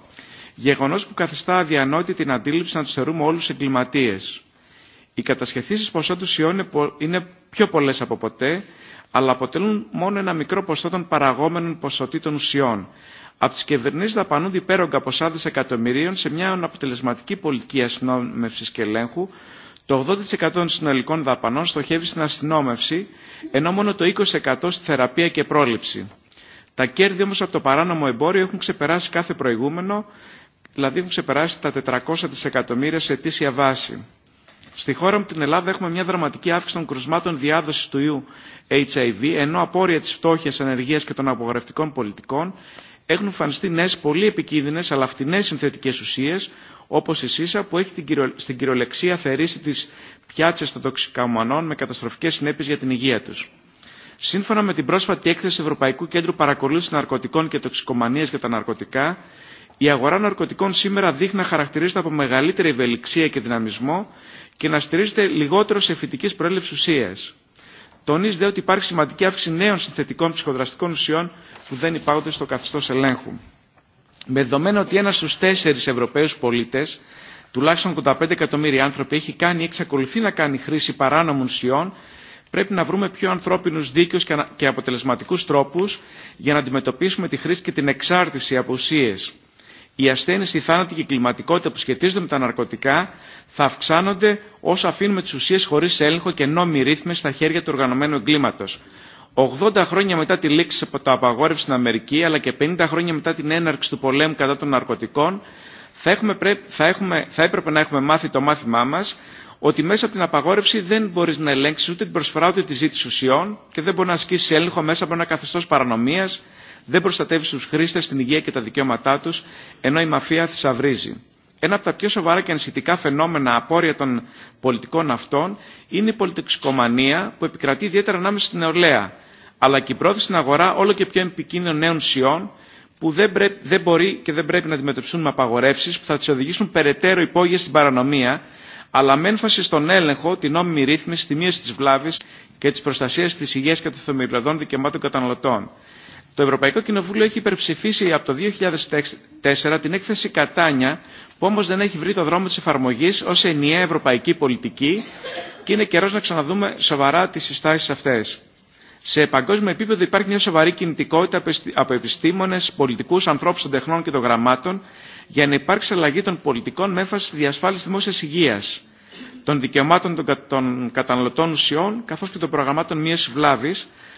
Γεγονός που καθιστά αδιανόητη την αντίληψη να τους θεωρούμε όλους εγκληματίες. Οι κατασχεθήσεις ποσών του ουσιών είναι πιο πολλές από ποτέ, αλλά αποτελούν μόνο ένα μικρό ποσό των παραγόμενων ποσοτήτων ουσιών. Από τι κυβερνήσει δαπανούνται υπέρογκα ποσάδες εκατομμυρίων σε μια αναποτελεσματική πολιτική αστυνόμευση και ελέγχου, το 80% των συνολικών δαπανών στοχεύει στην αστυνόμευση, ενώ μόνο το 20% στη θεραπεία και πρόληψη. Τα κέρδη όμως από το παράνομο εμπόριο έχουν ξεπεράσει κάθε προηγούμενο, δηλαδή έχουν ξεπεράσει τα 400 δισεκατομμύρια σε αιτήσια βάση. Στη χώρα μου την Ελλάδα έχουμε μια δραματική αύξηση των κρουσμάτων διάδοσης του ιού HIV, ενώ απόρρια της φτώχειας, ενεργείας και των απογορευτικών πολιτικών έχουν εμφανιστεί νέε πολύ επικίνδυνες, αλλά φτηνές συνθετικέ ουσίε, όπως η ΣΥΣΑ που έχει στην κυριολεξία θερήσει τις πιάτσες των τοξικαμανών με καταστροφικές συνέπειες για την υγεία τους. Σύμφωνα με την πρόσφατη έκθεση Ευρωπαϊκού Κέντρου Παρακολούθησης Ναρκωτικών και Τοξικομανίας για τα Ναρκωτικά, η αγορά ναρκωτικών σήμερα δείχνει να χαρακτηρίζεται από μεγαλύτερη ευελιξία και δυναμισμό και να στηρίζεται λιγότερο σε φυτική προέλευση ουσία. Τονίζεται ότι υπάρχει σημαντική αύξηση νέων συνθετικών ψυχοδραστικών ουσιών που δεν υπάγονται στο καθεστώ ελέγχου με δεδομένο ότι ένα στου τέσσερι Ευρωπαίου πολίτε, τουλάχιστον 85 εκατομμύρια άνθρωποι, έχει κάνει ή εξακολουθεί να κάνει χρήση παράνομων ουσιών, πρέπει να βρούμε πιο ανθρώπινου δίκαιου και αποτελεσματικού τρόπου για να αντιμετωπίσουμε τη χρήση και την εξάρτηση από ουσίε. Οι ασθένειε, η θάνατη και η κλιματικότητα που σχετίζονται με τα ναρκωτικά θα αυξάνονται όσο αφήνουμε τι ουσίε χωρί έλεγχο και νόμιμη ρύθμιση στα χέρια του οργανωμένου εγκλήματο. 80 χρόνια μετά τη λήξη από το απαγόρευση στην Αμερική αλλά και 50 χρόνια μετά την έναρξη του πολέμου κατά των ναρκωτικών θα, θα, έχουμε, θα έπρεπε να έχουμε μάθει το μάθημά μας ότι μέσα από την απαγόρευση δεν μπορείς να ελέγξεις ούτε την προσφορά ούτε τη ζήτηση ουσιών και δεν μπορεί να ασκήσει έλεγχο μέσα από ένα καθεστώ παρανομία, δεν προστατεύει τους χρήστε, την υγεία και τα δικαιώματά του, ενώ η μαφία θησαυρίζει. Ένα από τα πιο σοβαρά και ανησυχητικά φαινόμενα απόρρια των πολιτικών αυτών είναι η πολιτικοκομανία που επικρατεί ιδιαίτερα ανάμεσα στην νεολαία, αλλά και η πρόθεση στην αγορά όλο και πιο επικίνδυνων νέων σιών που δεν, δεν μπορεί και δεν πρέπει να αντιμετωπιστούν με απαγορεύσει που θα τι οδηγήσουν περαιτέρω υπόγεια στην παρανομία, αλλά με έμφαση στον έλεγχο, την νόμιμη ρύθμιση, τη μείωση τη βλάβη και τη προστασία τη υγεία και των θεμελιωδών δικαιωμάτων καταναλωτών. Το Ευρωπαϊκό Κοινοβούλιο έχει υπερψηφίσει από το 2004 την έκθεση Κατάνια που όμως δεν έχει βρει το δρόμο της εφαρμογής ως ενιαία ευρωπαϊκή πολιτική και είναι καιρός να ξαναδούμε σοβαρά τις συστάσεις αυτές. Σε παγκόσμιο επίπεδο υπάρχει μια σοβαρή κινητικότητα από επιστήμονε, πολιτικού, ανθρώπου των τεχνών και των γραμμάτων για να υπάρξει αλλαγή των πολιτικών με έμφαση στη διασφάλιση δημόσια υγεία, των δικαιωμάτων των καταναλωτών ουσιών καθώ και των προγραμμάτων μείωση βλάβη,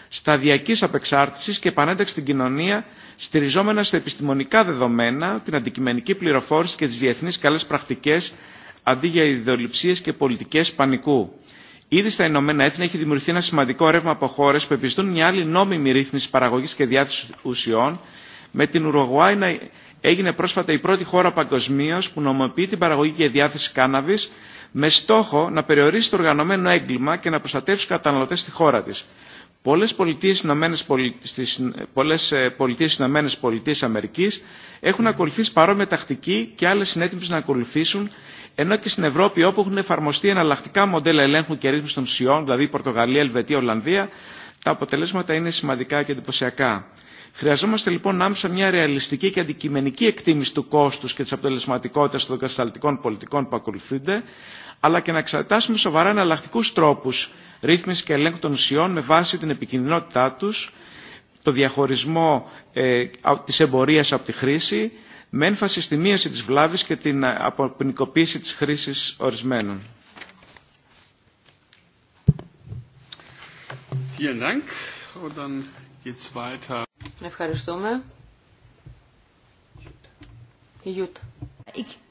σταδιακή απεξάρτηση και επανένταξη στην κοινωνία στηριζόμενα στα επιστημονικά δεδομένα, την αντικειμενική πληροφόρηση και τι διεθνεί καλέ πρακτικέ, αντί για ιδεοληψίες και πολιτικέ πανικού. Ήδη στα Ηνωμένα Έθνη έχει δημιουργηθεί ένα σημαντικό ρεύμα από χώρε που επιστούν μια άλλη νόμιμη ρύθμιση παραγωγή και διάθεση ουσιών, με την Ουρογουάη να έγινε πρόσφατα η πρώτη χώρα παγκοσμίω που νομοποιεί την παραγωγή και διάθεση κάναβη με στόχο να περιορίσει το οργανωμένο έγκλημα και να προστατεύσει του καταναλωτέ στη χώρα τη. Πολλές πολιτείες στις ΗΠΑ ε, Πολιτείες Αμερικής έχουν ακολουθήσει παρόμοια τακτική και άλλες συνέτοιμες να ακολουθήσουν, ενώ και στην Ευρώπη όπου έχουν εφαρμοστεί εναλλακτικά μοντέλα ελέγχου και ρύθμιση των ουσιών, δηλαδή Πορτογαλία, Ελβετία, Ολλανδία, τα αποτελέσματα είναι σημαντικά και εντυπωσιακά. Χρειαζόμαστε λοιπόν άμεσα μια ρεαλιστική και αντικειμενική εκτίμηση του κόστου και τη αποτελεσματικότητα των κατασταλτικών πολιτικών που ακολουθούνται, αλλά και να εξετάσουμε σοβαρά εναλλακτικού τρόπου ρύθμιση και ελέγχου των ουσιών με βάση την επικινδυνότητά τους, το διαχωρισμό ε, της εμπορίας από τη χρήση, με έμφαση στη μείωση της βλάβης και την ε, αποποινικοποίηση της χρήσης ορισμένων. Ευχαριστούμε. Jut.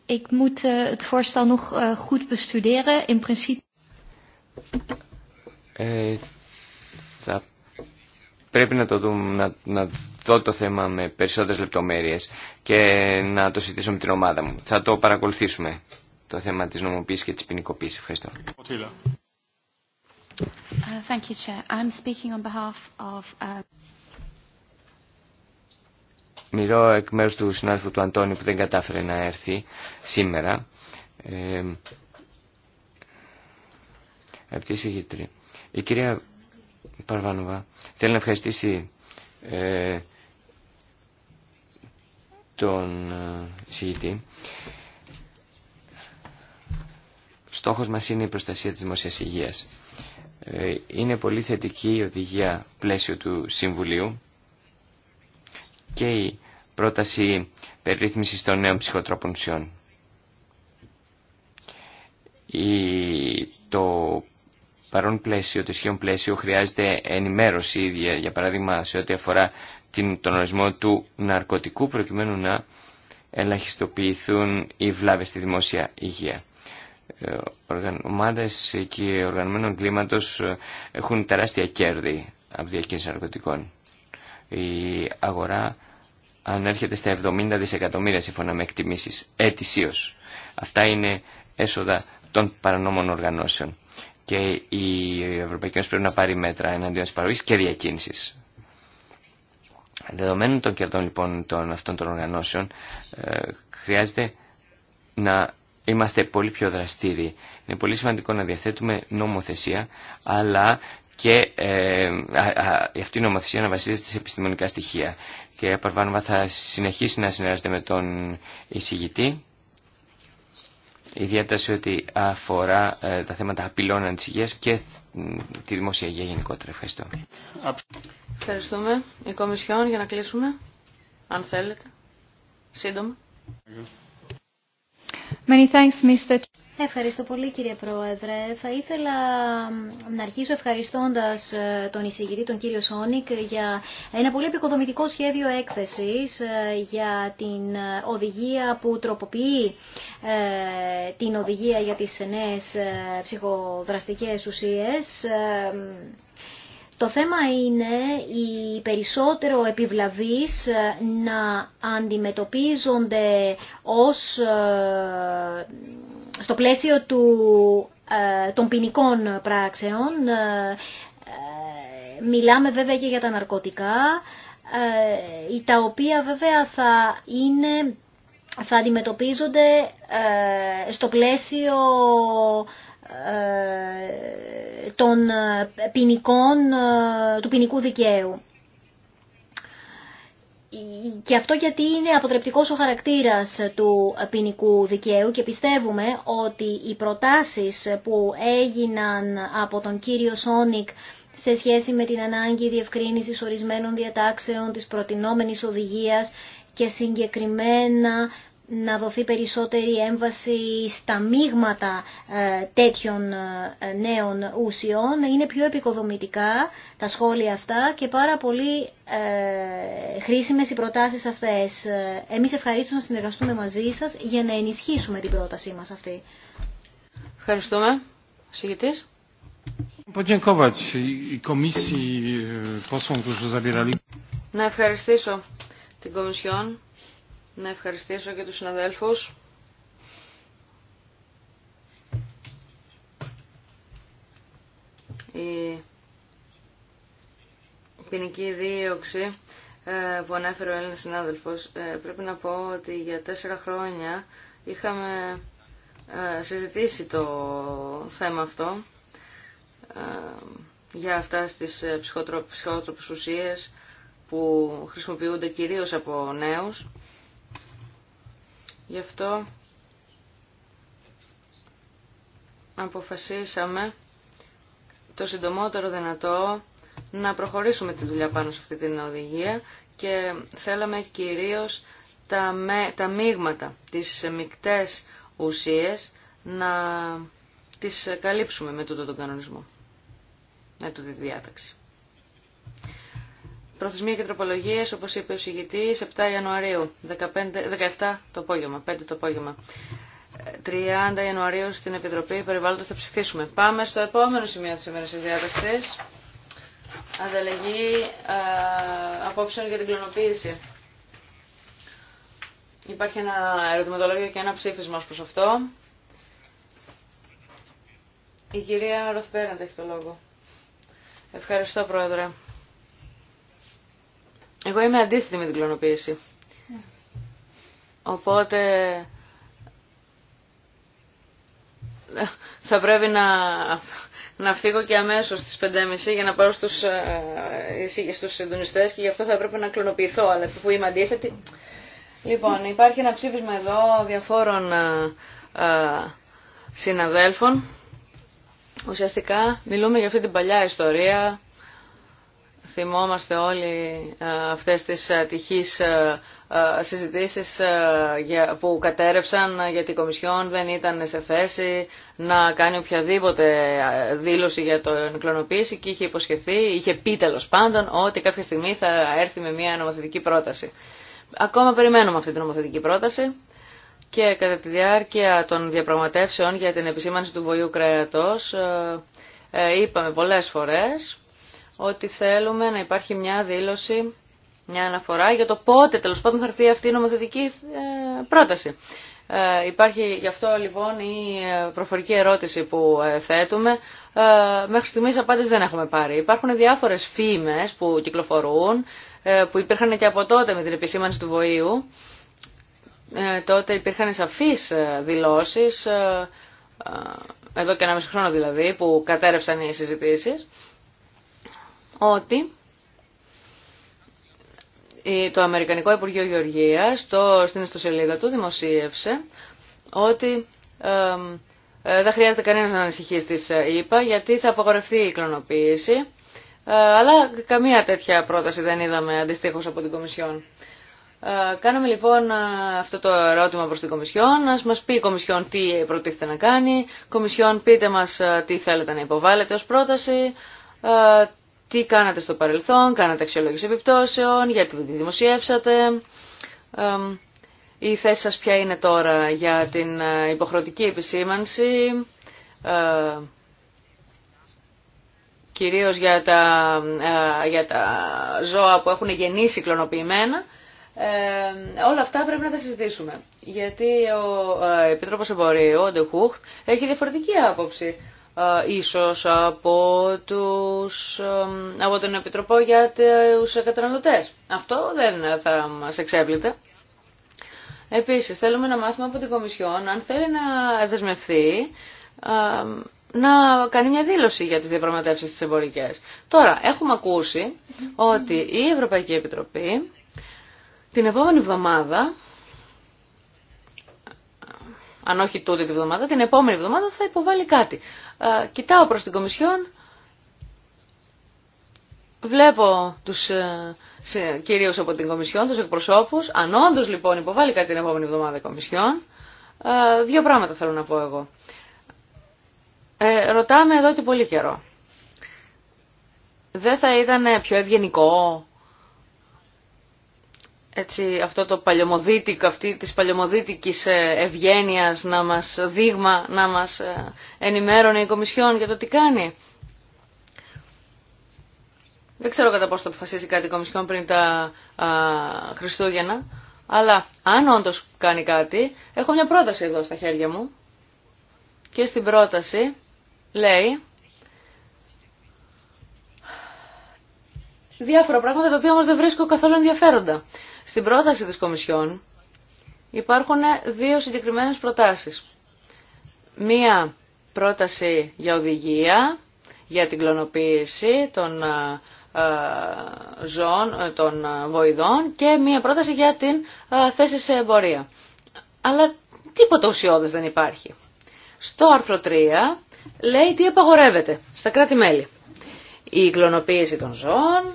ik moet eh, het voorstel nog eh, goed bestuderen. Ε, θα πρέπει να το δούμε, να, δω το θέμα με περισσότερες λεπτομέρειες και να το συζητήσω με την ομάδα μου. Θα το παρακολουθήσουμε το θέμα της νομοποίησης και της ποινικοποίησης. Ευχαριστώ. Uh, thank uh, Μιλώ εκ μέρους του συνάδελφου του Αντώνη που δεν κατάφερε να έρθει σήμερα. Ε, η κυρία Παρβάνοβα θέλει να ευχαριστήσει ε, τον ε, συγητή. Στόχος μας είναι η προστασία της δημοσίας υγείας. Ε, είναι πολύ θετική η οδηγία πλαίσιο του Συμβουλίου και η πρόταση περίθμησης των νέων ψυχοτρόπων Η... Το παρόν πλαίσιο, το ισχύον πλαίσιο, χρειάζεται ενημέρωση ίδια, για παράδειγμα σε ό,τι αφορά την, τον ορισμό του ναρκωτικού, προκειμένου να ελαχιστοποιηθούν οι βλάβες στη δημόσια υγεία. Ε, ομάδες και οργανωμένων κλίματος ε, έχουν τεράστια κέρδη από διακίνηση ναρκωτικών. Η αγορά ανέρχεται στα 70 δισεκατομμύρια σύμφωνα με εκτιμήσεις, ετησίως. Αυτά είναι έσοδα των παρανόμων οργανώσεων και η Ευρωπαϊκή Ένωση πρέπει να πάρει μέτρα εναντίον τη παραγωγή και διακίνηση. Δεδομένων των κερδών λοιπόν των αυτών των οργανώσεων ε, χρειάζεται να είμαστε πολύ πιο δραστήριοι. Είναι πολύ σημαντικό να διαθέτουμε νομοθεσία αλλά και ε, αυτή η νομοθεσία να βασίζεται σε επιστημονικά στοιχεία. και Παρβάνοβα θα συνεχίσει να συνεργάζεται με τον εισηγητή η διάταση ότι αφορά ε, τα θέματα απειλών ανησυχίας και τη δημόσια υγεία γενικότερα. Ευχαριστώ. Ευχαριστούμε. Η Κομισιόν για να κλείσουμε, αν θέλετε. Σύντομα. Many thanks, Mr. Ευχαριστώ πολύ κύριε Πρόεδρε. Θα ήθελα να αρχίσω ευχαριστώντας ε, τον εισηγητή, τον κύριο Σόνικ, για ένα πολύ επικοδομητικό σχέδιο έκθεσης ε, για την ε, οδηγία που τροποποιεί την οδηγία για τις νέες ψυχοδραστικές ουσίες. Το θέμα είναι η περισσότερο επιβλαβής να αντιμετωπίζονται ως στο πλαίσιο του, ε, των ποινικών πράξεων ε, ε, μιλάμε βέβαια και για τα ναρκωτικά, τα οποία βέβαια θα είναι θα αντιμετωπίζονται στο πλαίσιο των ποινικών, του ποινικού δικαίου και αυτό γιατί είναι αποτρεπτικός ο χαρακτήρας του ποινικού δικαίου και πιστεύουμε ότι οι προτάσεις που έγιναν από τον κύριο Σόνικ σε σχέση με την ανάγκη διευκρίνησης ορισμένων διατάξεων της προτινόμενης οδηγίας και συγκεκριμένα να δοθεί περισσότερη έμβαση στα μείγματα ε, τέτοιων ε, νέων ουσιών. Είναι πιο επικοδομητικά τα σχόλια αυτά και πάρα πολύ ε, χρήσιμες οι προτάσεις αυτές. Εμείς ευχαριστούμε να συνεργαστούμε μαζί σας για να ενισχύσουμε την πρότασή μας αυτή. Ευχαριστούμε. Συγητής. E, να ευχαριστήσω την Κομισιόν να ευχαριστήσω και τους συναδέλφους. Η ποινική δίωξη ε, που ανέφερε ο Έλληνας συνάδελφος, ε, πρέπει να πω ότι για τέσσερα χρόνια είχαμε ε, συζητήσει το θέμα αυτό για αυτά στις ψυχότροπες ουσίες που χρησιμοποιούνται κυρίως από νέους Γι' αυτό αποφασίσαμε το συντομότερο δυνατό να προχωρήσουμε τη δουλειά πάνω σε αυτή την οδηγία και θέλαμε κυρίως τα, τα μείγματα, τις μικτές ουσίες να τις καλύψουμε με τούτο τον κανονισμό, με τούτη τη διάταξη. Προθεσμία και τροπολογίε, όπως είπε ο συγητή, 7 Ιανουαρίου, 15, 17 το απόγευμα, 5 το απόγευμα. 30 Ιανουαρίου στην Επιτροπή Περιβάλλοντος θα ψηφίσουμε. Πάμε στο επόμενο σημείο της ημέρας της διάταξης. Ανταλλαγή απόψεων για την κλωνοποίηση. Υπάρχει ένα ερωτηματολόγιο και ένα ψήφισμα ως προς αυτό. Η κυρία Ροθπέραντ έχει το λόγο. Ευχαριστώ, Πρόεδρε. Εγώ είμαι αντίθετη με την κλωνοποίηση. Οπότε θα πρέπει να, να φύγω και αμέσως στις 5.30 για να πάω στους, ε, στους συντονιστές και γι' αυτό θα πρέπει να κλωνοποιηθώ, αλλά που είμαι αντίθετη. Λοιπόν, υπάρχει ένα ψήφισμα εδώ διαφόρων ε, ε, συναδέλφων. Ουσιαστικά μιλούμε για αυτή την παλιά ιστορία Θυμόμαστε όλοι ε, αυτές τις ατυχείς ε, ε, συζητήσεις που κατέρευσαν γιατί η Κομισιόν δεν ήταν σε θέση να κάνει οποιαδήποτε δήλωση για τον κλωνοποίηση και είχε υποσχεθεί, είχε πει τέλο πάντων ότι κάποια στιγμή θα έρθει με μια νομοθετική πρόταση. Ακόμα περιμένουμε αυτή την νομοθετική πρόταση και κατά τη διάρκεια των διαπραγματεύσεων για την επισήμανση του βοηού κρέατος είπαμε πολλές φορές ότι θέλουμε να υπάρχει μια δήλωση, μια αναφορά για το πότε τέλος πάντων θα έρθει αυτή η νομοθετική ε, πρόταση. Ε, υπάρχει γι' αυτό λοιπόν η ε, προφορική ερώτηση που θέτουμε. Μέχρι στιγμής απάντηση δεν έχουμε πάρει. Υπάρχουν διάφορες φήμες που κυκλοφορούν, που υπήρχαν και από τότε με την επισήμανση του βοήου. Τότε υπήρχαν σαφείς δηλώσεις, εδώ και ένα μισό χρόνο δηλαδή, που κατέρευσαν οι συζητήσεις ότι το Αμερικανικό Υπουργείο Γεωργίας το, στην ιστοσελίδα του δημοσίευσε ότι ε, ε, δεν χρειάζεται κανένας να ανησυχεί στις ΕΙΠΑ γιατί θα απαγορευτεί η κλωνοποίηση ε, αλλά καμία τέτοια πρόταση δεν είδαμε αντιστοίχως από την Κομισιόν. Ε, κάναμε λοιπόν ε, αυτό το ερώτημα προς την Κομισιόν, να μας πει η Κομισιόν τι προτίθεται να κάνει, Κομισιόν πείτε μας τι θέλετε να υποβάλλετε ως πρόταση, τι κάνατε στο παρελθόν, κάνατε αξιολόγηση επιπτώσεων, γιατί δεν τη δημοσιεύσατε, η θέση σας ποια είναι τώρα για την ε, υποχρεωτική επισήμανση, ε, κυρίως για τα, ε, για τα ζώα που έχουν γεννήσει κλωνοποιημένα. Ε, όλα αυτά πρέπει να τα συζητήσουμε. Γιατί ο ε, Επίτροπος Εμπορίου, ο Ντεχούχτ, έχει διαφορετική άποψη ε, ίσως από, τους, ε, από τον Επιτροπό για τους καταναλωτές. Αυτό δεν θα μας εξέβλητε. Επίσης, θέλουμε να μάθουμε από την Κομισιόν, αν θέλει να δεσμευθεί, ε, να κάνει μια δήλωση για τις διαπραγματεύσεις της εμπορικές. Τώρα, έχουμε ακούσει ότι η Ευρωπαϊκή Επιτροπή την επόμενη εβδομάδα, αν όχι τούτη τη βδομάδα, την επόμενη βδομάδα θα υποβάλει κάτι. Ε, κοιτάω προς την Κομισιόν, βλέπω τους ε, κυρίως από την Κομισιόν, τους εκπροσώπους. Αν όντω λοιπόν υποβάλλει κάτι την επόμενη εβδομάδα η Κομισιόν, ε, δύο πράγματα θέλω να πω εγώ. Ε, ρωτάμε εδώ και πολύ καιρό. Δεν θα ήταν πιο ευγενικό έτσι, αυτό το παλιωμοδίτικο, αυτή της παλιωμοδίτικης ε, ευγένεια να μας δείγμα, να μας ε, ενημέρωνε η Κομισιόν για το τι κάνει. Δεν ξέρω κατά πόσο θα αποφασίσει κάτι η Κομισιόν πριν τα α, Χριστούγεννα, αλλά αν όντω κάνει κάτι, έχω μια πρόταση εδώ στα χέρια μου και στην πρόταση λέει διάφορα πράγματα τα οποία όμως δεν βρίσκω καθόλου ενδιαφέροντα. Στην πρόταση της Κομισιόν υπάρχουν δύο συγκεκριμένες προτάσεις. Μία πρόταση για οδηγία, για την κλωνοποίηση των ε, ε, ζώων, ε, των βοηδών και μία πρόταση για την θέση σε εμπορία. Αλλά τίποτα ουσιώδες δεν υπάρχει. Στο άρθρο 3 λέει τι απαγορεύεται στα κράτη-μέλη. Η κλωνοποίηση των ζώων,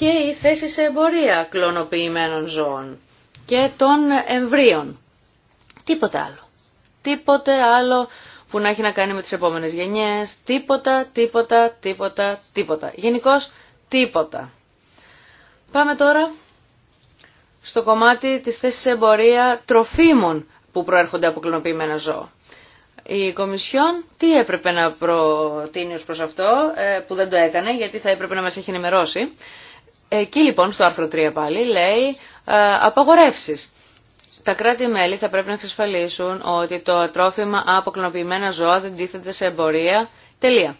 και η θέση σε εμπορία κλωνοποιημένων ζώων και των εμβρίων. Τίποτε άλλο. Τίποτε άλλο που να έχει να κάνει με τις επόμενες γενιές. Τίποτα, τίποτα, τίποτα, τίποτα. Γενικώ τίποτα. Πάμε τώρα στο κομμάτι της θέσης εμπορία τροφίμων που προέρχονται από κλωνοποιημένα ζώα. Η Κομισιόν τι έπρεπε να προτείνει ως προς αυτό, ε, που δεν το έκανε γιατί θα έπρεπε να μας έχει ενημερώσει. Εκεί λοιπόν στο άρθρο 3 πάλι λέει ε, απαγορεύσεις. Τα κράτη-μέλη θα πρέπει να εξασφαλίσουν ότι το τρόφιμα από κλωνοποιημένα ζώα δεν τίθεται σε εμπορία. Τελεία.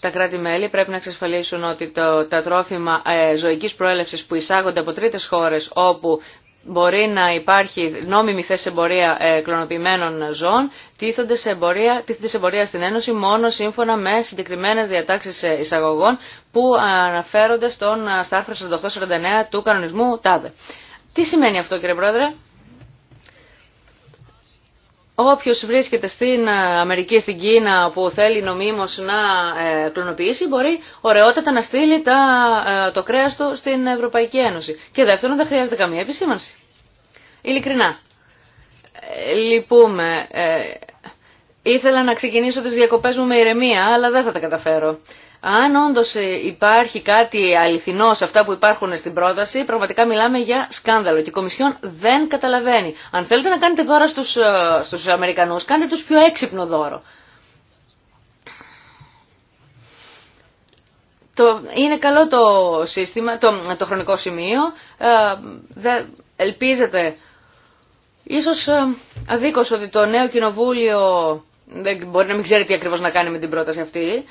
Τα κράτη-μέλη πρέπει να εξασφαλίσουν ότι το, τα τρόφιμα ε, ζωικής προέλευσης που εισάγονται από τρίτες χώρες όπου μπορεί να υπάρχει νόμιμη θέση εμπορία ε, κλωνοποιημένων ζώων τίθονται σε εμπορία, τίθονται σε εμπορία στην Ένωση μόνο σύμφωνα με συγκεκριμένε διατάξεις ε, εισαγωγών που αναφέρονται στον, αρθρο 48 48-49 του κανονισμού ΤΑΔΕ. Τι σημαίνει αυτό κύριε Πρόεδρε? Όποιο βρίσκεται στην ε, Αμερική, στην Κίνα που θέλει νομίμως να ε, κλωνοποιήσει μπορεί ωραιότατα να στείλει τα, ε, το κρέα του στην Ευρωπαϊκή Ένωση. Και δεύτερον δεν χρειάζεται καμία επισήμανση. Ειλικρινά. Ε, λυπούμε. Ε, Ήθελα να ξεκινήσω τις διακοπές μου με ηρεμία, αλλά δεν θα τα καταφέρω. Αν όντως ε, υπάρχει κάτι αληθινό σε αυτά που υπάρχουν στην πρόταση, πραγματικά μιλάμε για σκάνδαλο και η Κομισιόν δεν καταλαβαίνει. Αν θέλετε να κάνετε δώρα στους, ε, στους Αμερικανούς, κάντε τους πιο έξυπνο δώρο. Το, είναι καλό το σύστημα, το, το χρονικό σημείο. Ε, δε, ελπίζετε, ίσως ε, αδίκως ότι το νέο κοινοβούλιο δεν μπορεί να μην ξέρει τι ακριβώς να κάνει με την πρόταση αυτή.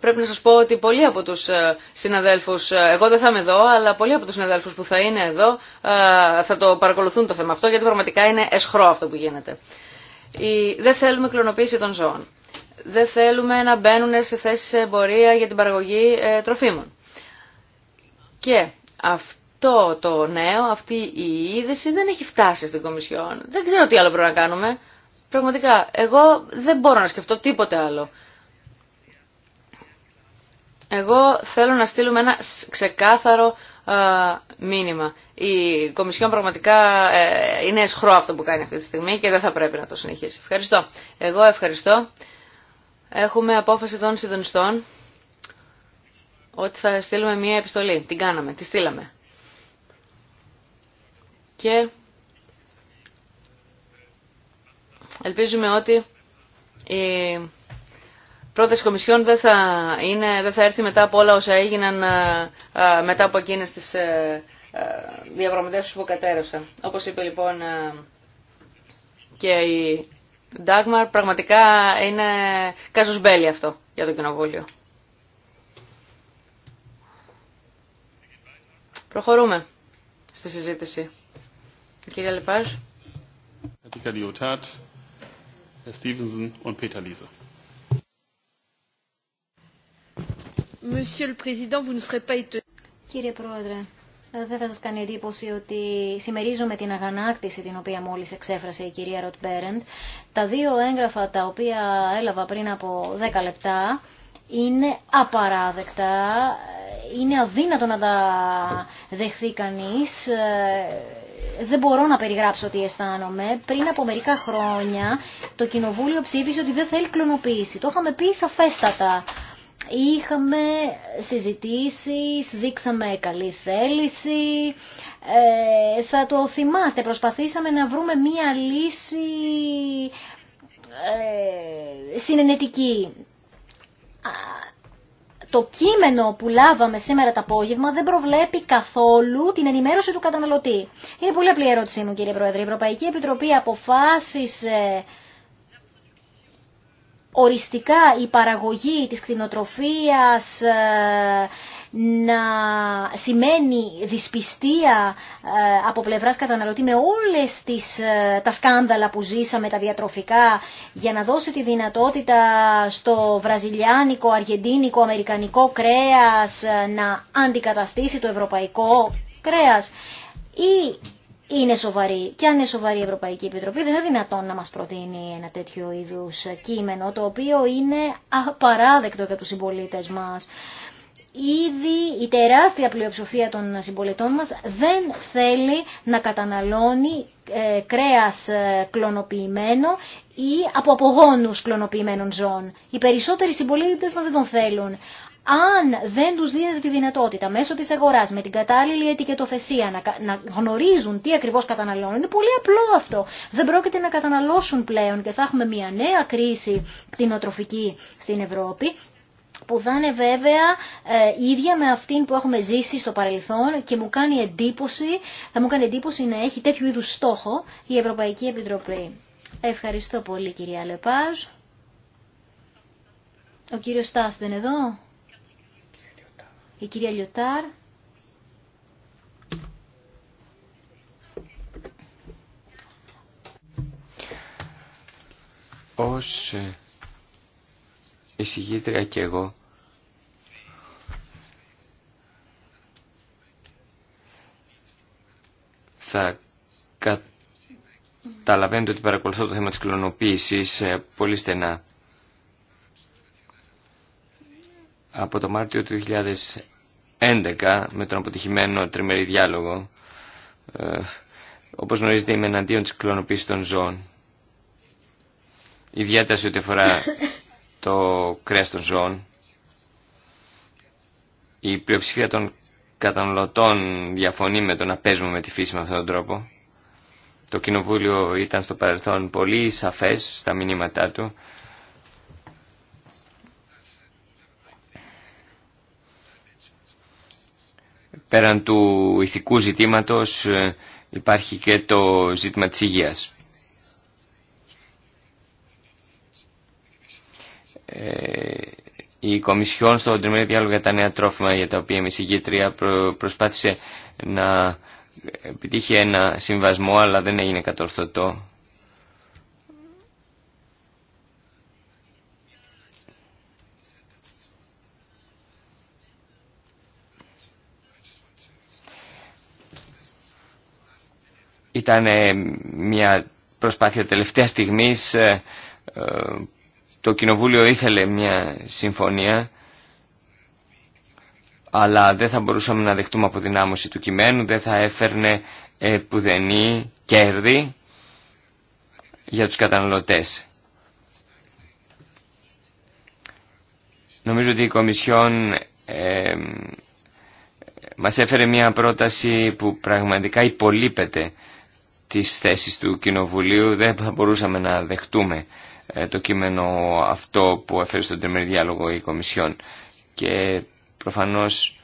πρέπει να σας πω ότι πολλοί από τους ε, συναδέλφους, ε, εγώ δεν θα είμαι εδώ, αλλά πολλοί από τους συναδέλφους που θα είναι εδώ ε, θα το παρακολουθούν το θέμα αυτό, γιατί πραγματικά είναι εσχρό αυτό που γίνεται. δεν θέλουμε κλωνοποίηση των ζώων. Δεν θέλουμε να μπαίνουν σε θέσεις εμπορία για την παραγωγή τροφίμων. Και αυτό το, το νέο, αυτή η είδηση δεν έχει φτάσει στην Κομισιόν. Δεν ξέρω τι άλλο πρέπει να κάνουμε. Πραγματικά, εγώ δεν μπορώ να σκεφτώ τίποτε άλλο. Εγώ θέλω να στείλουμε ένα ξεκάθαρο α, μήνυμα. Η Κομισιόν πραγματικά ε, είναι εσχρό αυτό που κάνει αυτή τη στιγμή και δεν θα πρέπει να το συνεχίσει. Ευχαριστώ. Εγώ ευχαριστώ. Έχουμε απόφαση των συντονιστών ότι θα στείλουμε μία επιστολή. Την κάναμε, τη στείλαμε. Και Ελπίζουμε ότι η πρόταση Κομισιόν δεν θα, είναι, θα έρθει μετά από όλα όσα έγιναν ε, ε, μετά από εκείνες τις ε, διαπραγματεύσεις που κατέρευσαν. Όπως είπε λοιπόν και η Ντάγμαρ, πραγματικά είναι κάζους μπέλι αυτό για το Κοινοβούλιο. Προχωρούμε στη συζήτηση. Κύριε Λεπάζ. Stevenson und Peter Κύριε Πρόεδρε, δεν θα σας κάνει εντύπωση ότι συμμερίζομαι την αγανάκτηση την οποία μόλις εξέφρασε η κυρία Ροτ Μπέρεντ. Τα δύο έγγραφα τα οποία έλαβα πριν από 10 λεπτά είναι απαράδεκτα, είναι αδύνατο να τα δεχθεί κανείς δεν μπορώ να περιγράψω τι αισθάνομαι. Πριν από μερικά χρόνια το Κοινοβούλιο ψήφισε ότι δεν θέλει κλωνοποίηση. Το είχαμε πει σαφέστατα. Είχαμε συζητήσεις, δείξαμε καλή θέληση, ε, θα το θυμάστε, προσπαθήσαμε να βρούμε μία λύση ε, συνενετική το κείμενο που λάβαμε σήμερα το απόγευμα δεν προβλέπει καθόλου την ενημέρωση του καταναλωτή. Είναι πολύ απλή ερώτησή μου κύριε Πρόεδρε. Η Ευρωπαϊκή Επιτροπή αποφάσισε οριστικά η παραγωγή της κτηνοτροφίας ε, να σημαίνει δυσπιστία ε, από πλευράς καταναλωτή με όλες τις, ε, τα σκάνδαλα που ζήσαμε τα διατροφικά για να δώσει τη δυνατότητα στο βραζιλιάνικο, αργεντίνικο, αμερικανικό κρέας ε, να αντικαταστήσει το ευρωπαϊκό κρέας ή είναι σοβαρή. Και αν είναι σοβαρή η Ευρωπαϊκή Επιτροπή, δεν είναι δυνατόν να μας προτείνει ένα τέτοιο είδους κείμενο, το οποίο είναι απαράδεκτο για του συμπολίτε μας ήδη η τεράστια πλειοψηφία των συμπολιτών μας δεν θέλει να καταναλώνει ε, κρέας ε, κλωνοποιημένο ή από απογόνους κλωνοποιημένων ζώων. Οι περισσότεροι συμπολίτες μας δεν τον θέλουν. Αν δεν τους δίνετε τη δυνατότητα μέσω της αγοράς με την κατάλληλη ετικετοθεσία να, γνωρίζουν τι ακριβώς καταναλώνουν, είναι πολύ απλό αυτό. Δεν πρόκειται να καταναλώσουν πλέον και θα έχουμε μια νέα κρίση κτηνοτροφική στην Ευρώπη που θα είναι βέβαια ε, ίδια με αυτήν που έχουμε ζήσει στο παρελθόν και μου κάνει εντύπωση, θα μου κάνει εντύπωση να έχει τέτοιου είδους στόχο η Ευρωπαϊκή Επιτροπή. Ευχαριστώ πολύ κυρία Λεπάζ. Ο κύριος Στάς δεν είναι εδώ. Η κυρία Λιωτάρ. Ως ε, Εισηγήτρια και εγώ θα καταλαβαίνετε ότι παρακολουθώ το θέμα της κλωνοποίησης ε, πολύ στενά. Από το Μάρτιο του 2011 με τον αποτυχημένο τριμερή διάλογο ε, όπως γνωρίζετε είμαι εναντίον της κλωνοποίησης των ζώων Η σε ό,τι αφορά το κρέας των ζώων. Η πλειοψηφία των καταναλωτών διαφωνεί με το να παίζουμε με τη φύση με αυτόν τον τρόπο. Το Κοινοβούλιο ήταν στο παρελθόν πολύ σαφές στα μηνύματά του. Πέραν του ηθικού ζητήματος ε, υπάρχει και το ζήτημα της υγείας. Ε, η Κομισιόν στον τριμμένο διάλογο για τα νέα τρόφιμα για τα οποία η συγκήτρια προσπάθησε να επιτύχει ένα συμβασμό αλλά δεν έγινε κατορθωτό. Ήταν μια προσπάθεια τελευταία στιγμής ε, ε, το Κοινοβούλιο ήθελε μια συμφωνία, αλλά δεν θα μπορούσαμε να δεχτούμε αποδυνάμωση του κειμένου, δεν θα έφερνε πουδενή κέρδη για τους καταναλωτές. Νομίζω ότι η Κομισιόν ε, μας έφερε μια πρόταση που πραγματικά υπολείπεται τις θέσεις του Κοινοβουλίου, δεν θα μπορούσαμε να δεχτούμε ε, το κείμενο αυτό που έφερε στον τριμερή διάλογο η Κομισιόν. Και προφανώς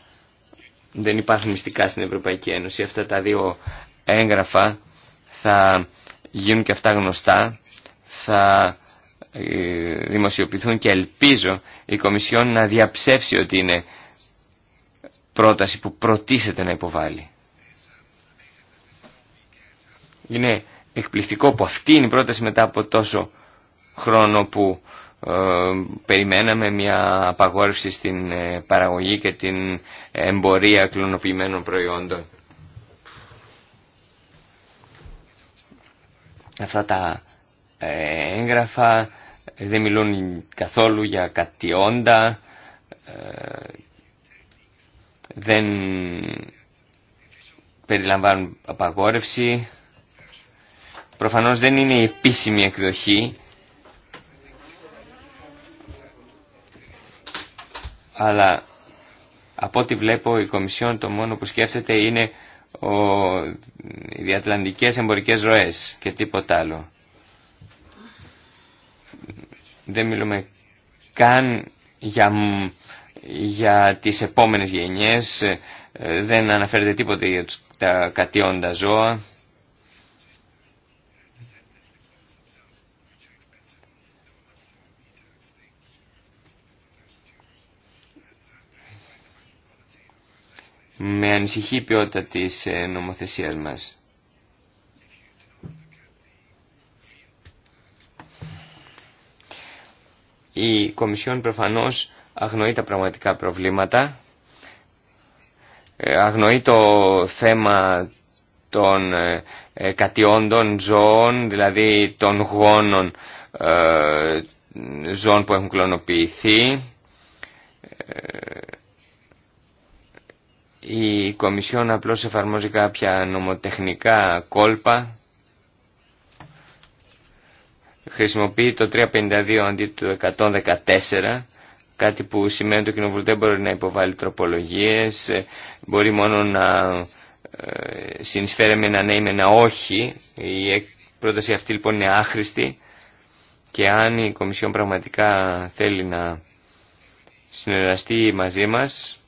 δεν υπάρχουν μυστικά στην Ευρωπαϊκή Ένωση. Αυτά τα δύο έγγραφα θα γίνουν και αυτά γνωστά, θα ε, δημοσιοποιηθούν και ελπίζω η Κομισιόν να διαψεύσει ότι είναι πρόταση που προτίθεται να υποβάλει. Είναι εκπληκτικό που αυτή είναι η πρόταση μετά από τόσο χρόνο που ε, περιμέναμε μια απαγόρευση στην ε, παραγωγή και την εμπορία κλωνοποιημένων προϊόντων. Αυτά τα ε, έγγραφα δεν μιλούν καθόλου για κατιόντα, δεν περιλαμβάνουν απαγόρευση. Προφανώς δεν είναι η επίσημη εκδοχή αλλά από ό,τι βλέπω η Κομισιόν το μόνο που σκέφτεται είναι ο, οι διατλαντικές εμπορικές ροές και τίποτα άλλο. Δεν μιλούμε καν για, για τις επόμενες γενιές, ε, δεν αναφέρεται τίποτα για τα κατιόντα ζώα. με ανησυχή η ποιότητα της ε, νομοθεσίας μας. Η Κομισιόν προφανώς αγνοεί τα πραγματικά προβλήματα, ε, αγνοεί το θέμα των ε, κατιόντων ζώων, δηλαδή των γόνων ζώων που έχουν κλωνοποιηθεί, η Κομισιόν απλώς εφαρμόζει κάποια νομοτεχνικά κόλπα χρησιμοποιεί το 352 αντί του 114 κάτι που σημαίνει ότι το κοινοβούλιο δεν μπορεί να υποβάλει τροπολογίες μπορεί μόνο να ε, συνεισφέρει με ένα ναι με ένα όχι η πρόταση αυτή λοιπόν είναι άχρηστη και αν η Κομισιόν πραγματικά θέλει να συνεργαστεί μαζί μας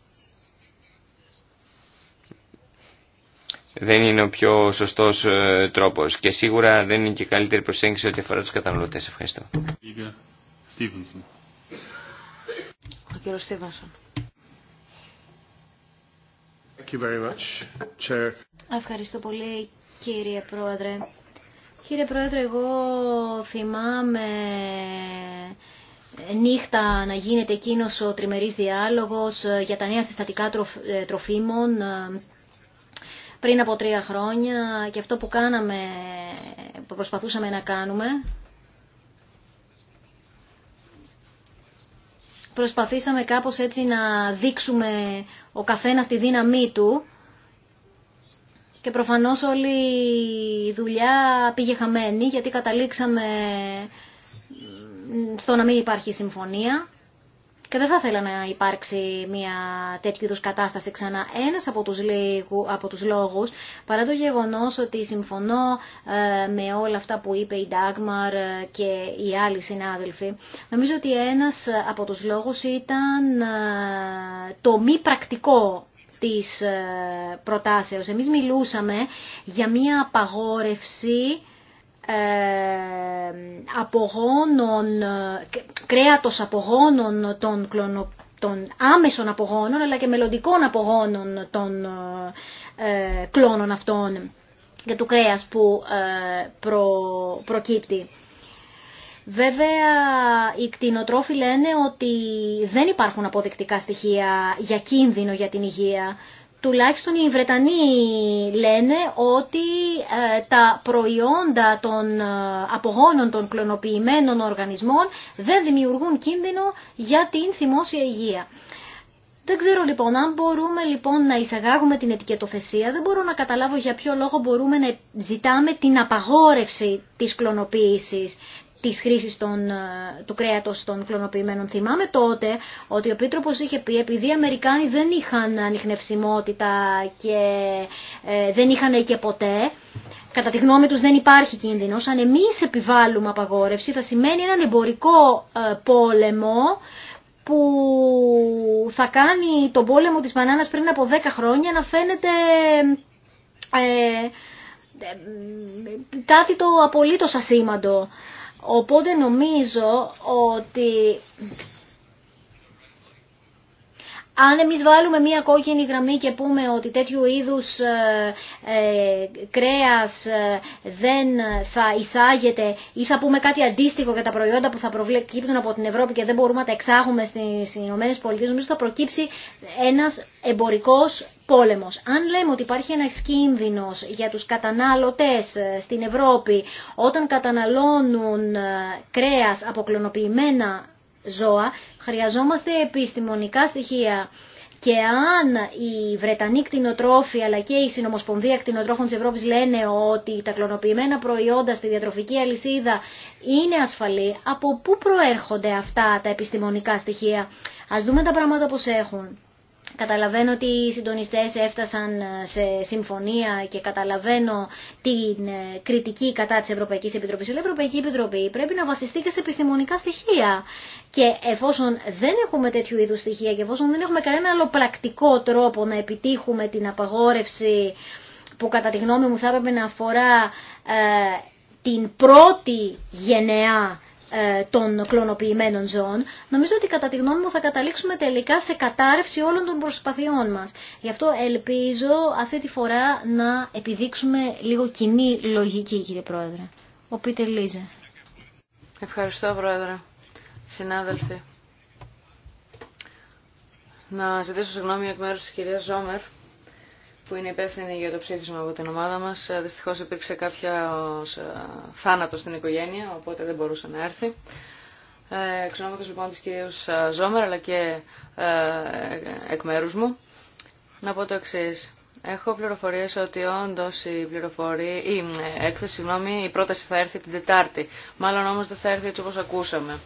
δεν είναι ο πιο σωστός ε, τρόπος και σίγουρα δεν είναι και καλύτερη προσέγγιση ό,τι αφορά τους καταναλωτές. Ευχαριστώ. Ο Στίβενσον. Ευχαριστώ πολύ κύριε Πρόεδρε. Κύριε Πρόεδρε, εγώ θυμάμαι νύχτα να γίνεται εκείνος ο τριμερής διάλογος ε, για τα νέα συστατικά ε, τροφίμων πριν από τρία χρόνια και αυτό που κάναμε, που προσπαθούσαμε να κάνουμε, προσπαθήσαμε κάπως έτσι να δείξουμε ο καθένας τη δύναμή του και προφανώς όλη η δουλειά πήγε χαμένη γιατί καταλήξαμε στο να μην υπάρχει συμφωνία και δεν θα ήθελα να υπάρξει μια τέτοιου είδου κατάσταση ξανά. Ένας από τους, λίγου, από τους λόγους, παρά το γεγονός ότι συμφωνώ ε, με όλα αυτά που είπε η Ντάγμαρ ε, και οι άλλοι συνάδελφοι, νομίζω ότι ένας από τους λόγους ήταν ε, το μη πρακτικό της προτάσεως. Εμείς μιλούσαμε για μια απαγόρευση ε, απογόνων, ε, κρέατος απογόνων των των άμεσων απογόνων αλλά και μελλοντικών απογόνων των ε, αυτών και του κρέας που ε, προ, προκύπτει. Βέβαια, οι κτηνοτρόφοι λένε ότι δεν υπάρχουν αποδεικτικά στοιχεία για κίνδυνο για την υγεία τουλάχιστον οι Βρετανοί λένε ότι ε, τα προϊόντα των ε, απογόνων των κλωνοποιημένων οργανισμών δεν δημιουργούν κίνδυνο για την θυμόσια υγεία. Δεν ξέρω λοιπόν, αν μπορούμε λοιπόν να εισαγάγουμε την ετικετοθεσία, δεν μπορώ να καταλάβω για ποιο λόγο μπορούμε να ζητάμε την απαγόρευση της κλωνοποίησης της χρήσης των, ε, του κρέατος των κλωνοποιημένων. Θυμάμαι τότε ότι ο πίτροπος είχε πει επειδή οι Αμερικάνοι δεν είχαν ανιχνευσιμότητα και ε, δεν είχαν και ποτέ, κατά τη γνώμη τους δεν υπάρχει κίνδυνος, αν εμείς επιβάλλουμε απαγόρευση θα σημαίνει έναν εμπορικό ε, πόλεμο που θα κάνει τον πόλεμο της μπανάνας πριν από 10 χρόνια να φαίνεται ε, κάτι το απολύτως ασήμαντο. Οπότε νομίζω ότι αν εμείς βάλουμε μία κόκκινη γραμμή και πούμε ότι τέτοιου είδους ε, ε, κρέας ε, δεν θα εισάγεται ή θα πούμε κάτι αντίστοιχο για τα προϊόντα που θα προκύπτουν από την Ευρώπη και δεν μπορούμε να τα εξάγουμε στις ΗΠΑ, νομίζω θα προκύψει ένας εμπορικός πόλεμος. Αν λέμε ότι υπάρχει ένας κίνδυνος για τους κατανάλωτες στην Ευρώπη όταν καταναλώνουν κρέας από κλωνοποιημένα ζώα, Χρειαζόμαστε επιστημονικά στοιχεία. Και αν οι Βρετανοί κτηνοτρόφοι αλλά και η Συνομοσπονδία Κτηνοτρόφων της Ευρώπης λένε ότι τα κλωνοποιημένα προϊόντα στη διατροφική αλυσίδα είναι ασφαλή, από πού προέρχονται αυτά τα επιστημονικά στοιχεία. Ας δούμε τα πράγματα πως έχουν. Καταλαβαίνω ότι οι συντονιστές έφτασαν ε, σε συμφωνία και καταλαβαίνω την ε, κριτική κατά της Ευρωπαϊκής Επιτροπής. Η Ευρωπαϊκή Επιτροπή πρέπει να βασιστεί και σε επιστημονικά στοιχεία. Και εφόσον δεν έχουμε τέτοιου είδους στοιχεία και εφόσον δεν έχουμε κανένα άλλο πρακτικό τρόπο να επιτύχουμε την απαγόρευση που κατά τη γνώμη μου θα έπρεπε να αφορά ε, την πρώτη γενεά ε, των κλωνοποιημένων ζώων, νομίζω ότι κατά τη γνώμη μου θα καταλήξουμε τελικά σε κατάρρευση όλων των προσπαθειών μας. Γι' αυτό ελπίζω αυτή τη φορά να επιδείξουμε λίγο κοινή λογική, κύριε Πρόεδρε. Ο Πίτερ Λίζε. Ευχαριστώ, Πρόεδρε. Συνάδελφοι. Να ζητήσω συγγνώμη εκ μέρους της κυρίας Ζόμερ που είναι υπεύθυνη για το ψήφισμα από την ομάδα μα. Ε, Δυστυχώ υπήρξε κάποιο ε, θάνατο στην οικογένεια, οπότε δεν μπορούσε να έρθει. Ε, εξ ονόματο λοιπόν τη κυρία Ζόμερ, αλλά και εκ μέρου μου, να πω το εξή. Έχω πληροφορίε ότι όντω η, πληροφορία, η έκθεση, συγγνώμη, η πρόταση θα έρθει την Τετάρτη. Μάλλον όμω δεν θα έρθει έτσι όπω ακούσαμε.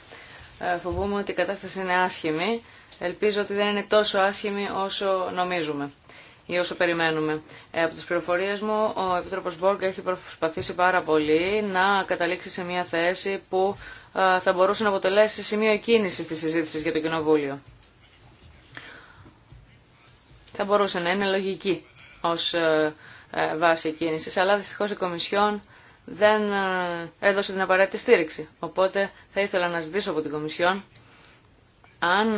φοβούμαι ότι η κατάσταση είναι άσχημη. Ελπίζω ότι δεν είναι τόσο άσχημη όσο νομίζουμε ή όσο περιμένουμε. Ε, από τις πληροφορίες μου, ο Επίτροπος Μπόργκ έχει προσπαθήσει πάρα πολύ να καταλήξει σε μια θέση που ε, θα μπορούσε να αποτελέσει σημείο εκκίνησης της συζήτησης για το Κοινοβούλιο. Θα μπορούσε να είναι λογική ως ε, βάση κίνηση, αλλά δυστυχώς η Κομισιόν δεν έδωσε την απαραίτητη στήριξη. Οπότε θα ήθελα να ζητήσω από την Κομισιόν αν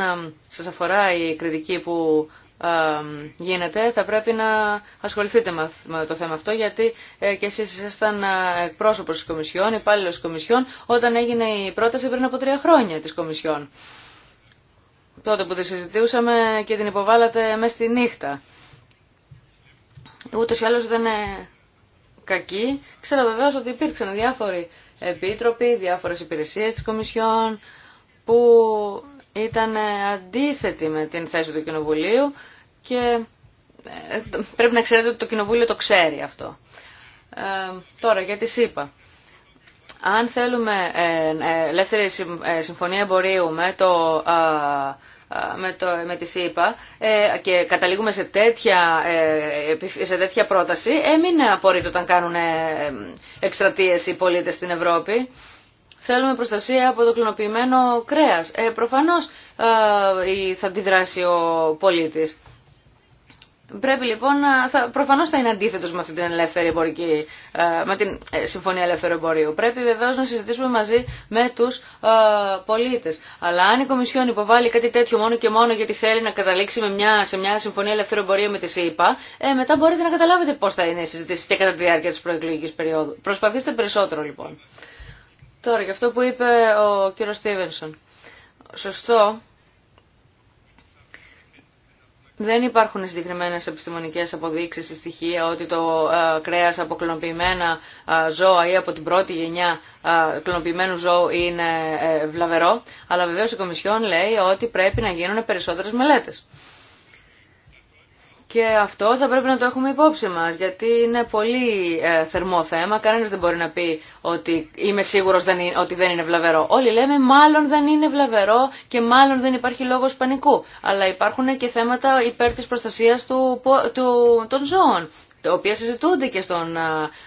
σας αφορά η κριτική που ε, γίνεται θα πρέπει να ασχοληθείτε με το θέμα αυτό γιατί ε, και εσείς ήσασταν ε, πρόσωπο της Κομισιόν, υπάλληλο της Κομισιόν όταν έγινε η πρόταση πριν από τρία χρόνια της Κομισιόν. Τότε που τη συζητούσαμε και την υποβάλατε μέσα στη νύχτα. Ούτως ή άλλως δεν είναι κακή. Ξέρω βεβαίως ότι υπήρξαν διάφοροι επίτροποι, διάφορες υπηρεσίες της Κομισιόν που ήταν ε, αντίθετη με την θέση του Κοινοβουλίου και ε, πρέπει να ξέρετε ότι το Κοινοβούλιο το ξέρει αυτό. Ε, τώρα, για τη ΣΥΠΑ. Αν θέλουμε ελεύθερη συμφωνία εμπορίου με, το, με, το, με τη ΣΥΠΑ και καταλήγουμε σε τέτοια, σε τέτοια πρόταση, έμεινε μην απορρίτω όταν κάνουν εκστρατείες οι πολίτες στην Ευρώπη θέλουμε προστασία από το κλωνοποιημένο κρέας. Ε, προφανώς ε, θα αντιδράσει ο πολίτης. Πρέπει λοιπόν, ε, θα, προφανώς θα είναι αντίθετος με αυτή την ελεύθερη εμπορική, ε, με την ε, Συμφωνία Ελεύθερου Εμπορίου. Πρέπει βεβαίως να συζητήσουμε μαζί με τους ε, πολίτες. Αλλά αν η Κομισιόν υποβάλλει κάτι τέτοιο μόνο και μόνο γιατί θέλει να καταλήξει με μια, σε μια Συμφωνία Ελεύθερου Εμπορίου με τη ΣΥΠΑ, ε, μετά μπορείτε να καταλάβετε πώς θα είναι η συζήτηση και κατά τη διάρκεια της προεκλογικής περίοδου. Προσπαθήστε περισσότερο λοιπόν. Τώρα, για αυτό που είπε ο κύριος Στίβενσον. Σωστό, δεν υπάρχουν συγκεκριμένε επιστημονικέ αποδείξει ή στοιχεία ότι το ε, κρέα από κλωνοποιημένα ε, ζώα ή από την πρώτη γενιά ε, κλωνοποιημένου ζώου είναι βλαβερό. Αλλά βεβαίω η Κομισιόν λέει ότι πρέπει να γίνουν περισσότερε μελέτε. Και αυτό θα πρέπει να το έχουμε υπόψη μας, γιατί είναι πολύ ε, θερμό θέμα. Κανένας δεν μπορεί να πει ότι είμαι σίγουρος ότι δεν είναι βλαβερό. Όλοι λέμε μάλλον δεν είναι βλαβερό και μάλλον δεν υπάρχει λόγος πανικού. Αλλά υπάρχουν και θέματα υπέρ της προστασίας του, του, των ζώων, τα οποία συζητούνται και στον ε,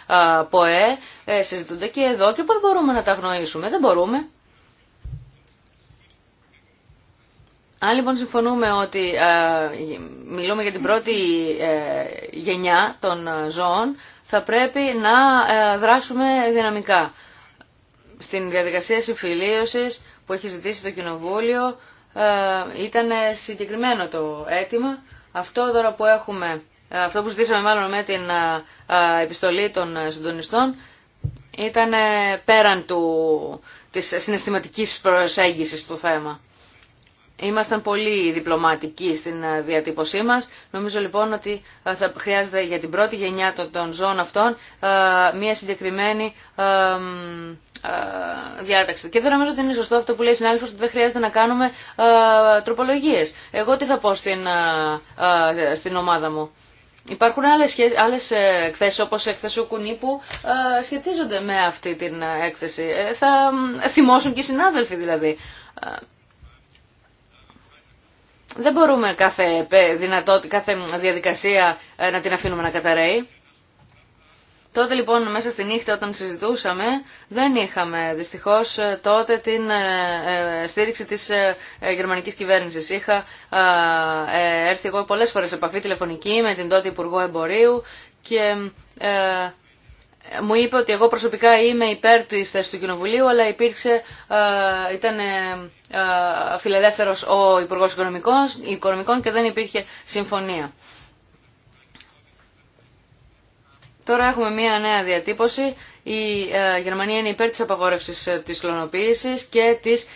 ε, ΠΟΕ, συζητούνται και εδώ και πώς μπορούμε να τα γνωρίσουμε. Δεν μπορούμε. Αν λοιπόν συμφωνούμε ότι ε, μιλούμε για την πρώτη ε, γενιά των ε, ζώων, θα πρέπει να δράσουμε δυναμικά. Στην διαδικασία συμφιλίωσης που έχει ζητήσει το Κοινοβούλιο ήταν συγκεκριμένο το αίτημα. Αυτό τώρα που έχουμε, αυτό που ζητήσαμε μάλλον με την επιστολή των συντονιστών, ήταν πέραν του, της συναισθηματικής προσέγγισης του θέμα. Ήμασταν πολύ διπλωματικοί στην ε, διατύπωσή μας. Νομίζω λοιπόν ότι ε, θα χρειάζεται για την πρώτη γενιά των ζώων αυτών ε, μια συγκεκριμένη διάταξη. Και δεν νομίζω ότι είναι σωστό αυτό που λέει η συνάδελφος, ότι δεν χρειάζεται να κάνουμε τροπολογίες. Εγώ τι θα πω στην, στην ομάδα μου. Υπάρχουν άλλες, άλλες εκθέσεις όπως η εκθεσού κουνή που σχετίζονται με αυτή την έκθεση. θα θυμώσουν και οι συνάδελφοι δηλαδή δεν μπορούμε κάθε, δυνατότητα, κάθε διαδικασία ε, να την αφήνουμε να καταραίει. Τότε λοιπόν μέσα στη νύχτα όταν συζητούσαμε δεν είχαμε δυστυχώς ε, τότε την ε, στήριξη της γερμανικής κυβέρνησης. Είχα έρθει εγώ πολλές φορές σε επαφή τηλεφωνική με την τότε Υπουργό Εμπορίου και μου είπε ότι εγώ προσωπικά είμαι υπέρ τη θέση του Κοινοβουλίου, αλλά υπήρξε, ήταν ε, ε ο Υπουργό Οικονομικών και δεν υπήρχε συμφωνία. Τώρα έχουμε μία νέα διατύπωση. Η ε, Γερμανία είναι υπέρ της απαγόρευσης ε, της κλωνοποίησης και της,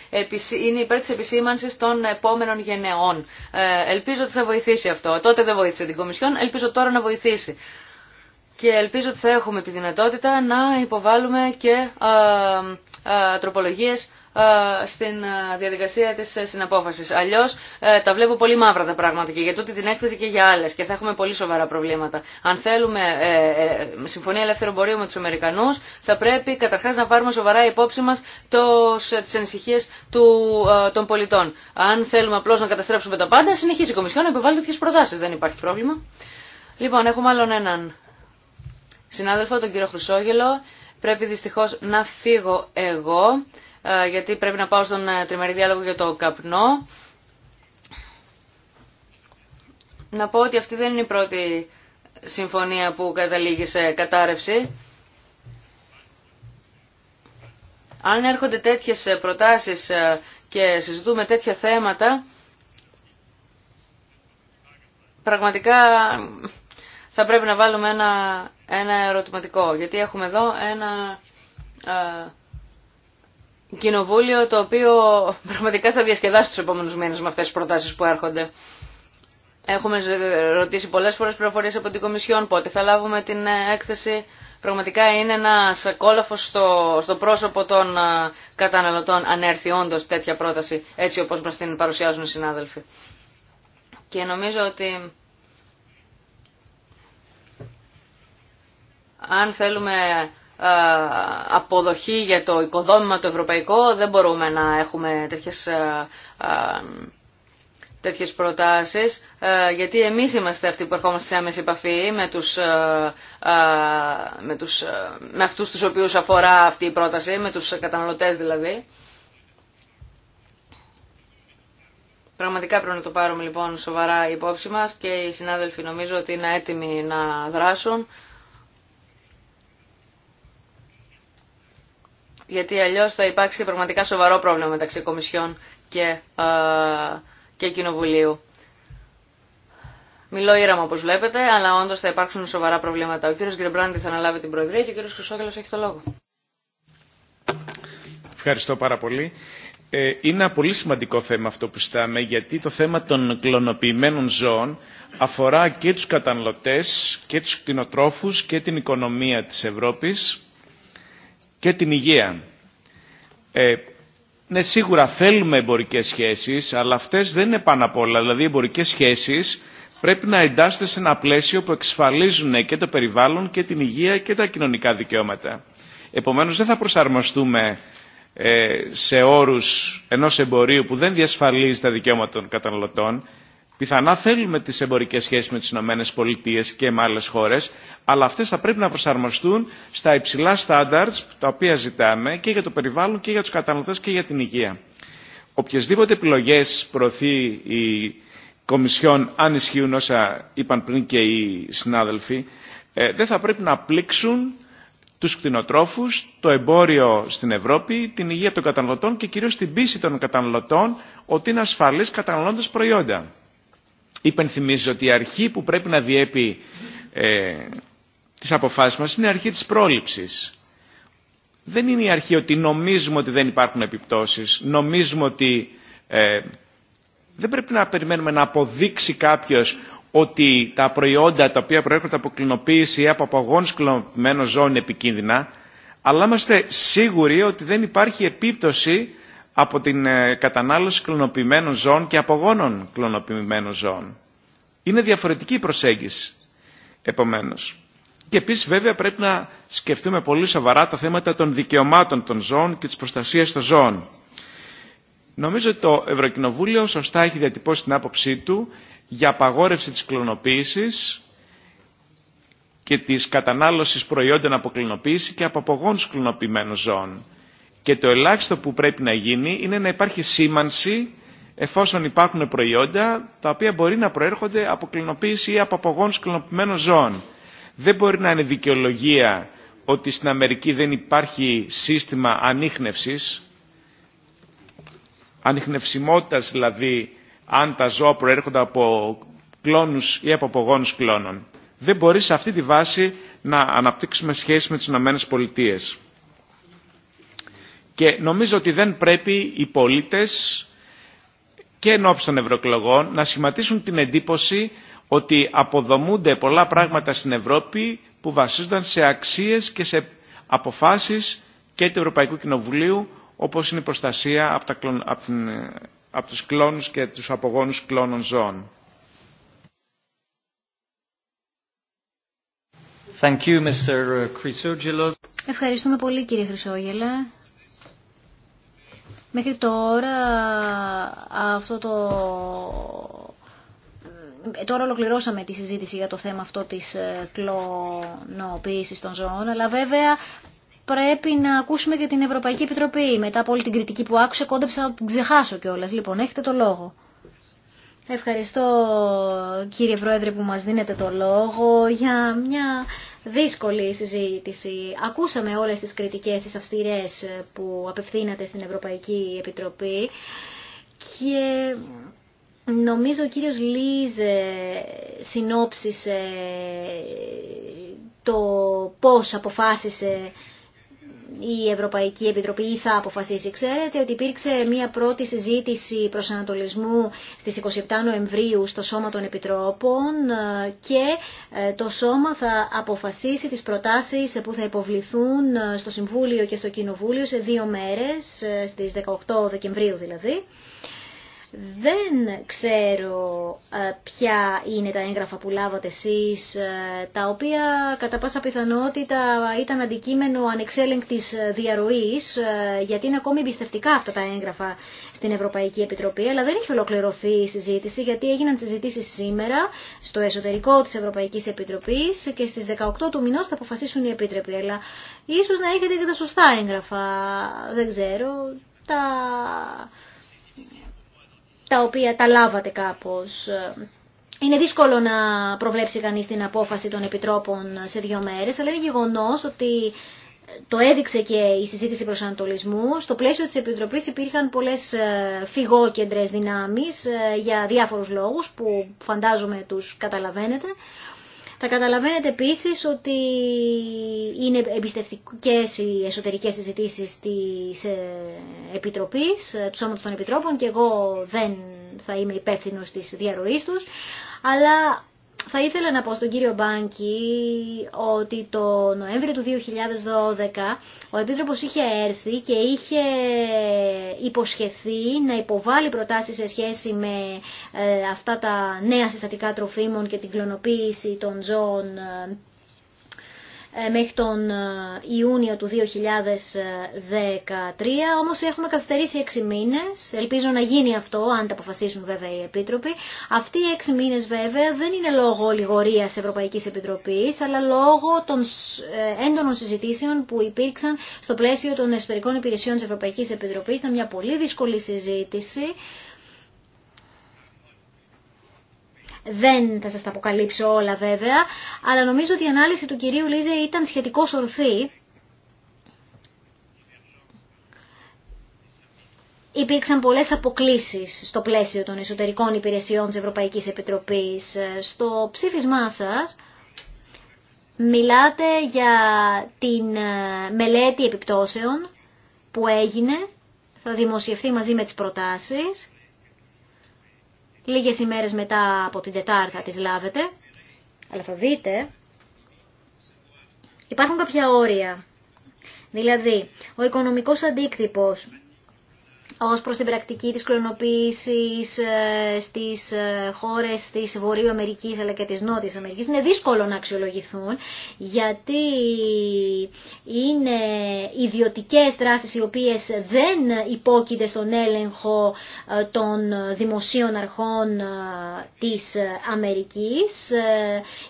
είναι υπέρ της επισήμανσης των επόμενων γενεών. ελπίζω ότι θα βοηθήσει αυτό. Τότε δεν βοήθησε την Κομισιόν, ελπίζω τώρα να βοηθήσει και ελπίζω ότι θα έχουμε τη δυνατότητα να υποβάλουμε και τροπολογίες στην διαδικασία της συναπόφασης. Αλλιώς ε, τα βλέπω πολύ μαύρα τα πράγματα και για τούτη την έκθεση και για άλλες και θα έχουμε πολύ σοβαρά προβλήματα. Αν θέλουμε ε, ε, συμφωνία ελεύθερου μπορείου με τους Αμερικανούς θα πρέπει καταρχάς να πάρουμε σοβαρά υπόψη μας το, τις ανησυχίες του, των πολιτών. Αν θέλουμε απλώς να καταστρέψουμε τα πάντα συνεχίζει η Κομισιόν να υποβάλλει τέτοιες προτάσεις. Δεν υπάρχει πρόβλημα. Λοιπόν, έχουμε άλλον έναν συνάδελφο, τον κύριο Χρυσόγελο. Πρέπει δυστυχώς να φύγω εγώ, ε, γιατί πρέπει να πάω στον ε, τριμερή διάλογο για το καπνό. Να πω ότι αυτή δεν είναι η πρώτη συμφωνία που καταλήγει σε κατάρρευση. Αν έρχονται τέτοιες προτάσεις ε, και συζητούμε τέτοια θέματα, πραγματικά θα πρέπει να βάλουμε ένα ένα ερωτηματικό, γιατί έχουμε εδώ ένα ε, κοινοβούλιο το οποίο πραγματικά θα διασκεδάσει τους επόμενους μήνες με αυτές τις προτάσεις που έρχονται. Έχουμε ρωτήσει πολλές φορές πληροφορίες από την Κομισιόν πότε θα λάβουμε την ε, έκθεση. Πραγματικά είναι ένα κόλαφο στο, στο πρόσωπο των ε, καταναλωτών αν έρθει όντω τέτοια πρόταση έτσι όπως μας την παρουσιάζουν οι συνάδελφοι. Και νομίζω ότι αν θέλουμε ε, αποδοχή για το οικοδόμημα το ευρωπαϊκό, δεν μπορούμε να έχουμε τέτοιες, ε, ε, τέτοιες προτάσεις, γιατί εμείς είμαστε αυτοί που ερχόμαστε σε άμεση επαφή με, τους, με, τους, με αυτούς τους οποίους αφορά αυτή η πρόταση, με τους καταναλωτές δηλαδή. Πραγματικά πρέπει να το πάρουμε λοιπόν σοβαρά υπόψη μας και οι συνάδελφοι νομίζω ότι είναι έτοιμοι να δράσουν γιατί αλλιώς θα υπάρξει πραγματικά σοβαρό πρόβλημα μεταξύ Κομισιόν και, ε, και Κοινοβουλίου. Μιλώ ήραμα όπως βλέπετε, αλλά όντως θα υπάρξουν σοβαρά προβλήματα. Ο κύριος Γκρεμπράντη θα αναλάβει την Προεδρία και ο κύριος Χρυσόγελος έχει το λόγο. Ευχαριστώ πάρα πολύ. Ε, είναι ένα πολύ σημαντικό θέμα αυτό που στάμε, γιατί το θέμα των κλωνοποιημένων ζώων αφορά και τους καταναλωτές και τους κτηνοτρόφους και την οικονομία της Ευρώπης και την υγεία. Ε, ναι, σίγουρα θέλουμε εμπορικές σχέσεις, αλλά αυτές δεν είναι πάνω απ' όλα. Δηλαδή, οι εμπορικές σχέσεις πρέπει να εντάσσονται σε ένα πλαίσιο που εξασφαλίζουν και το περιβάλλον και την υγεία και τα κοινωνικά δικαιώματα. Επομένως, δεν θα προσαρμοστούμε ε, σε όρους ενός εμπορίου που δεν διασφαλίζει τα δικαιώματα των καταναλωτών Πιθανά θέλουμε τις εμπορικές σχέσεις με τις ΗΠΑ και με άλλες χώρες, αλλά αυτές θα πρέπει να προσαρμοστούν στα υψηλά στάνταρτς τα οποία ζητάμε και για το περιβάλλον και για τους καταναλωτές και για την υγεία. Οποιασδήποτε επιλογές προωθεί η Κομισιόν, αν ισχύουν όσα είπαν πριν και οι συνάδελφοι, ε, δεν θα πρέπει να πλήξουν τους κτηνοτρόφους, το εμπόριο στην Ευρώπη, την υγεία των καταναλωτών και κυρίως την πίση των καταναλωτών ότι είναι ασφαλής καταναλώντας προϊόντα. Υπενθυμίζω ότι η αρχή που πρέπει να διέπει ε, τις αποφάσεις μας είναι η αρχή της πρόληψης. Δεν είναι η αρχή ότι νομίζουμε ότι δεν υπάρχουν επιπτώσεις, νομίζουμε ότι ε, δεν πρέπει να περιμένουμε να αποδείξει κάποιος ότι τα προϊόντα τα οποία προέρχονται από κλινοποίηση ή από απογόνους κλινοποιημένων ζώων είναι επικίνδυνα, αλλά είμαστε σίγουροι ότι δεν υπάρχει επίπτωση από την ε, κατανάλωση κλωνοποιημένων ζώων και απογόνων κλωνοποιημένων ζώων. Είναι διαφορετική η προσέγγιση, επομένως. Και επίσης βέβαια πρέπει να σκεφτούμε πολύ σοβαρά τα θέματα των δικαιωμάτων των ζώων και της προστασίας των ζώων. Νομίζω ότι το Ευρωκοινοβούλιο σωστά έχει διατυπώσει την άποψή του για απαγόρευση της κλωνοποίησης και της κατανάλωσης προϊόντων από κλωνοποίηση και από απογόνους κλωνοποιημένων ζώων. Και το ελάχιστο που πρέπει να γίνει είναι να υπάρχει σήμανση εφόσον υπάρχουν προϊόντα τα οποία μπορεί να προέρχονται από κλινοποίηση ή από απογόνους κλινοποιημένων ζώων. Δεν μπορεί να είναι δικαιολογία ότι στην Αμερική δεν υπάρχει σύστημα ανείχνευσης, ανείχνευσιμότητας δηλαδή αν τα ζώα προέρχονται από κλόνους ή από απογόνους κλόνων. Δεν μπορεί σε αυτή τη βάση να αναπτύξουμε σχέση με τις ΗΠΑ. Και νομίζω ότι δεν πρέπει οι πολίτες και ενώπιση των ευρωεκλογών να σχηματίσουν την εντύπωση ότι αποδομούνται πολλά πράγματα στην Ευρώπη που βασίζονταν σε αξίες και σε αποφάσεις και του Ευρωπαϊκού Κοινοβουλίου όπως είναι η προστασία από, τα, από, τους κλόνους και τους απογόνους κλόνων ζώων. Ευχαριστούμε πολύ κύριε Χρυσόγελα. Μέχρι τώρα αυτό το... Τώρα ολοκληρώσαμε τη συζήτηση για το θέμα αυτό της ε, κλωνοποίησης των ζώων, αλλά βέβαια πρέπει να ακούσουμε και την Ευρωπαϊκή Επιτροπή. Μετά από όλη την κριτική που άκουσε, κόντεψα να την ξεχάσω κιόλας. Λοιπόν, έχετε το λόγο. Ευχαριστώ κύριε Πρόεδρε που μας δίνετε το λόγο για μια δύσκολη συζήτηση. Ακούσαμε όλες τις κριτικές, τις αυστηρές που απευθύνατε στην Ευρωπαϊκή Επιτροπή και νομίζω ο κύριος Λίζε συνόψισε το πώς αποφάσισε η Ευρωπαϊκή Επιτροπή θα αποφασίσει. Ξέρετε ότι υπήρξε μια πρώτη συζήτηση προσανατολισμού στις 27 Νοεμβρίου στο Σώμα των Επιτρόπων ε, και ε, το Σώμα θα αποφασίσει τις προτάσεις που θα υποβληθούν ε, στο Συμβούλιο και στο Κοινοβούλιο σε δύο μέρες, στις 18 Δεκεμβρίου δηλαδή. Δεν ξέρω ε, ποια είναι τα έγγραφα που λάβατε εσείς, ε, τα οποία κατά πάσα πιθανότητα ήταν αντικείμενο ανεξέλεγκτης διαρροής, ε, γιατί είναι ακόμη εμπιστευτικά αυτά τα έγγραφα στην Ευρωπαϊκή Επιτροπή, αλλά δεν έχει ολοκληρωθεί η συζήτηση, γιατί έγιναν συζητήσεις σήμερα στο εσωτερικό της Ευρωπαϊκής Επιτροπής και στις 18 του μηνός θα αποφασίσουν οι επίτροποι, αλλά ίσως να έχετε και τα σωστά έγγραφα, δεν ξέρω, τα τα οποία τα λάβατε κάπως. Είναι δύσκολο να προβλέψει κανείς την απόφαση των επιτρόπων σε δύο μέρες, αλλά είναι γεγονός ότι το έδειξε και η συζήτηση προσανατολισμού. Στο πλαίσιο της Επιτροπής υπήρχαν πολλές ε, φυγόκεντρες δυνάμεις ε, για διάφορους λόγους που φαντάζομαι τους καταλαβαίνετε. Θα καταλαβαίνετε επίση ότι είναι εμπιστευτικέ οι εσωτερικές συζητήσεις της ε, Επιτροπής, ε, του Σώματος των Επιτρόπων και εγώ δεν θα είμαι υπεύθυνο της διαρροή τους, αλλά θα ήθελα να πω στον κύριο Μπάνκι ότι το Νοέμβριο του 2012 ο Επίτροπος είχε έρθει και είχε υποσχεθεί να υποβάλει προτάσεις σε σχέση με ε, αυτά τα νέα συστατικά τροφίμων και την κλωνοποίηση των ζώων ε, ε, μέχρι τον ε, Ιούνιο του 2013, όμως έχουμε καθυστερήσει 6 μήνες, ελπίζω να γίνει αυτό, αν τα αποφασίσουν βέβαια οι Επίτροποι. Αυτοί οι 6 μήνες βέβαια δεν είναι λόγω λιγορίας Ευρωπαϊκής Επιτροπής, αλλά λόγω των ε, έντονων συζητήσεων που υπήρξαν στο πλαίσιο των εσωτερικών υπηρεσιών της Ευρωπαϊκής Επιτροπής. Ήταν μια πολύ δύσκολη συζήτηση Δεν θα σας τα αποκαλύψω όλα βέβαια, αλλά νομίζω ότι η ανάλυση του κυρίου Λίζε ήταν σχετικό ορθή. Υπήρξαν πολλές αποκλίσεις στο πλαίσιο των εσωτερικών υπηρεσιών της Ευρωπαϊκής Επιτροπής. Ε, στο ψήφισμά σας μιλάτε για την ε, μελέτη επιπτώσεων που έγινε, θα δημοσιευθεί μαζί με τις προτάσεις Λίγες ημέρες μετά από την Τετάρτη τις λάβετε. Αλλά θα δείτε, υπάρχουν κάποια όρια. Δηλαδή, ο οικονομικός αντίκτυπος ως προς την πρακτική της κλωνοποίησης ε, στις ε, χώρες της Βορείου Αμερικής αλλά και της Νότιας Αμερικής είναι δύσκολο να αξιολογηθούν γιατί είναι ιδιωτικές δράσεις οι οποίες δεν υπόκεινται στον έλεγχο ε, των δημοσίων αρχών της Αμερικής.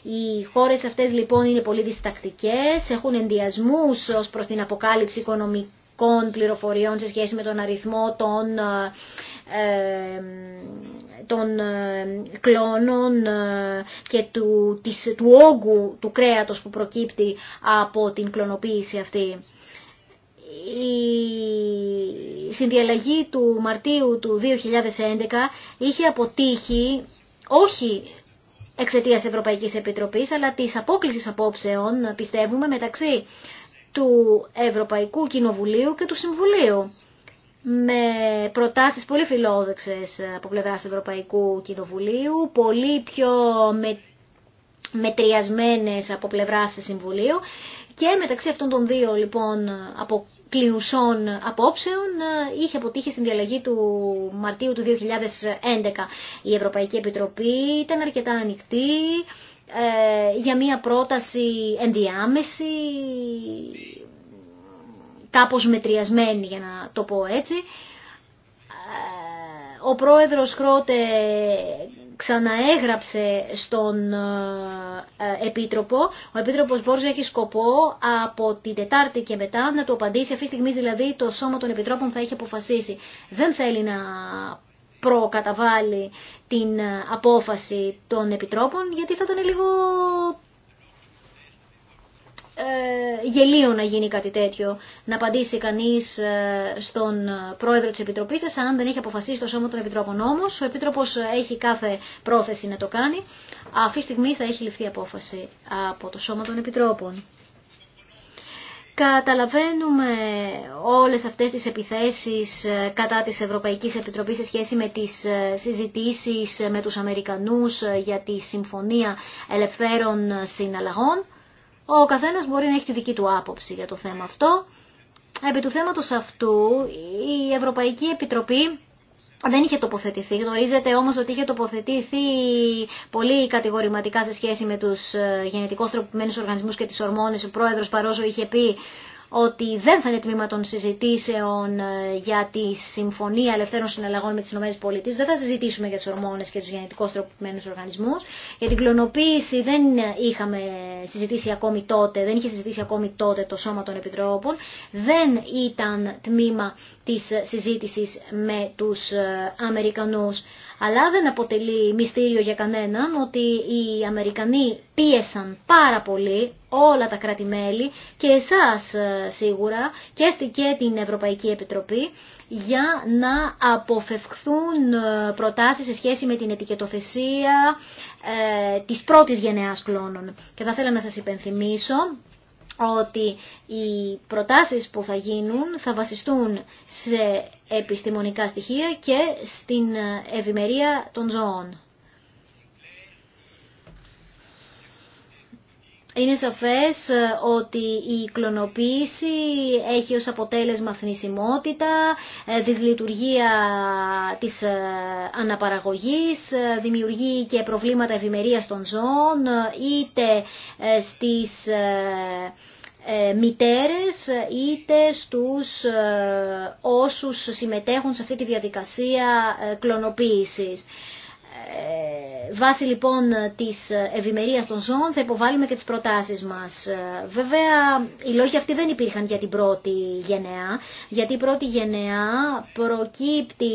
Οι χώρες αυτές λοιπόν είναι πολύ διστακτικές, έχουν ενδιασμούς ως προς την αποκάλυψη οικονομική πληροφοριών σε σχέση με τον αριθμό των, ε, ε, των ε, κλώνων και του, της, του όγκου του κρέατος που προκύπτει από την κλωνοποίηση αυτή. Η συνδιαλλαγή του Μαρτίου του 2011 είχε αποτύχει όχι εξαιτίας Ευρωπαϊκής Επιτροπής αλλά της απόκληση απόψεων, πιστεύουμε, μεταξύ του Ευρωπαϊκού Κοινοβουλίου και του Συμβουλίου με προτάσεις πολύ φιλόδοξες από πλευράς Ευρωπαϊκού Κοινοβουλίου, πολύ πιο με, μετριασμένες από πλευράς Συμβουλίου και μεταξύ αυτών των δύο λοιπόν από απόψεων είχε αποτύχει στην διαλλαγή του Μαρτίου του 2011. Η Ευρωπαϊκή Επιτροπή ήταν αρκετά ανοιχτή, ε, για μια πρόταση ενδιάμεση, κάπως μετριασμένη για να το πω έτσι. Ε, ο πρόεδρος Χρότε ξαναέγραψε στον ε, Επίτροπο. Ο Επίτροπος Μπόρζα έχει σκοπό από την Τετάρτη και μετά να του απαντήσει. Αυτή τη στιγμή δηλαδή το Σώμα των Επιτρόπων θα έχει αποφασίσει. Δεν θέλει να προκαταβάλει την ε, απόφαση των επιτρόπων, γιατί θα ήταν λίγο ε, γελίο να γίνει κάτι τέτοιο, να απαντήσει κανείς ε, στον ε, πρόεδρο της Επιτροπής σας, αν δεν έχει αποφασίσει το Σώμα των Επιτρόπων. Όμως, ο Επίτροπος έχει κάθε πρόθεση να το κάνει. Αυτή τη στιγμή θα έχει ληφθεί απόφαση από το Σώμα των Επιτρόπων. Καταλαβαίνουμε όλες αυτές τις επιθέσεις ε, κατά της Ευρωπαϊκής Επιτροπής σε σχέση με τις ε, συζητήσεις ε, με τους Αμερικανούς για τη Συμφωνία Ελευθέρων Συναλλαγών. Ο καθένας μπορεί να έχει τη δική του άποψη για το θέμα αυτό. Επί του θέματος αυτού η Ευρωπαϊκή Επιτροπή δεν είχε τοποθετηθεί. Γνωρίζετε όμως ότι είχε τοποθετηθεί πολύ κατηγορηματικά σε σχέση με τους ε, γενετικώς τροποποιημένους οργανισμούς και τις ορμόνες. Ο πρόεδρος Παρόζο είχε πει ότι δεν θα είναι τμήμα των συζητήσεων ε, για τη Συμφωνία Ελευθέρων Συναλλαγών με τι ΗΠΑ. Δεν θα συζητήσουμε για τι ορμόνες και τους γενετικώ τροποποιημένους οργανισμούς. Για την κλωνοποίηση δεν είχαμε συζητήσει ακόμη τότε, δεν είχε συζητήσει ακόμη τότε το Σώμα των Επιτρόπων. Δεν ήταν τμήμα τη συζήτηση με του ε, Αμερικανού. Αλλά δεν αποτελεί μυστήριο για κανέναν ότι οι Αμερικανοί πίεσαν πάρα πολύ όλα τα κρατη και εσάς ε, σίγουρα και την Ευρωπαϊκή Επιτροπή για να αποφευχθούν ε, προτάσεις σε σχέση με την ετικετοθεσία ε, της πρώτης γενεάς κλώνων. Και θα ήθελα να σας υπενθυμίσω ότι οι προτάσεις που θα γίνουν θα βασιστούν σε επιστημονικά στοιχεία και στην ευημερία των ζώων. είναι σαφές ε, ότι η κλωνοποίηση έχει ως αποτέλεσμα θνησιμότητα, ε, δυσλειτουργία της ε, αναπαραγωγής, δημιουργεί και προβλήματα ευημερία των ζώων, είτε στις μητέρες είτε στους όσους συμμετέχουν σε αυτή τη διαδικασία κλωνοποίησης. Ε, βάσει λοιπόν της ευημερία των ζώων θα υποβάλουμε και τις προτάσεις μας. Ε, βέβαια οι λόγοι αυτοί δεν υπήρχαν για την πρώτη γενεά, γιατί η πρώτη γενεά προκύπτει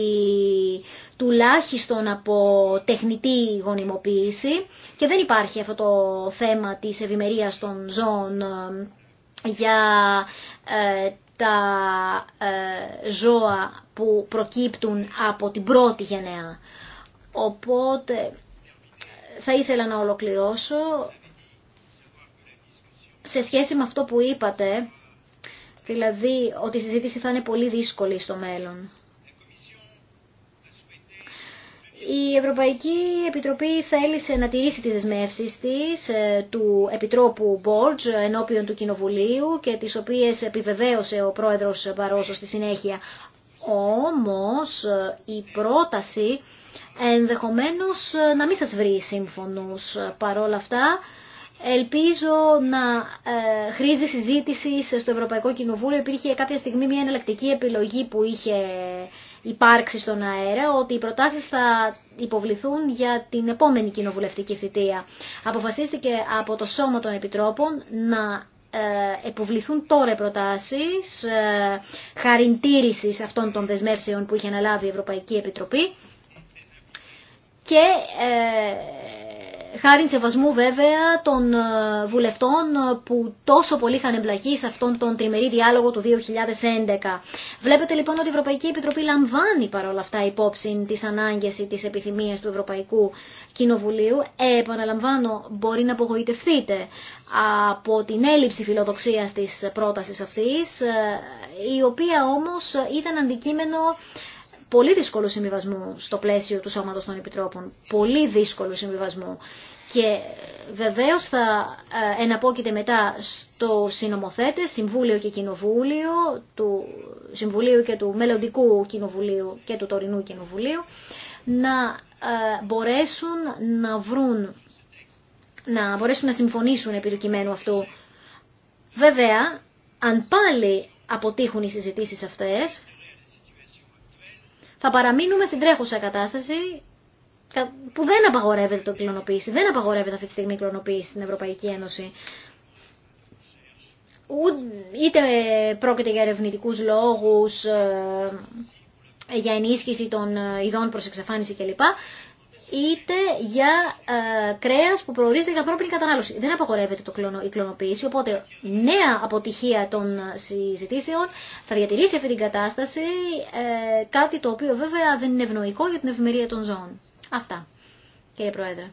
τουλάχιστον από τεχνητή γονιμοποίηση και δεν υπάρχει αυτό το θέμα της ευημερία των ζώων ε, για τα ζώα που προκύπτουν από την πρώτη γενεά. Οπότε θα ήθελα να ολοκληρώσω σε σχέση με αυτό που είπατε, δηλαδή ότι η συζήτηση θα είναι πολύ δύσκολη στο μέλλον. Η Ευρωπαϊκή Επιτροπή θέλησε να τηρήσει τις δεσμεύσεις της ε, του Επιτρόπου Μπόρτζ ενώπιον του Κοινοβουλίου και τις οποίες επιβεβαίωσε ο πρόεδρος Παρόσο στη συνέχεια. Όμως ε, η πρόταση ενδεχομένως ε, να μην σας βρει σύμφωνος ε, παρόλα αυτά. Ελπίζω να ε, χρήζει συζήτηση στο Ευρωπαϊκό Κοινοβούλιο. Υπήρχε κάποια στιγμή μια εναλλακτική επιλογή που είχε υπάρξει στον αέρα, ότι οι προτάσεις θα υποβληθούν για την επόμενη κοινοβουλευτική θητεία. Αποφασίστηκε από το Σώμα των Επιτρόπων να ε, υποβληθούν τώρα οι προτάσεις χαριντήρησης αυτών των δεσμεύσεων που είχε αναλάβει η Ευρωπαϊκή Επιτροπή και ε, χάρη σεβασμού βέβαια των ε, βουλευτών ε, που τόσο πολύ είχαν εμπλακεί σε αυτόν τον τριμερή διάλογο του 2011. Βλέπετε λοιπόν ότι η Ευρωπαϊκή Επιτροπή λαμβάνει παρόλα αυτά υπόψη τις ανάγκες ή τις επιθυμίες του Ευρωπαϊκού Κοινοβουλίου. Ε, επαναλαμβάνω, μπορεί να απογοητευτείτε από την έλλειψη φιλοδοξίας της πρότασης αυτής, η τις επιθυμιες του ευρωπαικου κοινοβουλιου όμως ήταν αντικείμενο πολύ δύσκολο συμβιβασμό στο πλαίσιο του Σώματος των Επιτρόπων. Πολύ δύσκολο συμβιβασμό. Και βεβαίως θα ε, εναπόκειται μετά στο συνομοθέτε, Συμβούλιο και Κοινοβούλιο, του Συμβουλίου και του Μελλοντικού Κοινοβουλίου και του Τωρινού Κοινοβουλίου, να ε, μπορέσουν να βρουν, να μπορέσουν να συμφωνήσουν επί του κειμένου αυτού. Βέβαια, αν πάλι αποτύχουν οι συζητήσεις αυτές, θα παραμείνουμε στην τρέχουσα κατάσταση που δεν απαγορεύεται το κλωνοποίηση. Δεν απαγορεύεται αυτή τη στιγμή η κλωνοποίηση στην Ευρωπαϊκή Ένωση. Είτε πρόκειται για ερευνητικού λόγους, ε, για ενίσχυση των ε, ειδών προς εξαφάνιση κλπ είτε για ε, κρέας που προορίζεται για ανθρώπινη κατανάλωση. Δεν απαγορεύεται το η κλωνοποίηση, οπότε νέα αποτυχία των συζητήσεων θα διατηρήσει αυτή την κατάσταση, ε, κάτι το οποίο βέβαια δεν είναι ευνοϊκό για την ευημερία των ζώων. Αυτά, κύριε Πρόεδρε.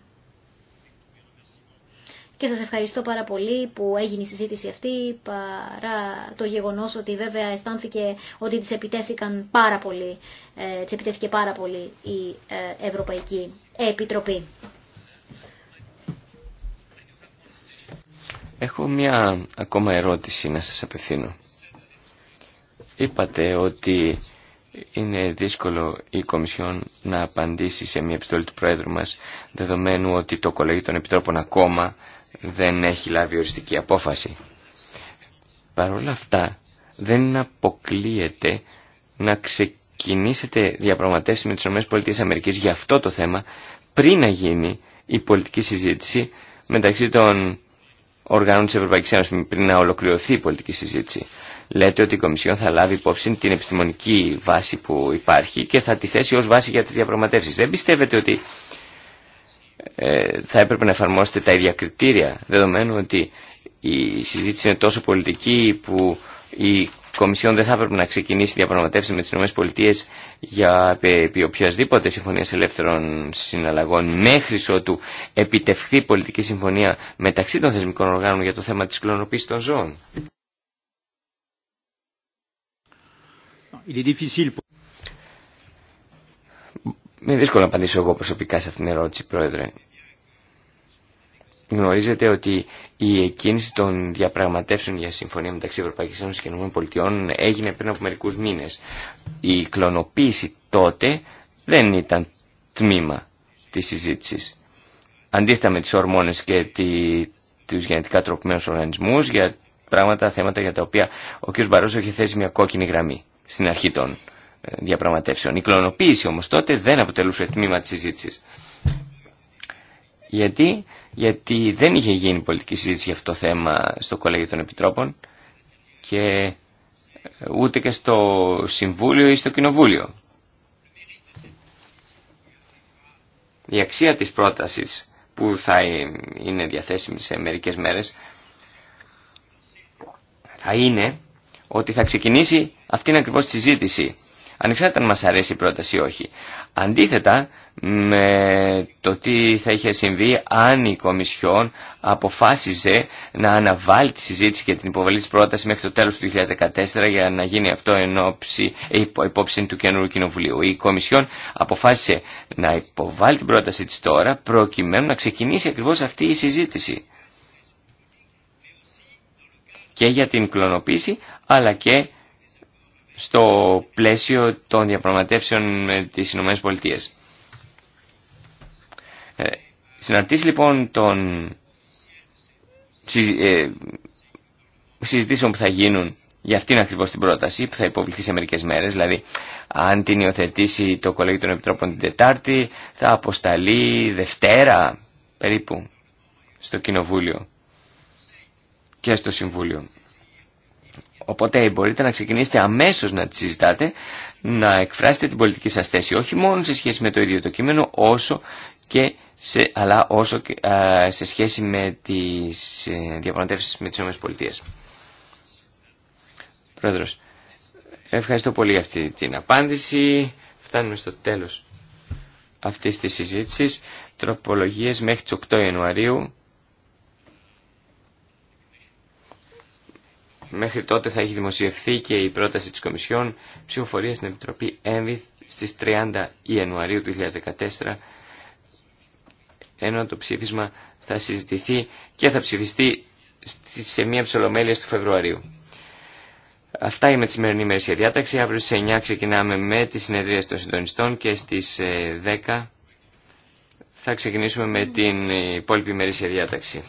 Και σας ευχαριστώ πάρα πολύ που έγινε η συζήτηση αυτή, παρά το γεγονός ότι βέβαια αισθάνθηκε ότι τις επιτέθηκαν πάρα πολύ, ε, επιτέθηκε πάρα πολύ η ε, Ευρωπαϊκή Επιτροπή. Έχω μια ακόμα ερώτηση να σας απευθύνω. Είπατε ότι είναι δύσκολο η Κομισιόν να απαντήσει σε μια επιστολή του Πρόεδρου μας, δεδομένου ότι το Κολέγιο των Επιτρόπων ακόμα δεν έχει λάβει οριστική απόφαση. Παρ' όλα αυτά δεν αποκλείεται να ξεκινήσετε διαπραγματεύσεις με τις ΗΠΑ για αυτό το θέμα πριν να γίνει η πολιτική συζήτηση μεταξύ των οργάνων της Ευρωπαϊκής Ένωσης πριν να ολοκληρωθεί η πολιτική συζήτηση. Λέτε ότι η Κομισιόν θα λάβει υπόψη την επιστημονική βάση που υπάρχει και θα τη θέσει ως βάση για τις διαπραγματεύσεις. Δεν πιστεύετε ότι ε, θα έπρεπε να εφαρμόσετε τα ίδια κριτήρια, δεδομένου ότι η συζήτηση είναι τόσο πολιτική που η Κομισιόν δεν θα έπρεπε να ξεκινήσει διαπραγματεύσει με τις ΗΠΑ για οποιασδήποτε συμφωνία ελεύθερων συναλλαγών μέχρι ότου επιτευχθεί πολιτική συμφωνία μεταξύ των θεσμικών οργάνων για το θέμα της κλωνοποίησης των ζώων. Είναι δύσκολο να απαντήσω εγώ προσωπικά σε αυτήν την ερώτηση, Πρόεδρε. Γνωρίζετε ότι η εκκίνηση των διαπραγματεύσεων για συμφωνία μεταξύ Ευρωπαϊκής Ένωσης και ΗΠΑ έγινε πριν από μερικούς μήνες. Η κλωνοποίηση τότε δεν ήταν τμήμα της συζήτησης. Αντίθετα με τις ορμόνες και τη, τους γενετικά τροπημένους οργανισμούς για πράγματα, θέματα για τα οποία ο κ. Μπαρός έχει θέσει μια κόκκινη γραμμή στην αρχή των διαπραγματεύσεων. Η κλωνοποίηση όμως τότε δεν αποτελούσε τμήμα της συζήτησης. Γιατί, Γιατί δεν είχε γίνει πολιτική συζήτηση για αυτό το θέμα στο Κολέγιο των Επιτρόπων και ε, ούτε και στο Συμβούλιο ή στο Κοινοβούλιο. Η αξία της πρότασης που θα είναι διαθέσιμη σε μερικές μέρες θα είναι ότι θα ξεκινήσει αυτήν ακριβώς τη συζήτηση ανεξάρτητα αν μας αρέσει η πρόταση ή όχι. Αντίθετα με το τι θα είχε συμβεί αν η Κομισιόν αποφάσιζε να αναβάλει τη συζήτηση και την υποβολή της πρότασης μέχρι το τέλος του 2014 για να γίνει αυτό ενόψη, ε, υπόψη του καινούργου κοινοβουλίου. Η Κομισιόν αποφάσισε να υποβάλει την πρόταση της τώρα προκειμένου να ξεκινήσει ακριβώς αυτή η συζήτηση και για την κλωνοποίηση αλλά και στο πλαίσιο των διαπραγματεύσεων με τις Ηνωμένες Πολιτείες. Ε, Συναρτήσει λοιπόν των ε, συζητήσεων που θα γίνουν για αυτήν ακριβώς την πρόταση που θα υποβληθεί σε μερικές μέρες δηλαδή αν την υιοθετήσει το Κολέγιο των Επιτρόπων την Τετάρτη, θα αποσταλεί Δευτέρα περίπου στο Κοινοβούλιο και στο Συμβούλιο. Οπότε μπορείτε να ξεκινήσετε αμέσως να τη συζητάτε, να εκφράσετε την πολιτική σας θέση, όχι μόνο σε σχέση με το ίδιο το κείμενο, όσο και σε, αλλά όσο και, σε σχέση με τις ε, διαπραγματεύσεις με τις ΗΠΑ. Πρόεδρος, ευχαριστώ πολύ για αυτή την απάντηση. Φτάνουμε στο τέλος αυτής της συζήτησης. Τροπολογίες μέχρι τις 8 Ιανουαρίου. Μέχρι τότε θα έχει δημοσιευθεί και η πρόταση της Κομισιόν ψηφοφορία στην Επιτροπή ΕΜΒΙ στις 30 Ιανουαρίου του 2014 ενώ το ψήφισμα θα συζητηθεί και θα ψηφιστεί σε μία ψελομέλεια του Φεβρουαρίου. Αυτά είναι τη σημερινή ημερήσια διάταξη. Αύριο στις 9 ξεκινάμε με τη συνεδρία των συντονιστών και στις 10 ε, θα ξεκινήσουμε με την ε, υπόλοιπη ημερήσια διάταξη.